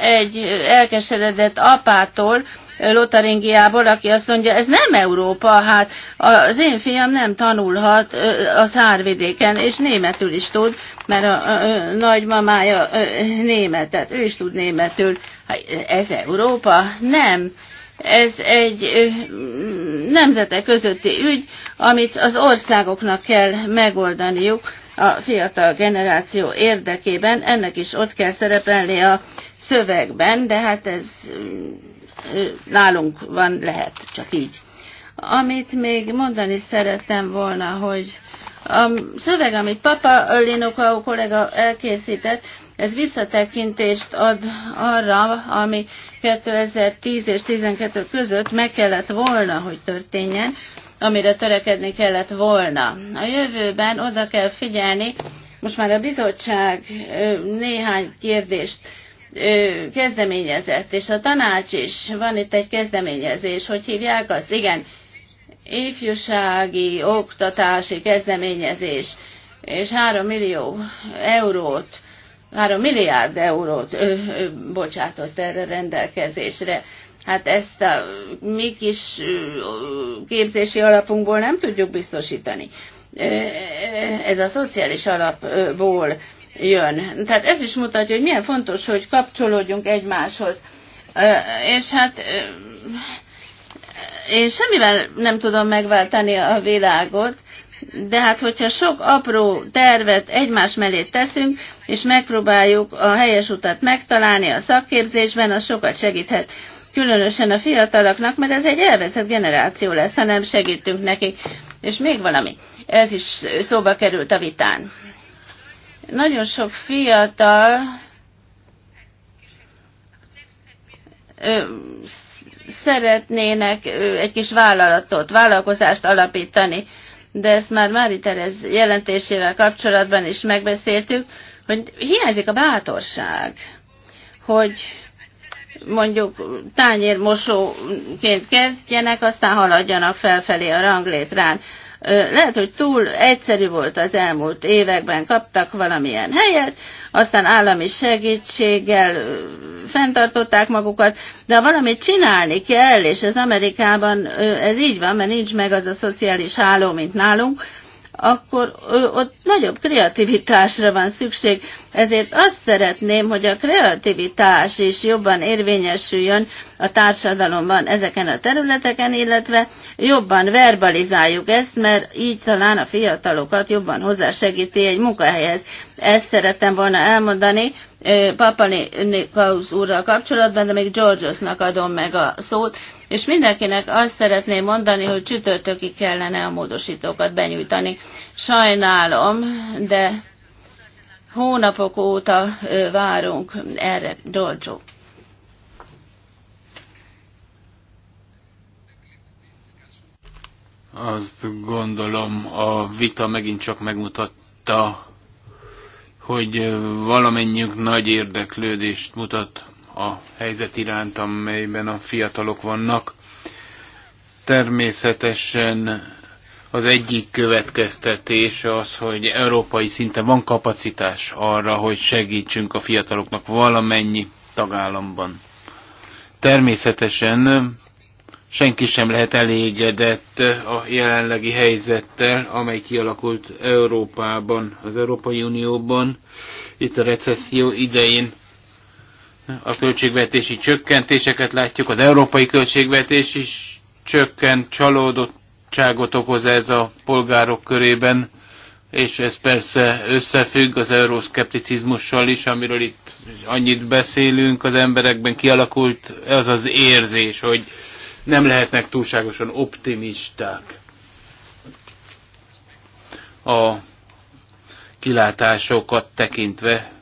egy elkeseredett apától, Lotaringiából, aki azt mondja, ez nem Európa, hát az én fiam nem tanulhat a szárvidéken, és németül is tud, mert a nagymamája németet, ő is tud németül. Hát ez Európa? Nem ez egy nemzetek közötti ügy, amit az országoknak kell megoldaniuk a fiatal generáció érdekében. Ennek is ott kell szerepelni a szövegben, de hát ez nálunk van, lehet, csak így. Amit még mondani szerettem volna, hogy a szöveg, amit Papa Linoka kollega elkészített, ez visszatekintést ad arra, ami 2010 és 2012 között meg kellett volna, hogy történjen, amire törekedni kellett volna. A jövőben oda kell figyelni, most már a bizottság néhány kérdést kezdeményezett, és a tanács is, van itt egy kezdeményezés, hogy hívják azt, igen, ifjúsági, oktatási kezdeményezés, és 3 millió eurót, 3 milliárd eurót ö, ö, bocsátott erre rendelkezésre. Hát ezt a mi kis képzési alapunkból nem tudjuk biztosítani. Ez a szociális alapból jön. Tehát ez is mutatja, hogy milyen fontos, hogy kapcsolódjunk egymáshoz. És hát én semmivel nem tudom megváltani a világot, de hát, hogyha sok apró tervet egymás mellé teszünk, és megpróbáljuk a helyes utat megtalálni a szakképzésben, az sokat segíthet. Különösen a fiataloknak, mert ez egy elveszett generáció lesz, ha nem segítünk nekik. És még valami, ez is szóba került a vitán. Nagyon sok fiatal szeretnének egy kis vállalatot, vállalkozást alapítani, de ezt már Mári Terez jelentésével kapcsolatban is megbeszéltük, hogy hiányzik a bátorság, hogy mondjuk tányérmosóként kezdjenek, aztán haladjanak felfelé a ranglétrán. Lehet, hogy túl egyszerű volt az elmúlt években, kaptak valamilyen helyet, aztán állami segítséggel fenntartották magukat, de valamit csinálni kell, és ez Amerikában ez így van, mert nincs meg az a szociális háló, mint nálunk, akkor ott nagyobb kreativitásra van szükség. Ezért azt szeretném, hogy a kreativitás is jobban érvényesüljön a társadalomban ezeken a területeken, illetve jobban verbalizáljuk ezt, mert így talán a fiatalokat jobban hozzásegíti egy munkahelyhez. Ezt szerettem volna elmondani Papa Nikaus úrral kapcsolatban, de még Georgiosnak adom meg a szót és mindenkinek azt szeretném mondani, hogy csütörtökig kellene a módosítókat benyújtani. Sajnálom, de hónapok óta várunk erre, Dolcsó. Azt gondolom, a vita megint csak megmutatta, hogy valamennyiünk nagy érdeklődést mutat a helyzet iránt, amelyben a fiatalok vannak. Természetesen az egyik következtetés az, hogy európai szinten van kapacitás arra, hogy segítsünk a fiataloknak valamennyi tagállamban. Természetesen senki sem lehet elégedett a jelenlegi helyzettel, amely kialakult Európában, az Európai Unióban, itt a recesszió idején a költségvetési csökkentéseket látjuk, az európai költségvetés is csökkent, csalódottságot okoz ez a polgárok körében, és ez persze összefügg az euroszkepticizmussal is, amiről itt annyit beszélünk, az emberekben kialakult az az érzés, hogy nem lehetnek túlságosan optimisták a kilátásokat tekintve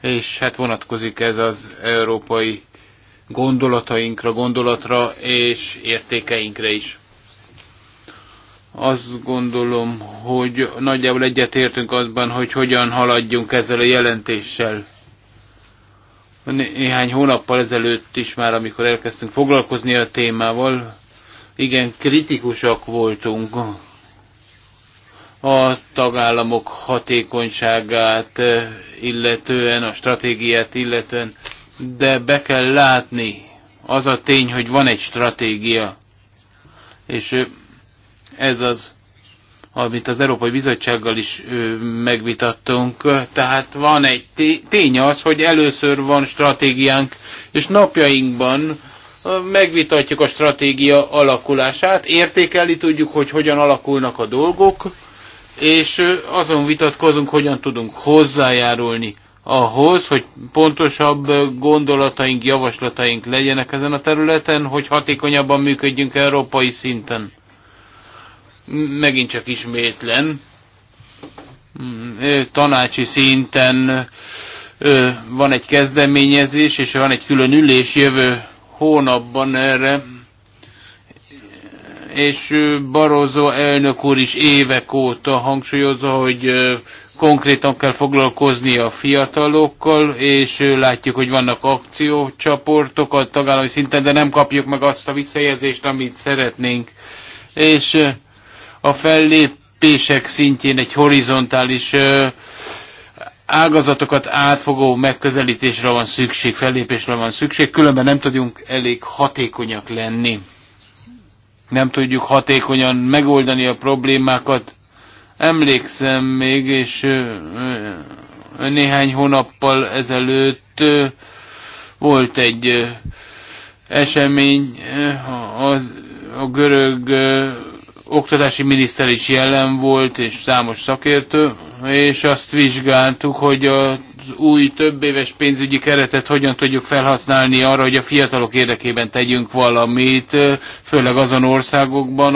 és hát vonatkozik ez az európai gondolatainkra, gondolatra és értékeinkre is. Azt gondolom, hogy nagyjából egyetértünk azban, hogy hogyan haladjunk ezzel a jelentéssel. Néhány hónappal ezelőtt is már, amikor elkezdtünk foglalkozni a témával, igen kritikusak voltunk a tagállamok hatékonyságát eh, illetően, a stratégiát illetően, de be kell látni az a tény, hogy van egy stratégia. És eh, ez az, amit az Európai Bizottsággal is eh, megvitattunk. Tehát van egy tény az, hogy először van stratégiánk, és napjainkban megvitatjuk a stratégia alakulását, értékelni tudjuk, hogy hogyan alakulnak a dolgok, és azon vitatkozunk, hogyan tudunk hozzájárulni ahhoz, hogy pontosabb gondolataink, javaslataink legyenek ezen a területen, hogy hatékonyabban működjünk európai szinten. Megint csak ismétlen, tanácsi szinten van egy kezdeményezés, és van egy külön ülés jövő hónapban erre, és Barozó elnök úr is évek óta hangsúlyozza, hogy konkrétan kell foglalkozni a fiatalokkal, és látjuk, hogy vannak akciócsoportok a tagállami szinten, de nem kapjuk meg azt a visszajelzést, amit szeretnénk. És a fellépések szintjén egy horizontális ágazatokat átfogó megközelítésre van szükség, fellépésre van szükség, különben nem tudunk elég hatékonyak lenni nem tudjuk hatékonyan megoldani a problémákat. Emlékszem még, és néhány hónappal ezelőtt volt egy esemény, az, a görög oktatási miniszter is jelen volt, és számos szakértő, és azt vizsgáltuk, hogy a új új többéves pénzügyi keretet hogyan tudjuk felhasználni arra, hogy a fiatalok érdekében tegyünk valamit, főleg azon országokban,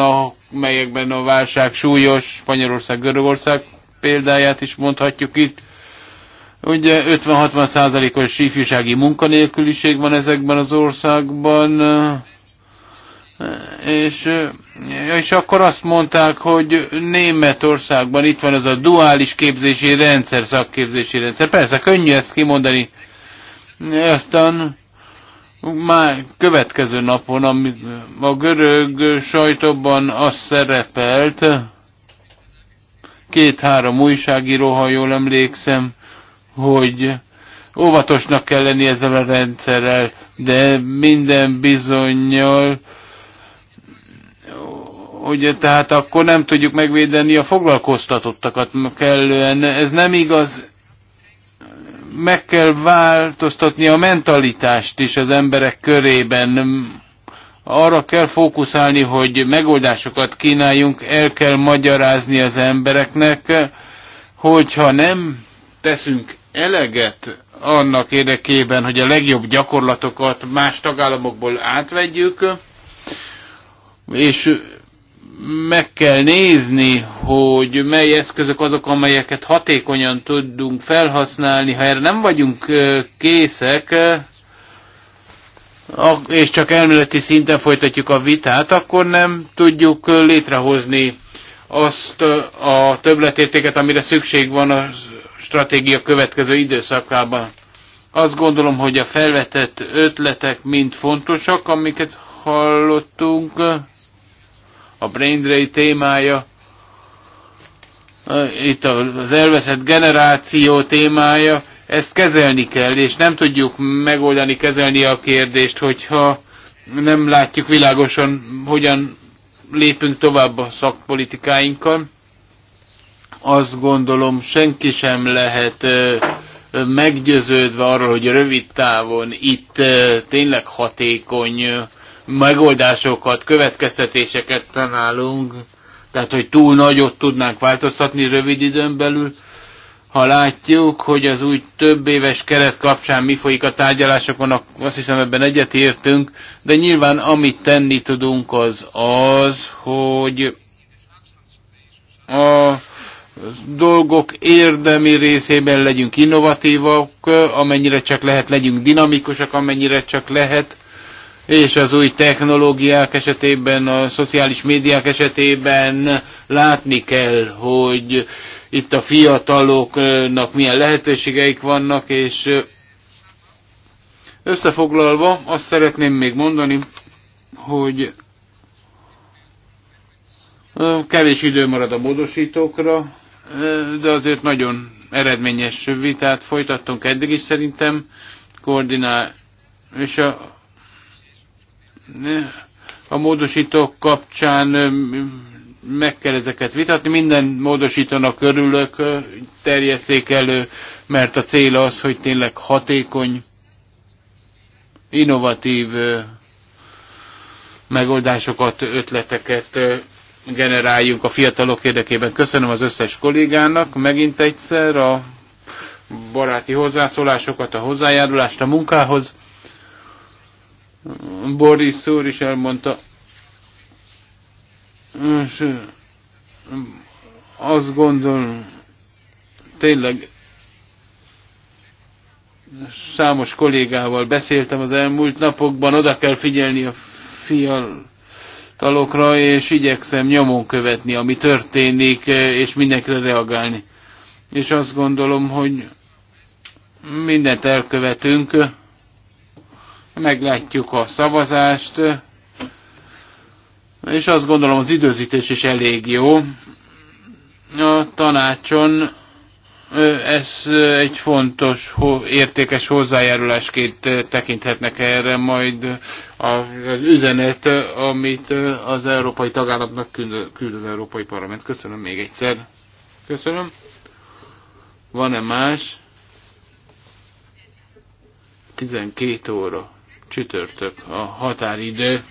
amelyekben a válság súlyos, Spanyolország, Görögország példáját is mondhatjuk itt. Ugye 50-60 százalékos ifjúsági munkanélküliség van ezekben az országban, és és akkor azt mondták, hogy Németországban itt van ez a duális képzési rendszer, szakképzési rendszer. Persze, könnyű ezt kimondani. Aztán már következő napon, ami a görög sajtóban az szerepelt, két-három újságíró, ha jól emlékszem, hogy óvatosnak kell lenni ezzel a rendszerrel, de minden bizonyal ugye tehát akkor nem tudjuk megvédeni a foglalkoztatottakat kellően. Ez nem igaz. Meg kell változtatni a mentalitást is az emberek körében. Arra kell fókuszálni, hogy megoldásokat kínáljunk, el kell magyarázni az embereknek, hogyha nem teszünk eleget annak érdekében, hogy a legjobb gyakorlatokat más tagállamokból átvegyük, és meg kell nézni, hogy mely eszközök azok, amelyeket hatékonyan tudunk felhasználni. Ha erre nem vagyunk készek, és csak elméleti szinten folytatjuk a vitát, akkor nem tudjuk létrehozni azt a többletértéket, amire szükség van a stratégia következő időszakában. Azt gondolom, hogy a felvetett ötletek mind fontosak, amiket hallottunk a brain drain témája, eh, itt az elveszett generáció témája, ezt kezelni kell, és nem tudjuk megoldani, kezelni a kérdést, hogyha nem látjuk világosan, hogyan lépünk tovább a szakpolitikáinkkal. Azt gondolom, senki sem lehet eh, meggyőződve arról, hogy rövid távon itt eh, tényleg hatékony megoldásokat, következtetéseket tanálunk, tehát hogy túl nagyot tudnánk változtatni rövid időn belül, ha látjuk, hogy az új több éves keret kapcsán mi folyik a tárgyalásokon, azt hiszem ebben egyetértünk, de nyilván amit tenni tudunk az az, hogy a dolgok érdemi részében legyünk innovatívak, amennyire csak lehet, legyünk dinamikusak, amennyire csak lehet, és az új technológiák esetében, a szociális médiák esetében látni kell, hogy itt a fiataloknak milyen lehetőségeik vannak, és összefoglalva azt szeretném még mondani, hogy kevés idő marad a módosítókra, de azért nagyon eredményes vitát folytattunk eddig is szerintem, koordinál, és a a módosítók kapcsán meg kell ezeket vitatni. Minden módosítónak örülök, terjesszék elő, mert a cél az, hogy tényleg hatékony, innovatív megoldásokat, ötleteket generáljunk a fiatalok érdekében. Köszönöm az összes kollégának megint egyszer a baráti hozzászólásokat, a hozzájárulást a munkához. Boris úr is elmondta, és azt gondolom, tényleg számos kollégával beszéltem az elmúlt napokban, oda kell figyelni a fiatalokra, és igyekszem nyomon követni, ami történik, és mindenkire reagálni. És azt gondolom, hogy mindent elkövetünk, meglátjuk a szavazást, és azt gondolom az időzítés is elég jó. A tanácson ez egy fontos, értékes hozzájárulásként tekinthetnek erre majd az üzenet, amit az európai tagállamnak küld az Európai Parlament. Köszönöm még egyszer. Köszönöm. Van-e más? 12 óra csütörtök a határidő.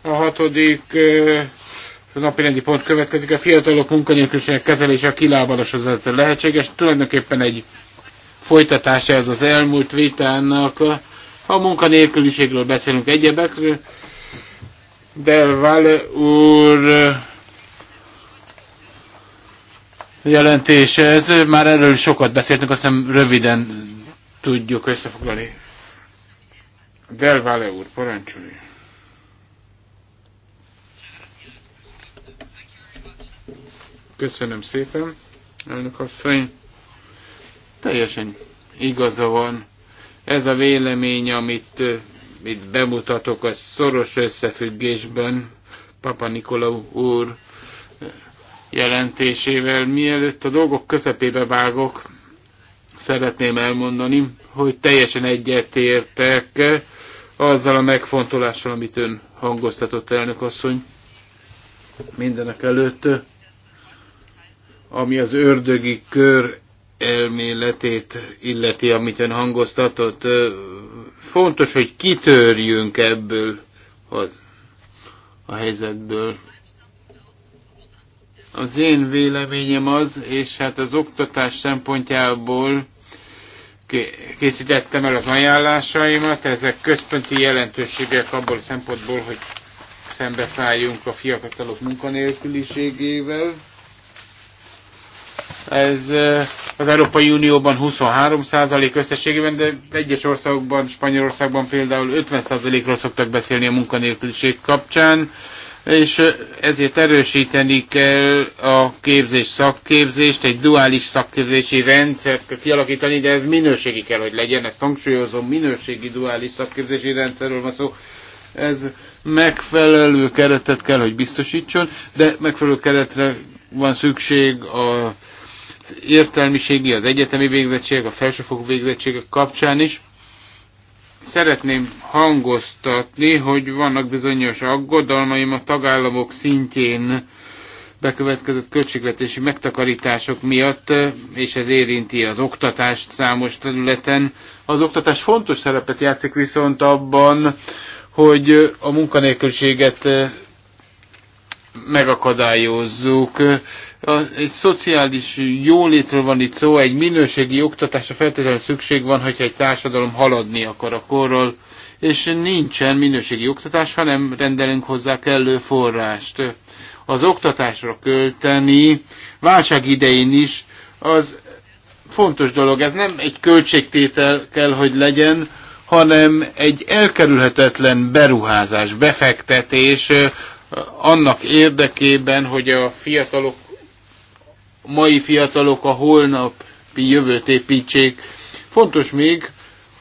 A hatodik napirendi pont következik, a fiatalok munkanélküliségek kezelése a kilábalásozat lehetséges. Tulajdonképpen egy folytatása ez az elmúlt vitának. A munkanélküliségről beszélünk egyebekről. Del Valle úr jelentése, ez már erről sokat beszéltünk, azt hiszem röviden tudjuk összefoglalni. Del Valle úr, parancsolja. Köszönöm szépen, elnök asszony. Teljesen igaza van. Ez a vélemény, amit itt bemutatok, az szoros összefüggésben Papa Nikola úr jelentésével. Mielőtt a dolgok közepébe vágok, szeretném elmondani, hogy teljesen egyetértek azzal a megfontolással, amit ön hangoztatott, elnök asszony, mindenek előtt, ami az ördögi kör elméletét illeti, amit ön hangoztatott. Fontos, hogy kitörjünk ebből a, a helyzetből. Az én véleményem az, és hát az oktatás szempontjából készítettem el az ajánlásaimat. Ezek központi jelentőségek abból a szempontból, hogy szembeszálljunk a fiatalok munkanélküliségével. Ez az Európai Unióban 23 százalék összességében, de egyes országokban, Spanyolországban például 50 százalékról szoktak beszélni a munkanélküliség kapcsán és ezért erősíteni kell a képzés szakképzést, egy duális szakképzési rendszert kell kialakítani, de ez minőségi kell, hogy legyen, ezt hangsúlyozom, minőségi duális szakképzési rendszerről van szó. Ez megfelelő keretet kell, hogy biztosítson, de megfelelő keretre van szükség a értelmiségi, az egyetemi végzettség, a felsőfokú végzettségek kapcsán is Szeretném hangoztatni, hogy vannak bizonyos aggodalmaim a tagállamok szintjén bekövetkezett költségvetési megtakarítások miatt, és ez érinti az oktatást számos területen. Az oktatás fontos szerepet játszik viszont abban, hogy a munkanélküliséget megakadályozzuk, a, egy szociális jólétről van itt szó, egy minőségi oktatásra feltétlenül szükség van, hogyha egy társadalom haladni akar a korral, és nincsen minőségi oktatás, hanem rendelünk hozzá kellő forrást. Az oktatásra költeni válság idején is az fontos dolog. Ez nem egy költségtétel kell, hogy legyen, hanem egy elkerülhetetlen beruházás, befektetés eh, annak érdekében, hogy a fiatalok mai fiatalok a holnapi jövőt építsék. Fontos még,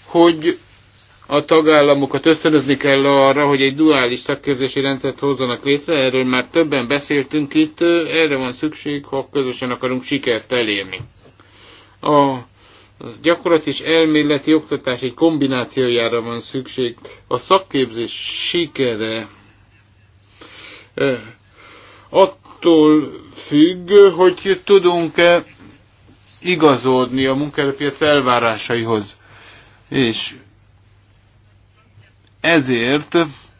hogy a tagállamokat ösztönözni kell arra, hogy egy duális szakképzési rendszert hozzanak létre, erről már többen beszéltünk itt, erre van szükség, ha közösen akarunk sikert elérni. A gyakorlat és elméleti oktatás egy kombinációjára van szükség. A szakképzés sikere attól függ, hogy tudunk-e igazodni a munkaerőpiac elvárásaihoz. És ezért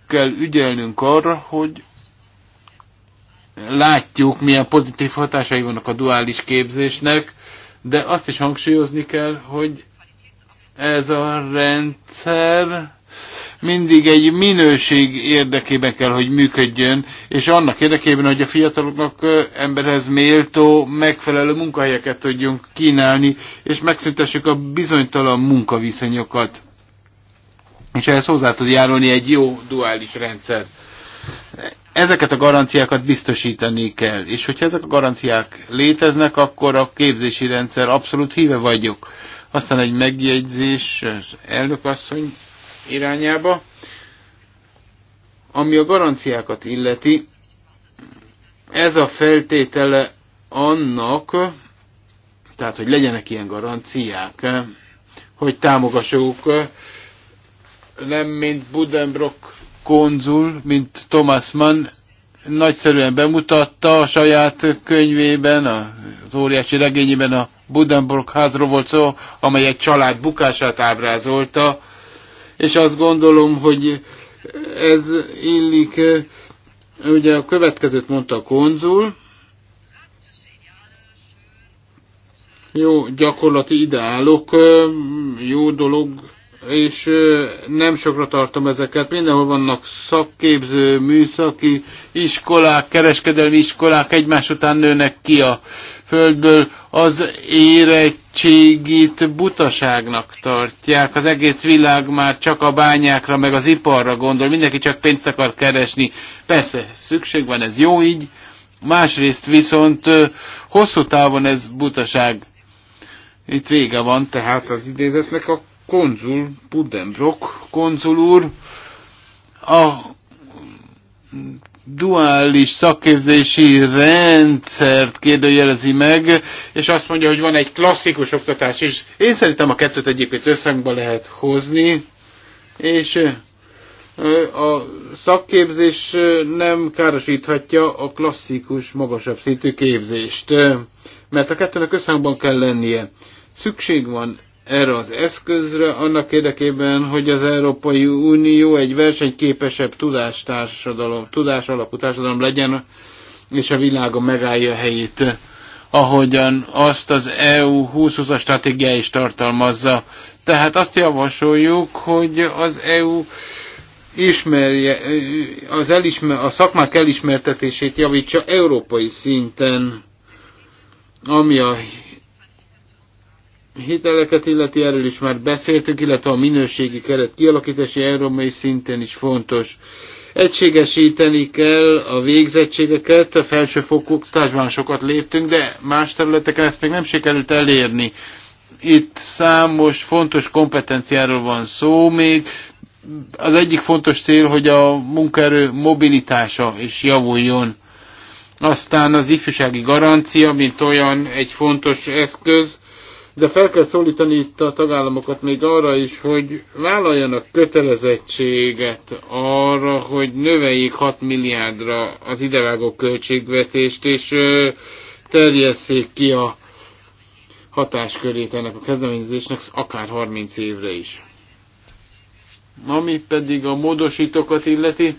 kell ügyelnünk arra, hogy látjuk, milyen pozitív hatásai vannak a duális képzésnek, de azt is hangsúlyozni kell, hogy ez a rendszer mindig egy minőség érdekében kell, hogy működjön, és annak érdekében, hogy a fiataloknak emberhez méltó, megfelelő munkahelyeket tudjunk kínálni, és megszüntessük a bizonytalan munkaviszonyokat. És ehhez hozzá tud járulni egy jó duális rendszer. Ezeket a garanciákat biztosítani kell, és hogyha ezek a garanciák léteznek, akkor a képzési rendszer abszolút híve vagyok. Aztán egy megjegyzés az asszony irányába. Ami a garanciákat illeti, ez a feltétele annak, tehát hogy legyenek ilyen garanciák, hogy támogassuk nem mint Budenbrock konzul, mint Thomas Mann nagyszerűen bemutatta a saját könyvében, az óriási regényében a Budenbrock házról volt szó, amely egy család bukását ábrázolta, és azt gondolom, hogy ez illik, ugye a következőt mondta a konzul, jó gyakorlati ideálok, jó dolog, és nem sokra tartom ezeket. Mindenhol vannak szakképző, műszaki iskolák, kereskedelmi iskolák, egymás után nőnek ki a földből, az érettségit butaságnak tartják. Az egész világ már csak a bányákra, meg az iparra gondol. Mindenki csak pénzt akar keresni. Persze, szükség van, ez jó így. Másrészt viszont hosszú távon ez butaság. Itt vége van tehát az idézetnek a konzul, Budenbrock konzul úr, a duális szakképzési rendszert kérdőjelezi meg, és azt mondja, hogy van egy klasszikus oktatás is. Én szerintem a kettőt egyébként összhangba lehet hozni, és a szakképzés nem károsíthatja a klasszikus, magasabb szintű képzést, mert a kettőnek összhangban kell lennie. Szükség van erre az eszközre, annak érdekében, hogy az Európai Unió egy versenyképesebb tudástársadalom, tudás alapú társadalom legyen, és a világon megállja a helyét, ahogyan azt az EU 2020-as stratégia is tartalmazza. Tehát azt javasoljuk, hogy az EU ismerje, az elismer, a szakmák elismertetését javítsa európai szinten, ami a hiteleket illeti, erről is már beszéltünk, illetve a minőségi keret kialakítási európai szinten is fontos. Egységesíteni kell a végzettségeket, a felsőfokú oktatásban sokat léptünk, de más területeken ezt még nem sikerült elérni. Itt számos fontos kompetenciáról van szó még. Az egyik fontos cél, hogy a munkaerő mobilitása is javuljon. Aztán az ifjúsági garancia, mint olyan egy fontos eszköz, de fel kell szólítani itt a tagállamokat még arra is, hogy vállaljanak kötelezettséget arra, hogy növeljék 6 milliárdra az idevágó költségvetést, és terjesszék ki a hatáskörét ennek a kezdeményezésnek akár 30 évre is. Ami pedig a módosítókat illeti,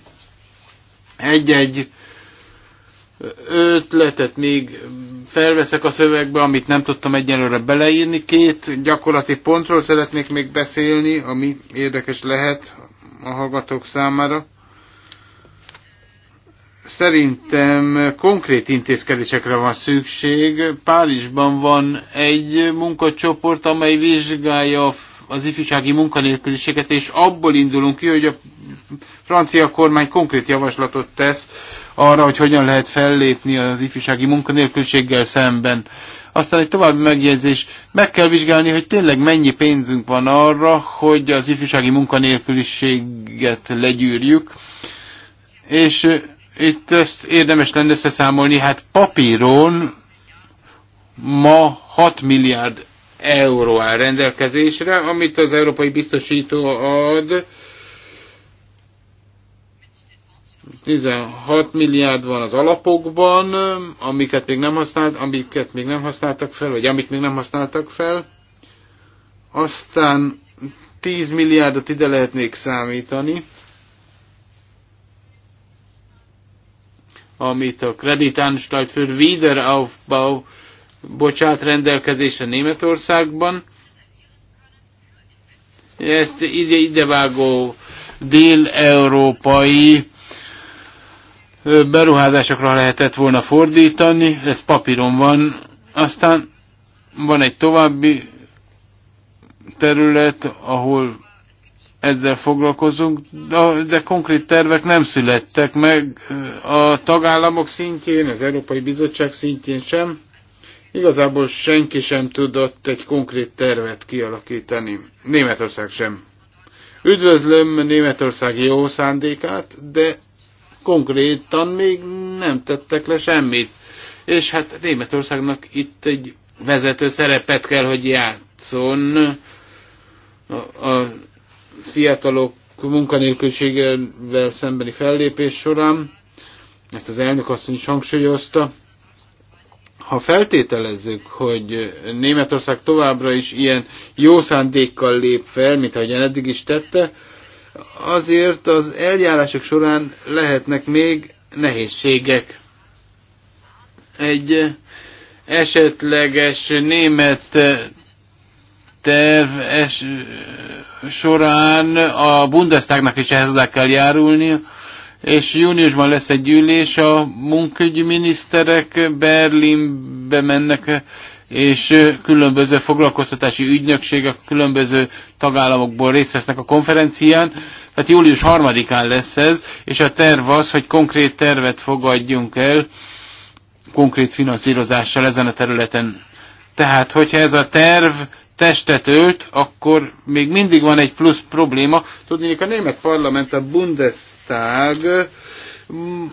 egy-egy ötletet még felveszek a szövegbe, amit nem tudtam egyenlőre beleírni. Két gyakorlati pontról szeretnék még beszélni, ami érdekes lehet a hallgatók számára. Szerintem konkrét intézkedésekre van szükség. Párizsban van egy munkacsoport, amely vizsgálja az ifjúsági munkanélküliséget, és abból indulunk ki, hogy a francia kormány konkrét javaslatot tesz arra, hogy hogyan lehet fellépni az ifjúsági munkanélküliséggel szemben. Aztán egy további megjegyzés, meg kell vizsgálni, hogy tényleg mennyi pénzünk van arra, hogy az ifjúsági munkanélküliséget legyűrjük, és itt ezt érdemes lenne összeszámolni, hát papíron ma 6 milliárd euró áll rendelkezésre, amit az európai biztosító ad, 16 milliárd van az alapokban, amiket még nem használt, amiket még nem használtak fel, vagy amit még nem használtak fel. Aztán 10 milliárdot ide lehetnék számítani, amit a Kreditanstalt für Wiederaufbau bocsát rendelkezésre Németországban. Ezt ide-idevágó dél-európai beruházásokra lehetett volna fordítani, ez papíron van. Aztán van egy további terület, ahol ezzel foglalkozunk, de konkrét tervek nem születtek meg a tagállamok szintjén, az Európai Bizottság szintjén sem. Igazából senki sem tudott egy konkrét tervet kialakítani. Németország sem. Üdvözlöm Németország jó szándékát, de konkrétan még nem tettek le semmit. És hát Németországnak itt egy vezető szerepet kell, hogy játszon a, a fiatalok munkanélkülséggel szembeni fellépés során. Ezt az elnök azt is hangsúlyozta. Ha feltételezzük, hogy Németország továbbra is ilyen jó szándékkal lép fel, mint ahogyan eddig is tette, azért az eljárások során lehetnek még nehézségek. Egy esetleges német terv es során a Bundestagnak is ehhez hozzá kell járulni, és júniusban lesz egy ülés, a munkügyi miniszterek Berlinbe mennek, és különböző foglalkoztatási ügynökségek különböző tagállamokból részt vesznek a konferencián. Tehát július 3-án lesz ez, és a terv az, hogy konkrét tervet fogadjunk el, konkrét finanszírozással ezen a területen. Tehát, hogyha ez a terv testet ölt, akkor még mindig van egy plusz probléma. Tudni, a német parlament, a Bundestag Mm,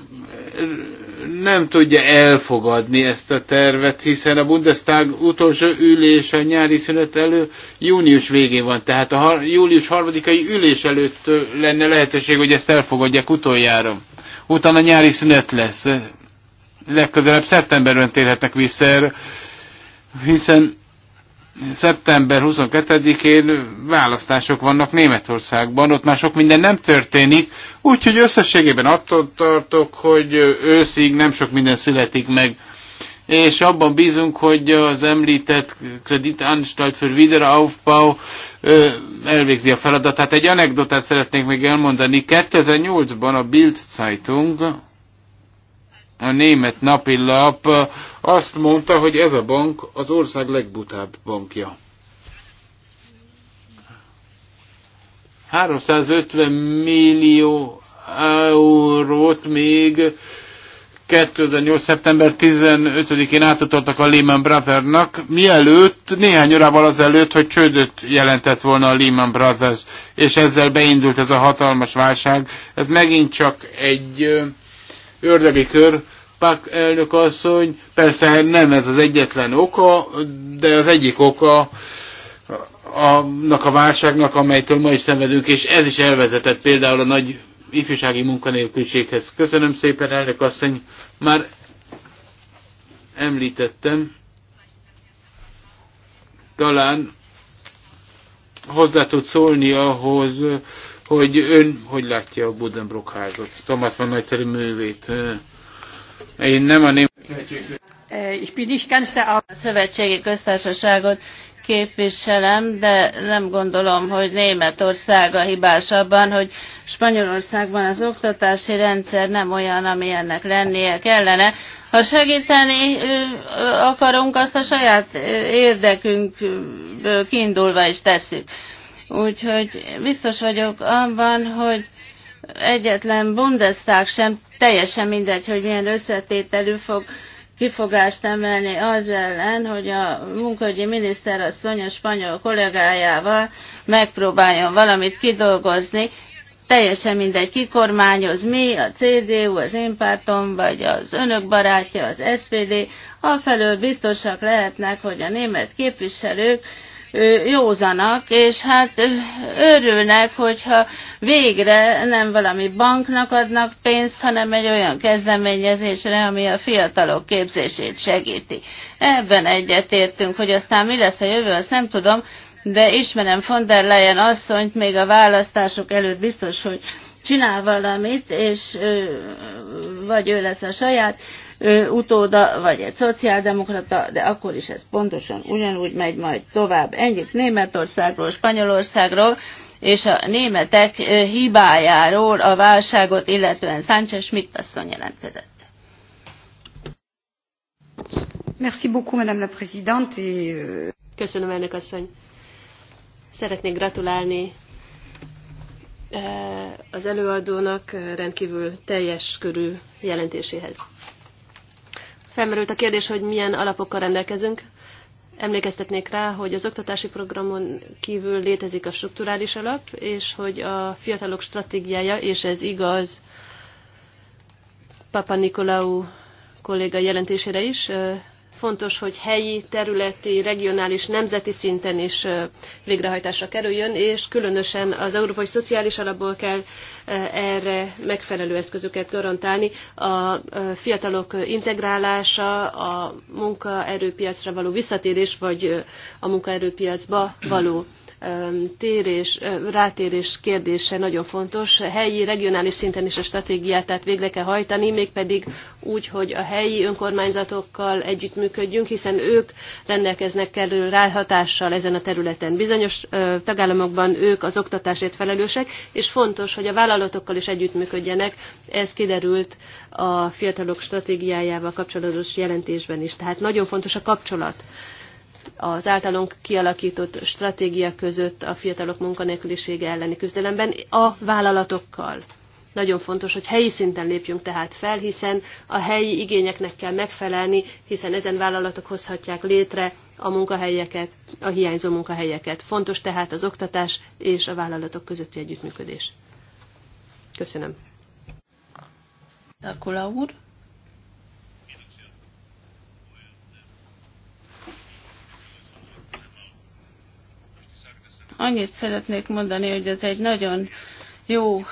nem tudja elfogadni ezt a tervet, hiszen a Bundestag utolsó ülés a nyári szünet elő június végén van, tehát a július harmadikai ülés előtt lenne lehetőség, hogy ezt elfogadják utoljára. Utána nyári szünet lesz. Legközelebb szeptemberben térhetnek vissza erre, hiszen szeptember 22-én választások vannak Németországban, ott már sok minden nem történik, úgyhogy összességében attól tartok, hogy őszig nem sok minden születik meg. És abban bízunk, hogy az említett Kreditanstalt für Wiederaufbau elvégzi a feladatát. Egy anekdotát szeretnék még elmondani. 2008-ban a Bild Zeitung, a német napilap azt mondta, hogy ez a bank az ország legbutább bankja. 350 millió eurót még 2008. szeptember 15-én átadtak a Lehman Brothersnak, mielőtt, néhány órával azelőtt, hogy csődöt jelentett volna a Lehman Brothers, és ezzel beindult ez a hatalmas válság. Ez megint csak egy ördögi kör, Pak elnök asszony, persze nem ez az egyetlen oka, de az egyik oka annak a válságnak, amelytől ma is szenvedünk, és ez is elvezetett például a nagy ifjúsági munkanélküliséghez. Köszönöm szépen, elnök asszony, már említettem, talán hozzá tud szólni ahhoz, hogy ön hogy látja a Budenbrock házat, Thomas van nagyszerű művét. Én nem a Német Szövetségi Köztársaságot képviselem, de nem gondolom, hogy Németország a hibás abban, hogy Spanyolországban az oktatási rendszer nem olyan, ami ennek lennie kellene. Ha segíteni akarunk, azt a saját érdekünkből kiindulva is tesszük. Úgyhogy biztos vagyok abban, hogy egyetlen Bundestag sem teljesen mindegy, hogy milyen összetételű fog kifogást emelni az ellen, hogy a munkahogyi miniszter a a spanyol kollégájával megpróbáljon valamit kidolgozni, teljesen mindegy, kikormányoz mi, a CDU, az én pártom, vagy az önök barátja, az SPD, afelől biztosak lehetnek, hogy a német képviselők józanak, és hát örülnek, hogyha végre nem valami banknak adnak pénzt, hanem egy olyan kezdeményezésre, ami a fiatalok képzését segíti. Ebben egyetértünk, hogy aztán mi lesz a jövő, azt nem tudom, de ismerem von der Leyen asszonyt még a választások előtt biztos, hogy csinál valamit, és vagy ő lesz a saját utóda, vagy egy szociáldemokrata, de akkor is ez pontosan ugyanúgy megy majd tovább. Ennyit Németországról, Spanyolországról és a németek hibájáról a válságot, illetően Sánchez Schmidt asszony jelentkezett. Merci beaucoup, Madame la Présidente. Et... Euh, Köszönöm, elnök asszony. Szeretnék gratulálni az előadónak rendkívül teljes körű jelentéséhez. Felmerült a kérdés, hogy milyen alapokkal rendelkezünk. Emlékeztetnék rá, hogy az oktatási programon kívül létezik a strukturális alap, és hogy a fiatalok stratégiája, és ez igaz Papa Nikolaou kolléga jelentésére is, fontos, hogy helyi, területi, regionális, nemzeti szinten is végrehajtásra kerüljön, és különösen az Európai Szociális Alapból kell erre megfelelő eszközöket garantálni. A fiatalok integrálása, a munkaerőpiacra való visszatérés, vagy a munkaerőpiacba való térés, rátérés kérdése nagyon fontos. Helyi, regionális szinten is a stratégiát tehát végre kell hajtani, mégpedig úgy, hogy a helyi önkormányzatokkal együttműködjünk, hiszen ők rendelkeznek kellő ráhatással ezen a területen. Bizonyos tagállamokban ők az oktatásért felelősek, és fontos, hogy a vállalatokkal is együttműködjenek. Ez kiderült a fiatalok stratégiájával kapcsolatos jelentésben is. Tehát nagyon fontos a kapcsolat az általunk kialakított stratégia között a fiatalok munkanélkülisége elleni küzdelemben a vállalatokkal. Nagyon fontos, hogy helyi szinten lépjünk tehát fel, hiszen a helyi igényeknek kell megfelelni, hiszen ezen vállalatok hozhatják létre a munkahelyeket, a hiányzó munkahelyeket. Fontos tehát az oktatás és a vállalatok közötti együttműködés. Köszönöm. Akula úr. Annyit szeretnék mondani, hogy ez egy nagyon jó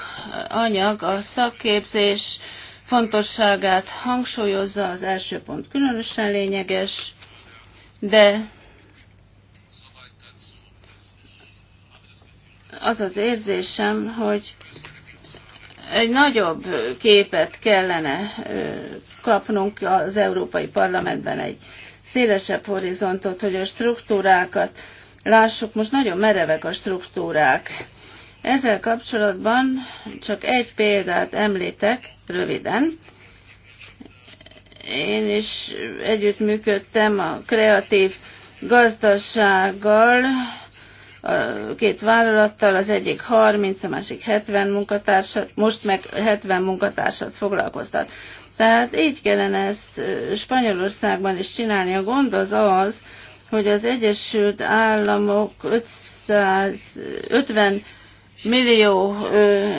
anyag, a szakképzés fontosságát hangsúlyozza, az első pont különösen lényeges, de az az érzésem, hogy egy nagyobb képet kellene kapnunk az Európai Parlamentben, egy szélesebb horizontot, hogy a struktúrákat lássuk, most nagyon merevek a struktúrák. Ezzel kapcsolatban csak egy példát említek röviden. Én is együttműködtem a kreatív gazdasággal, a két vállalattal, az egyik 30, a másik 70 munkatársat, most meg 70 munkatársat foglalkoztat. Tehát így kellene ezt Spanyolországban is csinálni. A gond az az, hogy az Egyesült Államok 550 millió ö, ö,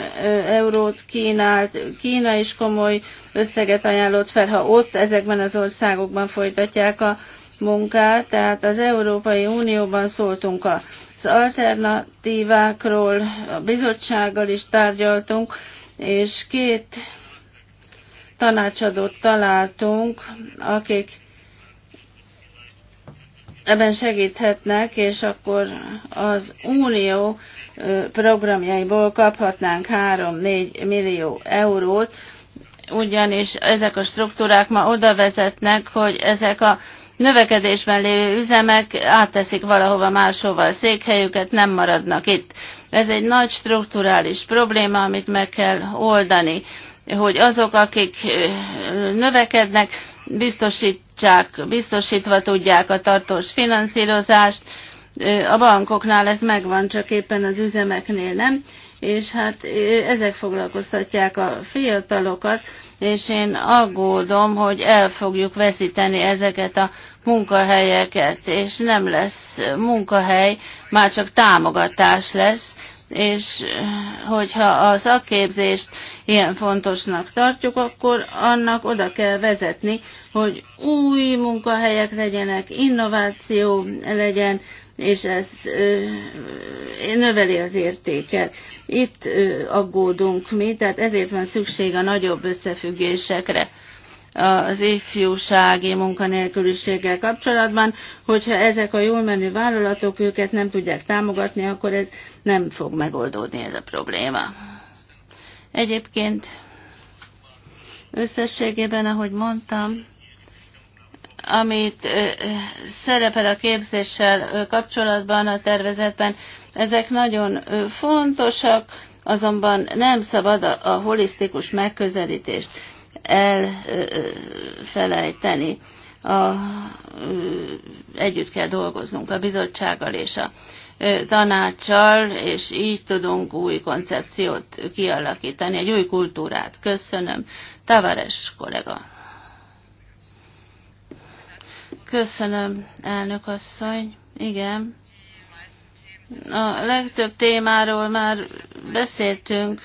eurót kínált, Kína is komoly összeget ajánlott fel, ha ott ezekben az országokban folytatják a munkát, tehát az Európai Unióban szóltunk az alternatívákról, a bizottsággal is tárgyaltunk, és két tanácsadót találtunk, akik ebben segíthetnek, és akkor az unió programjaiból kaphatnánk 3-4 millió eurót, ugyanis ezek a struktúrák ma oda vezetnek, hogy ezek a növekedésben lévő üzemek átteszik valahova máshova a székhelyüket, nem maradnak itt. Ez egy nagy strukturális probléma, amit meg kell oldani hogy azok, akik növekednek, biztosítsák, biztosítva tudják a tartós finanszírozást. A bankoknál ez megvan, csak éppen az üzemeknél nem és hát ezek foglalkoztatják a fiatalokat, és én aggódom, hogy el fogjuk veszíteni ezeket a munkahelyeket, és nem lesz munkahely, már csak támogatás lesz, és eh, hogyha a szakképzést ilyen fontosnak tartjuk, akkor annak oda kell vezetni, hogy új munkahelyek legyenek, innováció legyen, és ez eh, növeli az értéket. Itt eh, aggódunk mi, tehát ezért van szükség a nagyobb összefüggésekre az ifjúsági munkanélküliséggel kapcsolatban, hogyha ezek a jól menő vállalatok őket nem tudják támogatni, akkor ez nem fog megoldódni ez a probléma. Egyébként összességében, ahogy mondtam, amit szerepel a képzéssel kapcsolatban a tervezetben, ezek nagyon fontosak, azonban nem szabad a holisztikus megközelítést elfelejteni. A, együtt kell dolgoznunk a bizottsággal és a tanácssal, és így tudunk új koncepciót kialakítani, egy új kultúrát. Köszönöm. Tavares kollega. Köszönöm, elnök asszony. Igen. A legtöbb témáról már beszéltünk,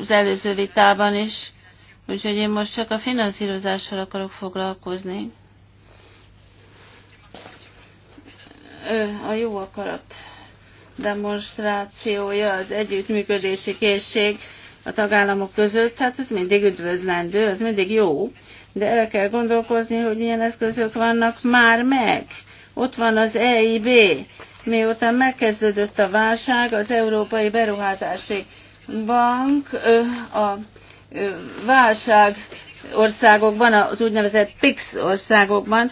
az előző vitában is, úgyhogy én most csak a finanszírozással akarok foglalkozni. A jó akarat demonstrációja az együttműködési készség a tagállamok között, hát ez mindig üdvözlendő, ez mindig jó, de el kell gondolkozni, hogy milyen eszközök vannak már meg. Ott van az EIB, Miután megkezdődött a válság, az Európai Beruházási Bank a válság országokban, az úgynevezett PIX országokban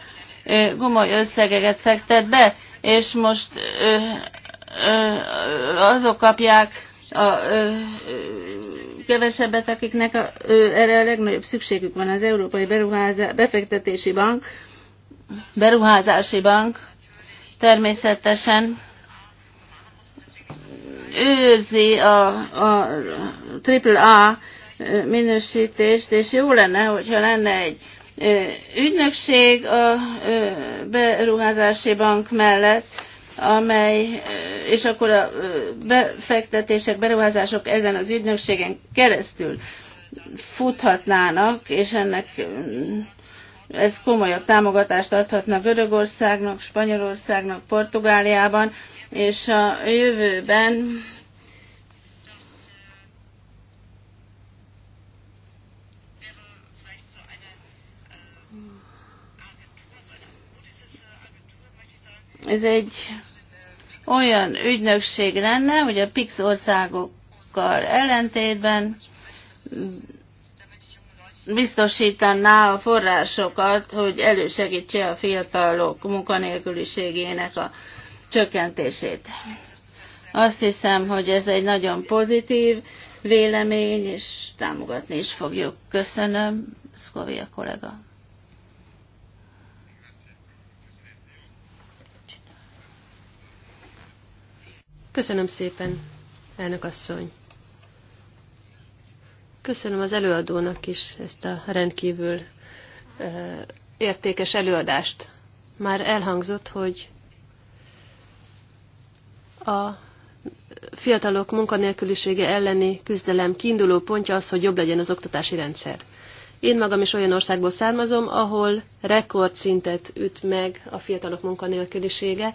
gomoly összegeket fektet be, és most azok kapják a kevesebbet, akiknek a, erre a legnagyobb szükségük van az Európai Beruházá, Befektetési Bank, Beruházási Bank természetesen őrzi a, a AAA minősítést, és jó lenne, hogyha lenne egy ügynökség a beruházási bank mellett, amely, és akkor a befektetések, beruházások ezen az ügynökségen keresztül futhatnának, és ennek ez komolyabb támogatást adhatna Görögországnak, Spanyolországnak, Portugáliában, és a jövőben ez egy olyan ügynökség lenne, hogy a PIX országokkal ellentétben biztosítaná a forrásokat, hogy elősegítse a fiatalok munkanélküliségének a csökkentését. Azt hiszem, hogy ez egy nagyon pozitív vélemény, és támogatni is fogjuk. Köszönöm, Szkovia kollega. Köszönöm szépen, elnök asszony. Köszönöm az előadónak is ezt a rendkívül eh, értékes előadást. Már elhangzott, hogy a fiatalok munkanélkülisége elleni küzdelem kiinduló pontja az, hogy jobb legyen az oktatási rendszer. Én magam is olyan országból származom, ahol rekordszintet üt meg a fiatalok munkanélkülisége,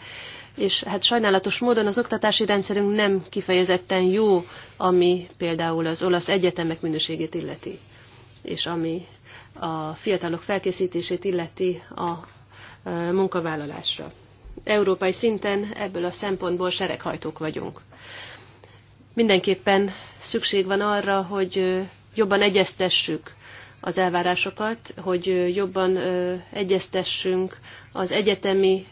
és hát sajnálatos módon az oktatási rendszerünk nem kifejezetten jó, ami például az olasz egyetemek minőségét illeti, és ami a fiatalok felkészítését illeti a e, munkavállalásra. Európai szinten ebből a szempontból sereghajtók vagyunk. Mindenképpen szükség van arra, hogy e, jobban egyeztessük az elvárásokat, hogy e, jobban egyeztessünk az egyetemi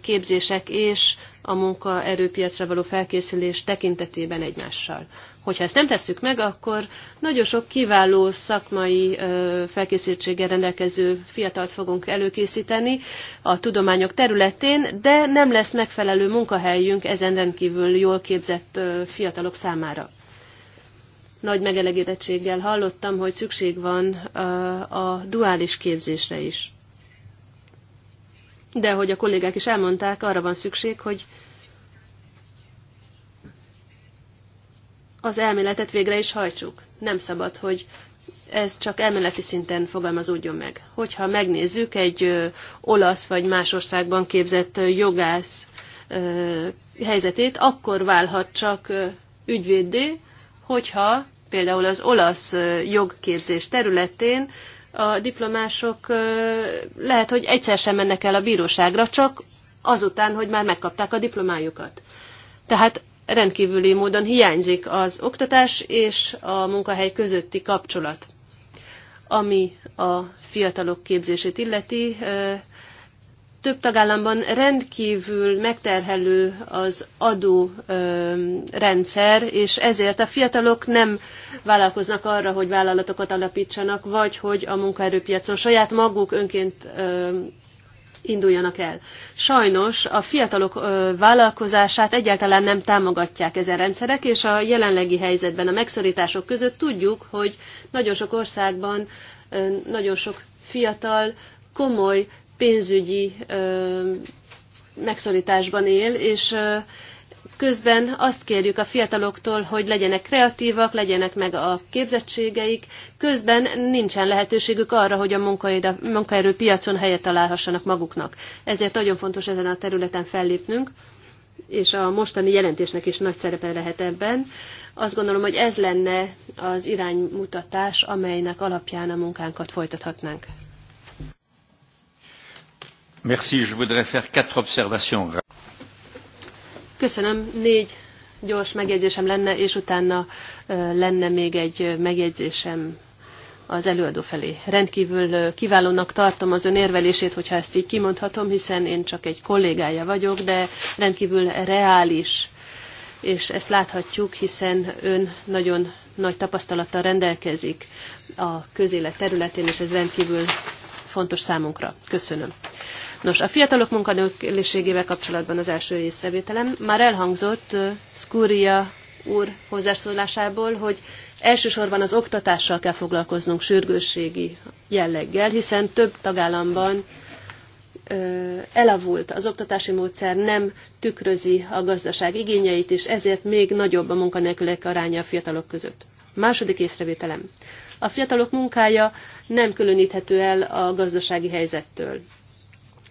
képzések és a munkaerőpiacra való felkészülés tekintetében egymással. Hogyha ezt nem tesszük meg, akkor nagyon sok kiváló szakmai felkészültséggel rendelkező fiatalt fogunk előkészíteni a tudományok területén, de nem lesz megfelelő munkahelyünk ezen rendkívül jól képzett fiatalok számára. Nagy megelegedettséggel hallottam, hogy szükség van a duális képzésre is de hogy a kollégák is elmondták, arra van szükség, hogy az elméletet végre is hajtsuk. Nem szabad, hogy ez csak elméleti szinten fogalmazódjon meg. Hogyha megnézzük egy olasz vagy más országban képzett jogász helyzetét, akkor válhat csak ügyvéddé, hogyha például az olasz jogképzés területén a diplomások lehet, hogy egyszer sem mennek el a bíróságra, csak azután, hogy már megkapták a diplomájukat. Tehát rendkívüli módon hiányzik az oktatás és a munkahely közötti kapcsolat. Ami a fiatalok képzését illeti, több tagállamban rendkívül megterhelő az adó rendszer, és ezért a fiatalok nem vállalkoznak arra, hogy vállalatokat alapítsanak, vagy hogy a munkaerőpiacon saját maguk önként induljanak el. Sajnos a fiatalok vállalkozását egyáltalán nem támogatják ezen rendszerek, és a jelenlegi helyzetben a megszorítások között tudjuk, hogy nagyon sok országban nagyon sok fiatal komoly pénzügyi megszorításban él, és közben azt kérjük a fiataloktól, hogy legyenek kreatívak, legyenek meg a képzettségeik, közben nincsen lehetőségük arra, hogy a munkaerőpiacon helyet találhassanak maguknak. Ezért nagyon fontos ezen a területen fellépnünk, és a mostani jelentésnek is nagy szerepe lehet ebben. Azt gondolom, hogy ez lenne az iránymutatás, amelynek alapján a munkánkat folytathatnánk. Köszönöm, négy gyors megjegyzésem lenne, és utána lenne még egy megjegyzésem az előadó felé. Rendkívül kiválónak tartom az ön érvelését, hogyha ezt így kimondhatom, hiszen én csak egy kollégája vagyok, de rendkívül reális, és ezt láthatjuk, hiszen ön nagyon nagy tapasztalattal rendelkezik a közélet területén, és ez rendkívül fontos számunkra. Köszönöm. Nos, a fiatalok munkanélküliségével kapcsolatban az első észrevételem már elhangzott Skúria úr hozzászólásából, hogy elsősorban az oktatással kell foglalkoznunk sürgősségi jelleggel, hiszen több tagállamban elavult, az oktatási módszer nem tükrözi a gazdaság igényeit, és ezért még nagyobb a munkanélkülek aránya a fiatalok között. Második észrevételem. A fiatalok munkája nem különíthető el a gazdasági helyzettől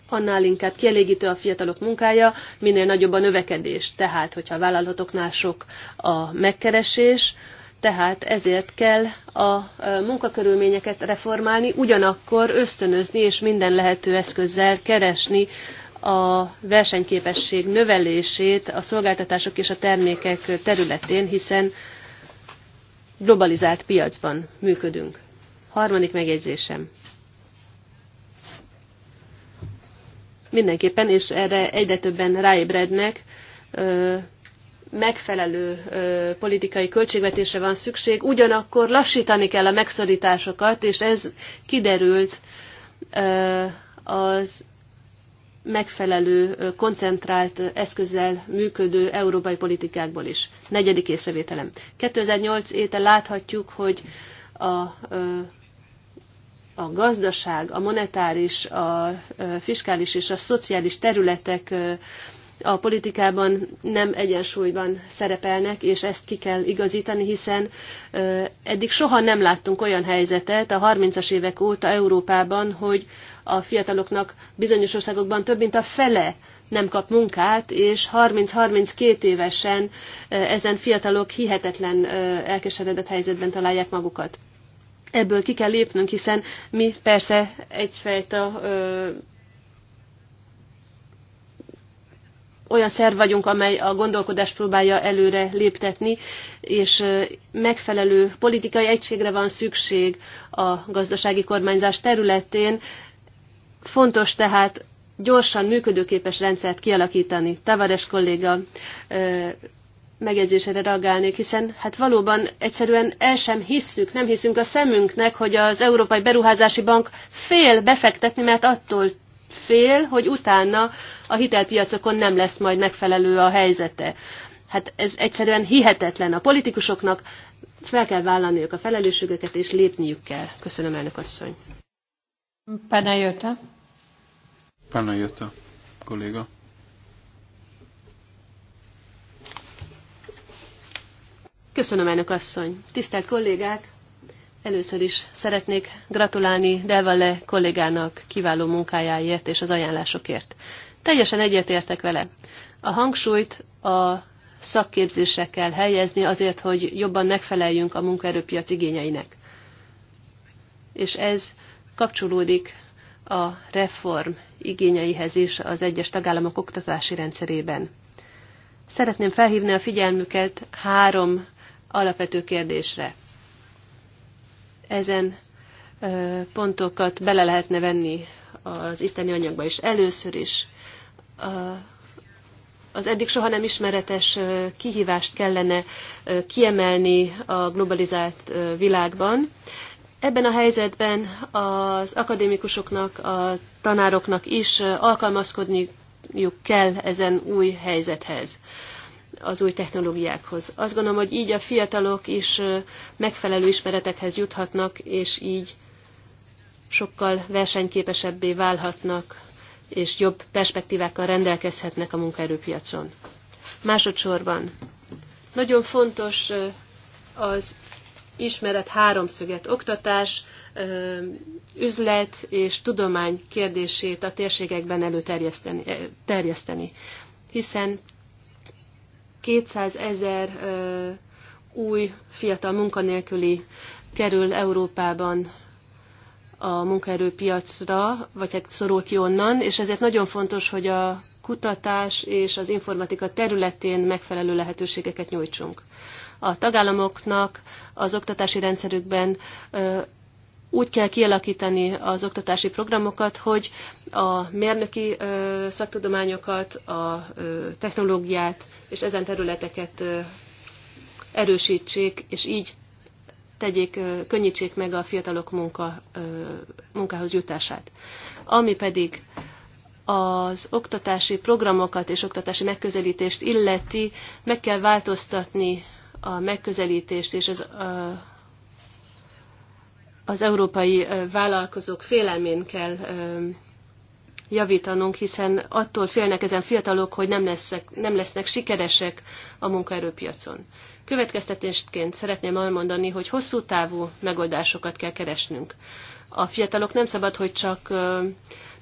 annál inkább kielégítő a fiatalok munkája, minél nagyobb a növekedés. Tehát, hogyha a vállalatoknál sok a megkeresés, tehát ezért kell a munkakörülményeket reformálni, ugyanakkor ösztönözni és minden lehető eszközzel keresni a versenyképesség növelését a szolgáltatások és a termékek területén, hiszen globalizált piacban működünk. Harmadik megjegyzésem. mindenképpen, és erre egyre többen ráébrednek, megfelelő ö, politikai költségvetése van szükség, ugyanakkor lassítani kell a megszorításokat, és ez kiderült ö, az megfelelő, ö, koncentrált eszközzel működő európai politikákból is. Negyedik észrevételem. 2008 éte láthatjuk, hogy a ö, a gazdaság, a monetáris, a fiskális és a szociális területek a politikában nem egyensúlyban szerepelnek, és ezt ki kell igazítani, hiszen eddig soha nem láttunk olyan helyzetet a 30-as évek óta Európában, hogy a fiataloknak bizonyos országokban több mint a fele nem kap munkát, és 30-32 évesen ezen fiatalok hihetetlen elkeseredett helyzetben találják magukat ebből ki kell lépnünk, hiszen mi persze egyfajta ö, olyan szerv vagyunk, amely a gondolkodást próbálja előre léptetni, és megfelelő politikai egységre van szükség a gazdasági kormányzás területén. Fontos tehát gyorsan működőképes rendszert kialakítani. Tavares kolléga megjegyzésére reagálnék, hiszen hát valóban egyszerűen el sem hisszük, nem hiszünk a szemünknek, hogy az Európai Beruházási Bank fél befektetni, mert attól fél, hogy utána a hitelpiacokon nem lesz majd megfelelő a helyzete. Hát ez egyszerűen hihetetlen. A politikusoknak fel kell vállalniuk a felelősségüket, és lépniük kell. Köszönöm, elnök asszony. Pana Panajota, kolléga. Köszönöm, elnök asszony. Tisztelt kollégák, először is szeretnék gratulálni Delvalle kollégának kiváló munkájáért és az ajánlásokért. Teljesen egyetértek vele. A hangsúlyt a szakképzésre kell helyezni azért, hogy jobban megfeleljünk a munkaerőpiac igényeinek. És ez kapcsolódik a reform igényeihez is az egyes tagállamok oktatási rendszerében. Szeretném felhívni a figyelmüket három alapvető kérdésre. Ezen pontokat bele lehetne venni az isteni anyagba is. Először is az eddig soha nem ismeretes kihívást kellene kiemelni a globalizált világban. Ebben a helyzetben az akadémikusoknak, a tanároknak is alkalmazkodniuk kell ezen új helyzethez az új technológiákhoz. Azt gondolom, hogy így a fiatalok is megfelelő ismeretekhez juthatnak, és így sokkal versenyképesebbé válhatnak, és jobb perspektívákkal rendelkezhetnek a munkaerőpiacon. Másodszorban nagyon fontos az ismeret háromszöget, oktatás, üzlet és tudomány kérdését a térségekben előterjeszteni, terjeszteni. hiszen 200 ezer új fiatal munkanélküli kerül Európában a munkaerőpiacra, vagy hát szorul ki onnan, és ezért nagyon fontos, hogy a kutatás és az informatika területén megfelelő lehetőségeket nyújtsunk. A tagállamoknak az oktatási rendszerükben úgy kell kialakítani az oktatási programokat, hogy a mérnöki szaktudományokat, a technológiát és ezen területeket erősítsék, és így tegyék, könnyítsék meg a fiatalok munka, munkához jutását. Ami pedig az oktatási programokat és oktatási megközelítést illeti, meg kell változtatni a megközelítést és az az európai vállalkozók félelmén kell javítanunk, hiszen attól félnek ezen fiatalok, hogy nem lesznek, nem lesznek sikeresek a munkaerőpiacon. Következtetésként szeretném elmondani, hogy hosszú távú megoldásokat kell keresnünk. A fiatalok nem szabad, hogy csak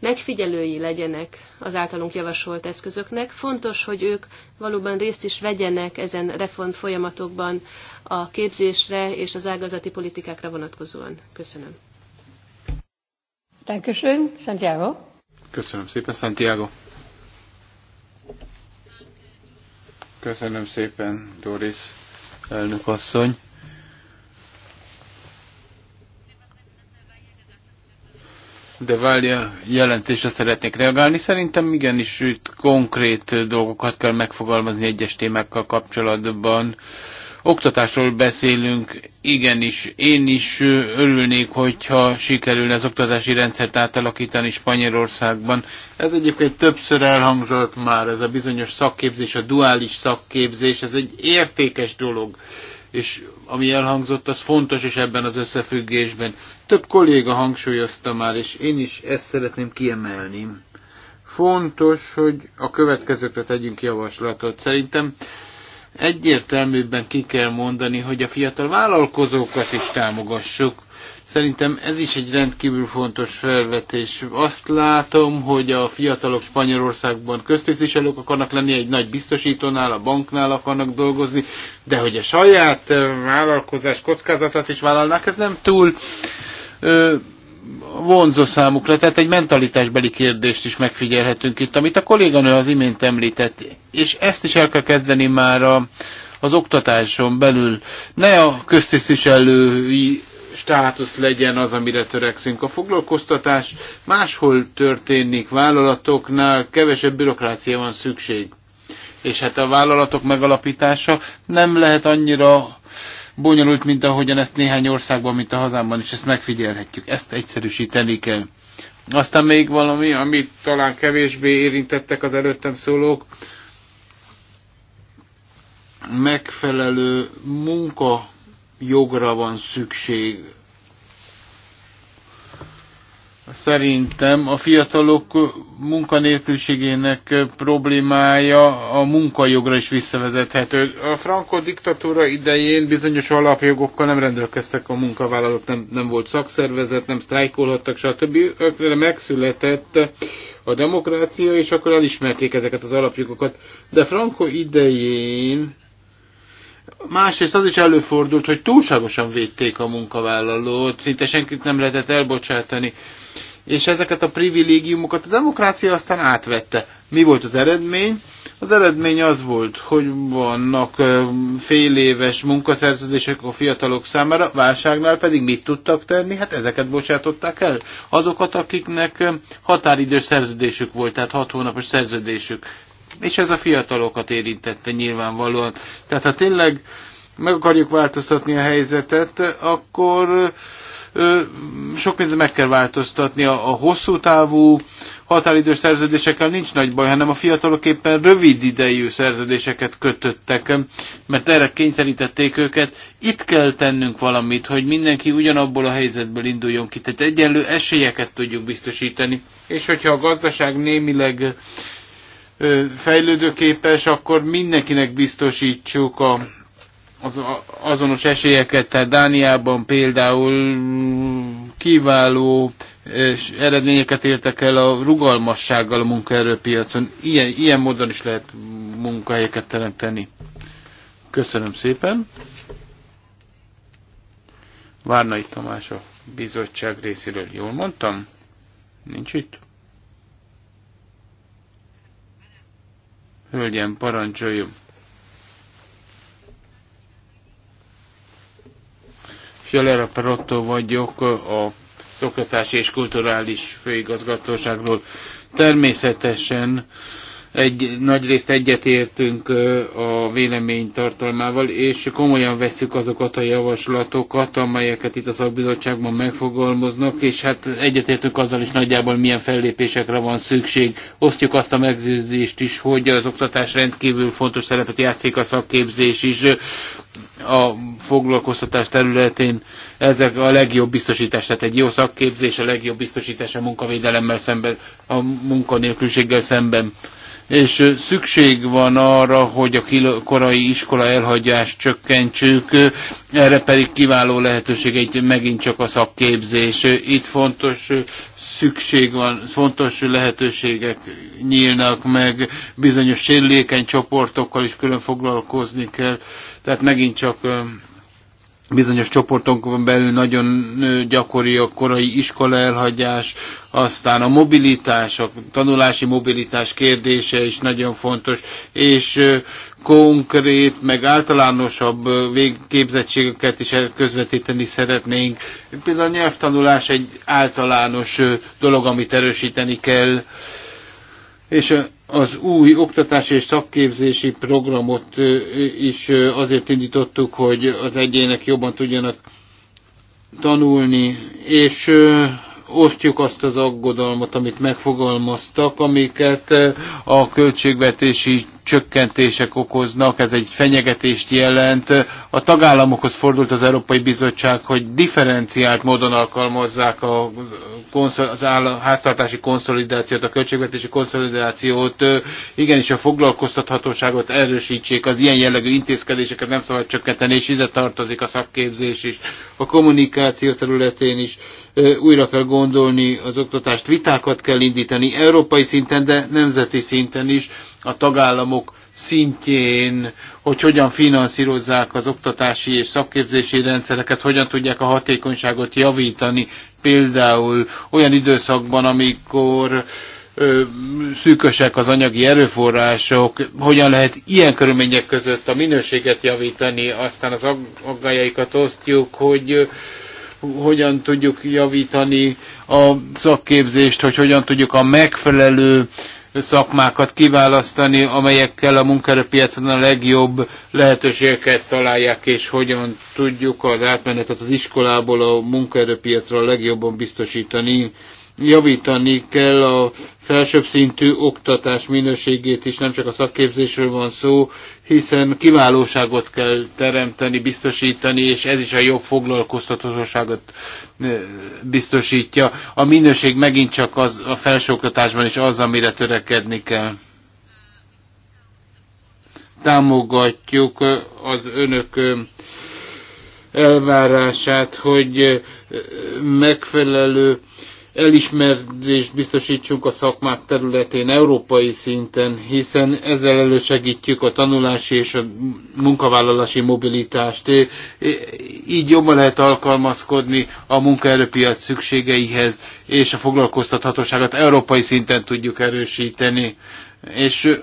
megfigyelői legyenek az általunk javasolt eszközöknek. Fontos, hogy ők valóban részt is vegyenek ezen reform folyamatokban a képzésre és az ágazati politikákra vonatkozóan. Köszönöm. Köszönöm Santiago. Köszönöm szépen, Santiago. Köszönöm szépen, Doris elnök asszony. de Valia jelentésre szeretnék reagálni. Szerintem igenis itt konkrét dolgokat kell megfogalmazni egyes témákkal kapcsolatban. Oktatásról beszélünk, igenis, én is örülnék, hogyha sikerülne az oktatási rendszert átalakítani Spanyolországban. Ez egyébként többször elhangzott már, ez a bizonyos szakképzés, a duális szakképzés, ez egy értékes dolog és ami elhangzott, az fontos, és ebben az összefüggésben több kolléga hangsúlyozta már, és én is ezt szeretném kiemelni. Fontos, hogy a következőkre tegyünk javaslatot. Szerintem egyértelműbben ki kell mondani, hogy a fiatal vállalkozókat is támogassuk. Szerintem ez is egy rendkívül fontos felvetés. Azt látom, hogy a fiatalok Spanyolországban köztisztviselők akarnak lenni, egy nagy biztosítónál, a banknál akarnak dolgozni, de hogy a saját vállalkozás kockázatát is vállalnák, ez nem túl ö, vonzó számukra, tehát egy mentalitásbeli kérdést is megfigyelhetünk itt, amit a kolléganő az imént említett, és ezt is el kell kezdeni már a, az oktatáson belül. Ne a köztisztviselői státusz legyen az, amire törekszünk. A foglalkoztatás máshol történik, vállalatoknál kevesebb bürokrácia van szükség. És hát a vállalatok megalapítása nem lehet annyira bonyolult, mint ahogyan ezt néhány országban, mint a hazámban is, ezt megfigyelhetjük. Ezt egyszerűsíteni kell. Aztán még valami, amit talán kevésbé érintettek az előttem szólók, megfelelő munka jogra van szükség. Szerintem a fiatalok munkanélküliségének problémája a munkajogra is visszavezethető. A Franco diktatúra idején bizonyos alapjogokkal nem rendelkeztek a munkavállalók, nem, nem volt szakszervezet, nem sztrájkolhattak, stb. Ökre megszületett a demokrácia, és akkor elismerték ezeket az alapjogokat. De Franco idején Másrészt az is előfordult, hogy túlságosan védték a munkavállalót, szinte senkit nem lehetett elbocsátani, és ezeket a privilégiumokat a demokrácia aztán átvette. Mi volt az eredmény? Az eredmény az volt, hogy vannak fél éves munkaszerződések a fiatalok számára, válságnál pedig mit tudtak tenni? Hát ezeket bocsátották el. Azokat, akiknek határidős szerződésük volt, tehát hat hónapos szerződésük. És ez a fiatalokat érintette nyilvánvalóan. Tehát ha tényleg meg akarjuk változtatni a helyzetet, akkor sok mindent meg kell változtatni. A, a hosszú távú határidős szerződésekkel nincs nagy baj, hanem a fiatalok éppen rövid idejű szerződéseket kötöttek, mert erre kényszerítették őket. Itt kell tennünk valamit, hogy mindenki ugyanabból a helyzetből induljon ki, tehát egyenlő esélyeket tudjuk biztosítani. És hogyha a gazdaság némileg fejlődőképes, akkor mindenkinek biztosítsuk a, az azonos esélyeket. Tehát Dániában például kiváló és eredményeket értek el a rugalmassággal a munkaerőpiacon. Ilyen, ilyen módon is lehet munkahelyeket teremteni. Köszönöm szépen. Várnai Tamás a bizottság részéről. Jól mondtam? Nincs itt? Hölgyem, parancsoljon! Fjellera Perotto vagyok, a szoktatás és Kulturális Főigazgatóságról. Természetesen egy, nagy részt egyetértünk a vélemény tartalmával, és komolyan veszük azokat a javaslatokat, amelyeket itt a szakbizottságban megfogalmaznak, és hát egyetértünk azzal is nagyjából milyen fellépésekre van szükség. Osztjuk azt a megződést is, hogy az oktatás rendkívül fontos szerepet játszik a szakképzés is a foglalkoztatás területén. Ezek a legjobb biztosítás, tehát egy jó szakképzés a legjobb biztosítás a munkavédelemmel szemben, a munkanélküliséggel szemben és szükség van arra, hogy a korai iskola elhagyást csökkentsük, erre pedig kiváló lehetőség egy megint csak a szakképzés. Itt fontos szükség van, fontos lehetőségek nyílnak meg, bizonyos sérülékeny csoportokkal is külön foglalkozni kell, tehát megint csak bizonyos csoportokon belül nagyon gyakori a korai iskola elhagyás, aztán a mobilitás, a tanulási mobilitás kérdése is nagyon fontos, és konkrét, meg általánosabb végképzettségeket is közvetíteni szeretnénk. Például a nyelvtanulás egy általános dolog, amit erősíteni kell, és az új oktatási és szakképzési programot is azért indítottuk, hogy az egyének jobban tudjanak tanulni, és osztjuk azt az aggodalmat, amit megfogalmaztak, amiket eh, a költségvetési csökkentések okoznak, ez egy fenyegetést jelent. A tagállamokhoz fordult az Európai Bizottság, hogy differenciált módon alkalmazzák a konszol, az áll, háztartási konszolidációt, a költségvetési konszolidációt, eh, igenis a foglalkoztathatóságot erősítsék, az ilyen jellegű intézkedéseket nem szabad csökkenteni, és ide tartozik a szakképzés is, a kommunikáció területén is újra kell gondolni az oktatást, vitákat kell indítani európai szinten, de nemzeti szinten is, a tagállamok szintjén, hogy hogyan finanszírozzák az oktatási és szakképzési rendszereket, hogyan tudják a hatékonyságot javítani, például olyan időszakban, amikor ö, szűkösek az anyagi erőforrások, hogyan lehet ilyen körülmények között a minőséget javítani, aztán az aggájaikat osztjuk, hogy ö, hogyan tudjuk javítani a szakképzést, hogy hogyan tudjuk a megfelelő szakmákat kiválasztani, amelyekkel a munkaerőpiacon a legjobb lehetőségeket találják, és hogyan tudjuk az átmenetet az iskolából a munkaerőpiacra a legjobban biztosítani javítani kell a felsőbb szintű oktatás minőségét is, nem csak a szakképzésről van szó, hiszen kiválóságot kell teremteni, biztosítani, és ez is a jobb foglalkoztatóságot biztosítja. A minőség megint csak az, a felsőoktatásban is az, amire törekedni kell. Támogatjuk az önök elvárását, hogy megfelelő elismerést biztosítsunk a szakmák területén európai szinten, hiszen ezzel elősegítjük a tanulási és a munkavállalási mobilitást. Így jobban lehet alkalmazkodni a munkaerőpiac szükségeihez, és a foglalkoztathatóságot európai szinten tudjuk erősíteni. És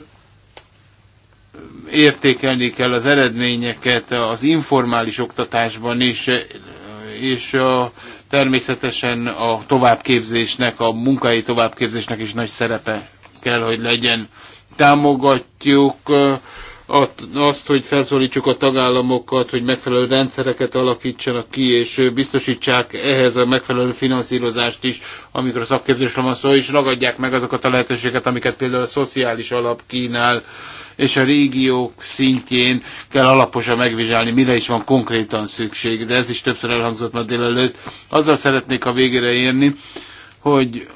értékelni kell az eredményeket az informális oktatásban is, és a Természetesen a továbbképzésnek, a munkai továbbképzésnek is nagy szerepe kell, hogy legyen. Támogatjuk azt, hogy felszólítsuk a tagállamokat, hogy megfelelő rendszereket alakítsanak ki, és biztosítsák ehhez a megfelelő finanszírozást is, amikor a szakképzésre van szó, és ragadják meg azokat a lehetőséget, amiket például a szociális alap kínál és a régiók szintjén kell alaposan megvizsgálni, mire is van konkrétan szükség, de ez is többször elhangzott ma délelőtt. Azzal szeretnék a végére érni, hogy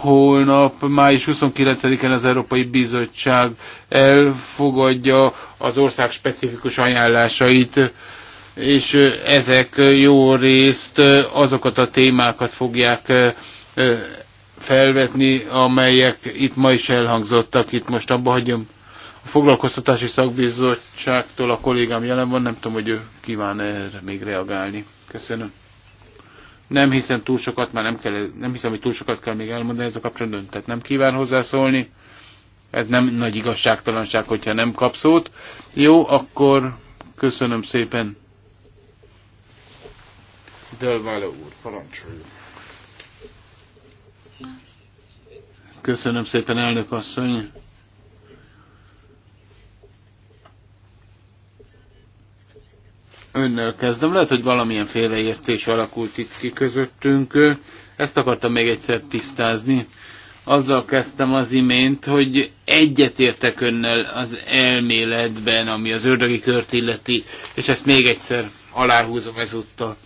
holnap, május 29-en az Európai Bizottság elfogadja az ország specifikus ajánlásait, és ezek jó részt azokat a témákat fogják felvetni, amelyek itt ma is elhangzottak. Itt most abba hagyom. A foglalkoztatási szakbizottságtól a kollégám jelen van, nem tudom, hogy ő kíván erre még reagálni. Köszönöm. Nem hiszem túl sokat, már nem, kell, nem hiszem, hogy túl sokat kell még elmondani ez a kapcsolatban, tehát nem kíván hozzászólni. Ez nem nagy igazságtalanság, hogyha nem kap szót. Jó, akkor köszönöm szépen. Delvále úr, parancsoljon. Köszönöm szépen, elnök asszony. önnel kezdem. Lehet, hogy valamilyen félreértés alakult itt ki közöttünk. Ezt akartam még egyszer tisztázni. Azzal kezdtem az imént, hogy egyetértek önnel az elméletben, ami az ördögi kört illeti, és ezt még egyszer aláhúzom ezúttal.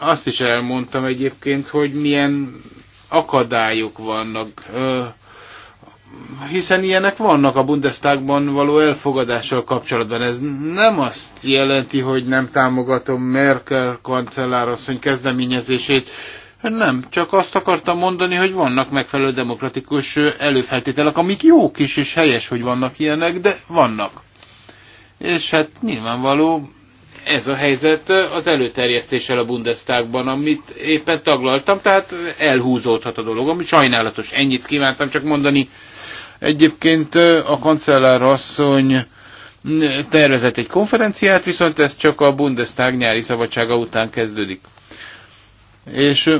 Azt is elmondtam egyébként, hogy milyen akadályok vannak hiszen ilyenek vannak a Bundestagban való elfogadással kapcsolatban. Ez nem azt jelenti, hogy nem támogatom Merkel kancellárasszony kezdeményezését, nem, csak azt akartam mondani, hogy vannak megfelelő demokratikus előfeltételek, amik jók is, és helyes, hogy vannak ilyenek, de vannak. És hát nyilvánvaló, ez a helyzet az előterjesztéssel a Bundestagban, amit éppen taglaltam, tehát elhúzódhat a dolog, ami sajnálatos. Ennyit kívántam csak mondani, Egyébként a kancellár asszony tervezett egy konferenciát, viszont ez csak a Bundestag nyári szabadsága után kezdődik. És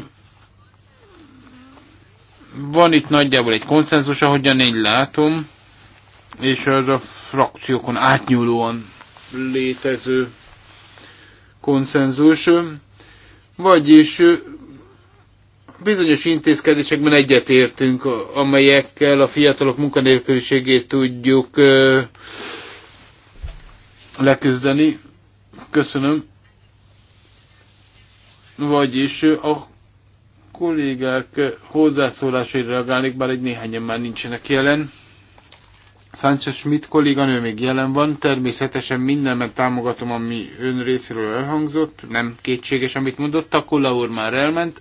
van itt nagyjából egy konszenzus, ahogyan én látom, és az a frakciókon átnyúlóan létező konszenzus, vagyis bizonyos intézkedésekben egyetértünk, amelyekkel a fiatalok munkanélküliségét tudjuk leküzdeni. Köszönöm. Vagyis a kollégák hozzászólásaira reagálnék, bár egy néhányan már nincsenek jelen. Sánchez Schmidt kolléganő még jelen van, természetesen mindenben támogatom, ami ön részéről elhangzott, nem kétséges, amit mondott, Takula úr már elment.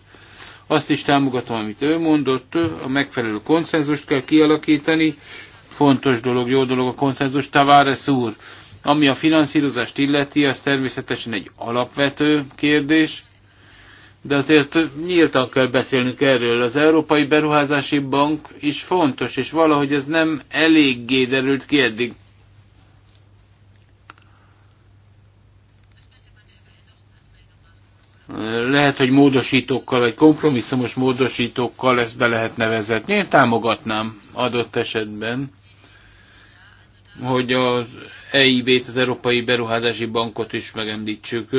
Azt is támogatom, amit ő mondott, a megfelelő konszenzust kell kialakítani. Fontos dolog, jó dolog a konszenzus. Tavares úr, ami a finanszírozást illeti, az természetesen egy alapvető kérdés, de azért nyíltan kell beszélnünk erről. Az Európai Beruházási Bank is fontos, és valahogy ez nem eléggé derült ki eddig. lehet, hogy módosítókkal, vagy kompromisszumos módosítókkal ezt be lehet nevezetni. Én támogatnám adott esetben, hogy az EIB-t, az Európai Beruházási Bankot is megemlítsük.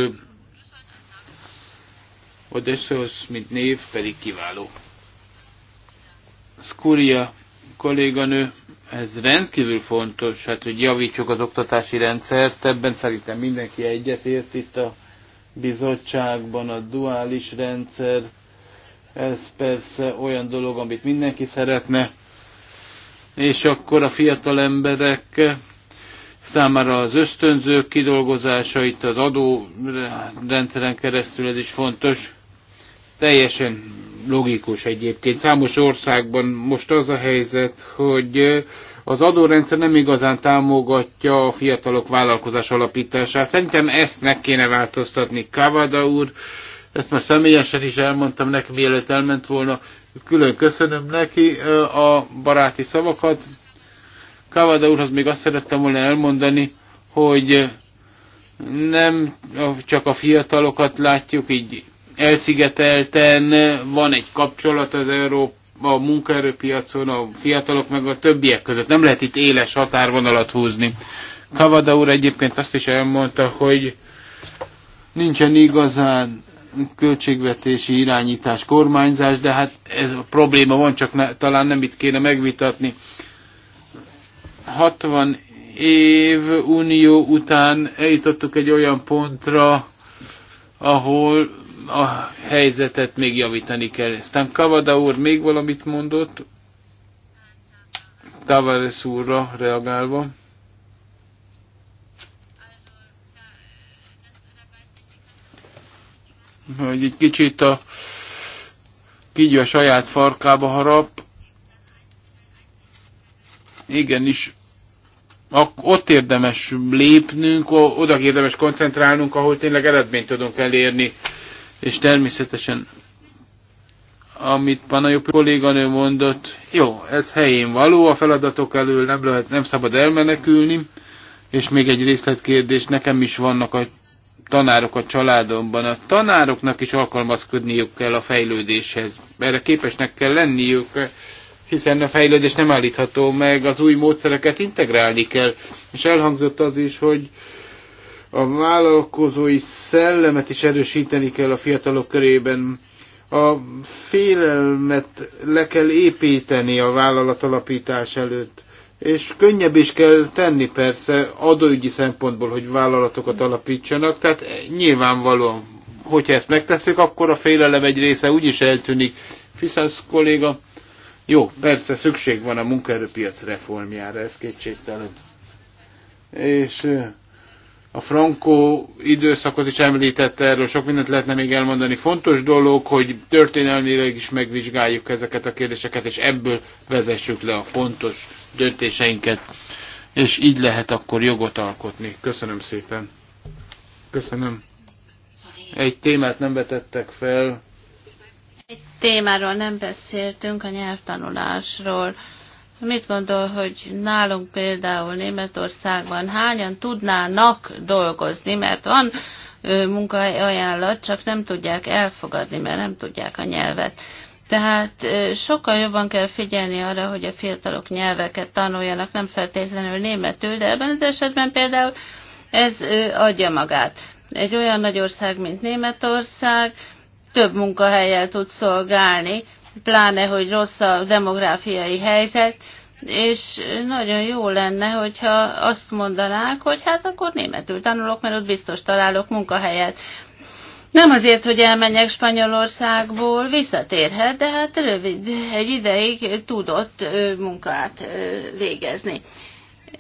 Odessos, mint név, pedig kiváló. Skuria kolléganő, ez rendkívül fontos, hát hogy javítsuk az oktatási rendszert, ebben szerintem mindenki egyetért itt a bizottságban a duális rendszer, ez persze olyan dolog, amit mindenki szeretne, és akkor a fiatal emberek számára az ösztönzők kidolgozása, itt az rendszeren keresztül ez is fontos. Teljesen logikus egyébként. Számos országban most az a helyzet, hogy az adórendszer nem igazán támogatja a fiatalok vállalkozás alapítását. Szerintem ezt meg kéne változtatni. Kavada úr, ezt már személyesen is elmondtam neki, mielőtt elment volna. Külön köszönöm neki a baráti szavakat. Kavada úrhoz még azt szerettem volna elmondani, hogy nem csak a fiatalokat látjuk így elszigetelten, van egy kapcsolat az Európa a munkaerőpiacon, a fiatalok meg a többiek között. Nem lehet itt éles határvonalat húzni. Kavada úr egyébként azt is elmondta, hogy nincsen igazán költségvetési irányítás, kormányzás, de hát ez a probléma van, csak ne, talán nem itt kéne megvitatni. 60 év unió után eljutottuk egy olyan pontra, ahol a helyzetet még javítani kell. Aztán Kavada úr még valamit mondott, Tavares úrra reagálva. Hogy egy kicsit a kígyó a saját farkába harap. Igenis, ott érdemes lépnünk, oda érdemes koncentrálnunk, ahol tényleg eredményt tudunk elérni és természetesen amit Panajó kolléganő mondott, jó, ez helyén való, a feladatok elől nem, lehet, nem szabad elmenekülni, és még egy részletkérdés, nekem is vannak a tanárok a családomban. A tanároknak is alkalmazkodniuk kell a fejlődéshez. Erre képesnek kell lenniük, hiszen a fejlődés nem állítható meg, az új módszereket integrálni kell. És elhangzott az is, hogy a vállalkozói szellemet is erősíteni kell a fiatalok körében. A félelmet le kell építeni a vállalat alapítás előtt. És könnyebb is kell tenni persze adóügyi szempontból, hogy vállalatokat alapítsanak, tehát nyilvánvalóan, hogyha ezt megteszik, akkor a félelem egy része úgyis eltűnik. Fiszánsz kolléga, jó, persze szükség van a munkaerőpiac reformjára, ez kétségtelen. És a Franco időszakot is említette, erről sok mindent lehetne még elmondani. Fontos dolog, hogy történelmileg is megvizsgáljuk ezeket a kérdéseket, és ebből vezessük le a fontos döntéseinket, és így lehet akkor jogot alkotni. Köszönöm szépen. Köszönöm. Egy témát nem vetettek fel. Egy témáról nem beszéltünk, a nyelvtanulásról Mit gondol, hogy nálunk például Németországban hányan tudnának dolgozni, mert van munkahelyajánlat, csak nem tudják elfogadni, mert nem tudják a nyelvet. Tehát sokkal jobban kell figyelni arra, hogy a fiatalok nyelveket tanuljanak, nem feltétlenül németül, de ebben az esetben például ez adja magát. Egy olyan nagy ország, mint Németország, több munkahelyel tud szolgálni, pláne, hogy rossz a demográfiai helyzet, és nagyon jó lenne, hogyha azt mondanák, hogy hát akkor németül tanulok, mert ott biztos találok munkahelyet. Nem azért, hogy elmenjek Spanyolországból, visszatérhet, de hát rövid egy ideig tudott munkát végezni.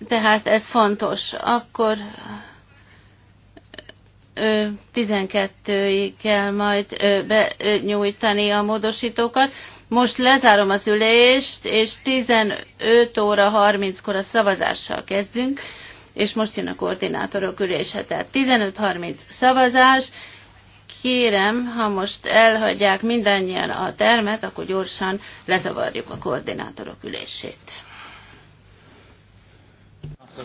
Tehát ez fontos. Akkor 12-ig kell majd benyújtani a módosítókat. Most lezárom az ülést, és 15 óra 30-kor a szavazással kezdünk, és most jön a koordinátorok ülése, tehát 15.30 szavazás. Kérem, ha most elhagyják mindannyian a termet, akkor gyorsan lezavarjuk a koordinátorok ülését. After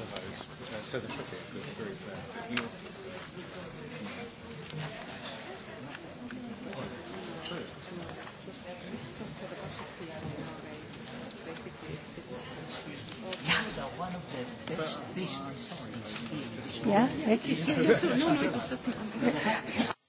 Yeah?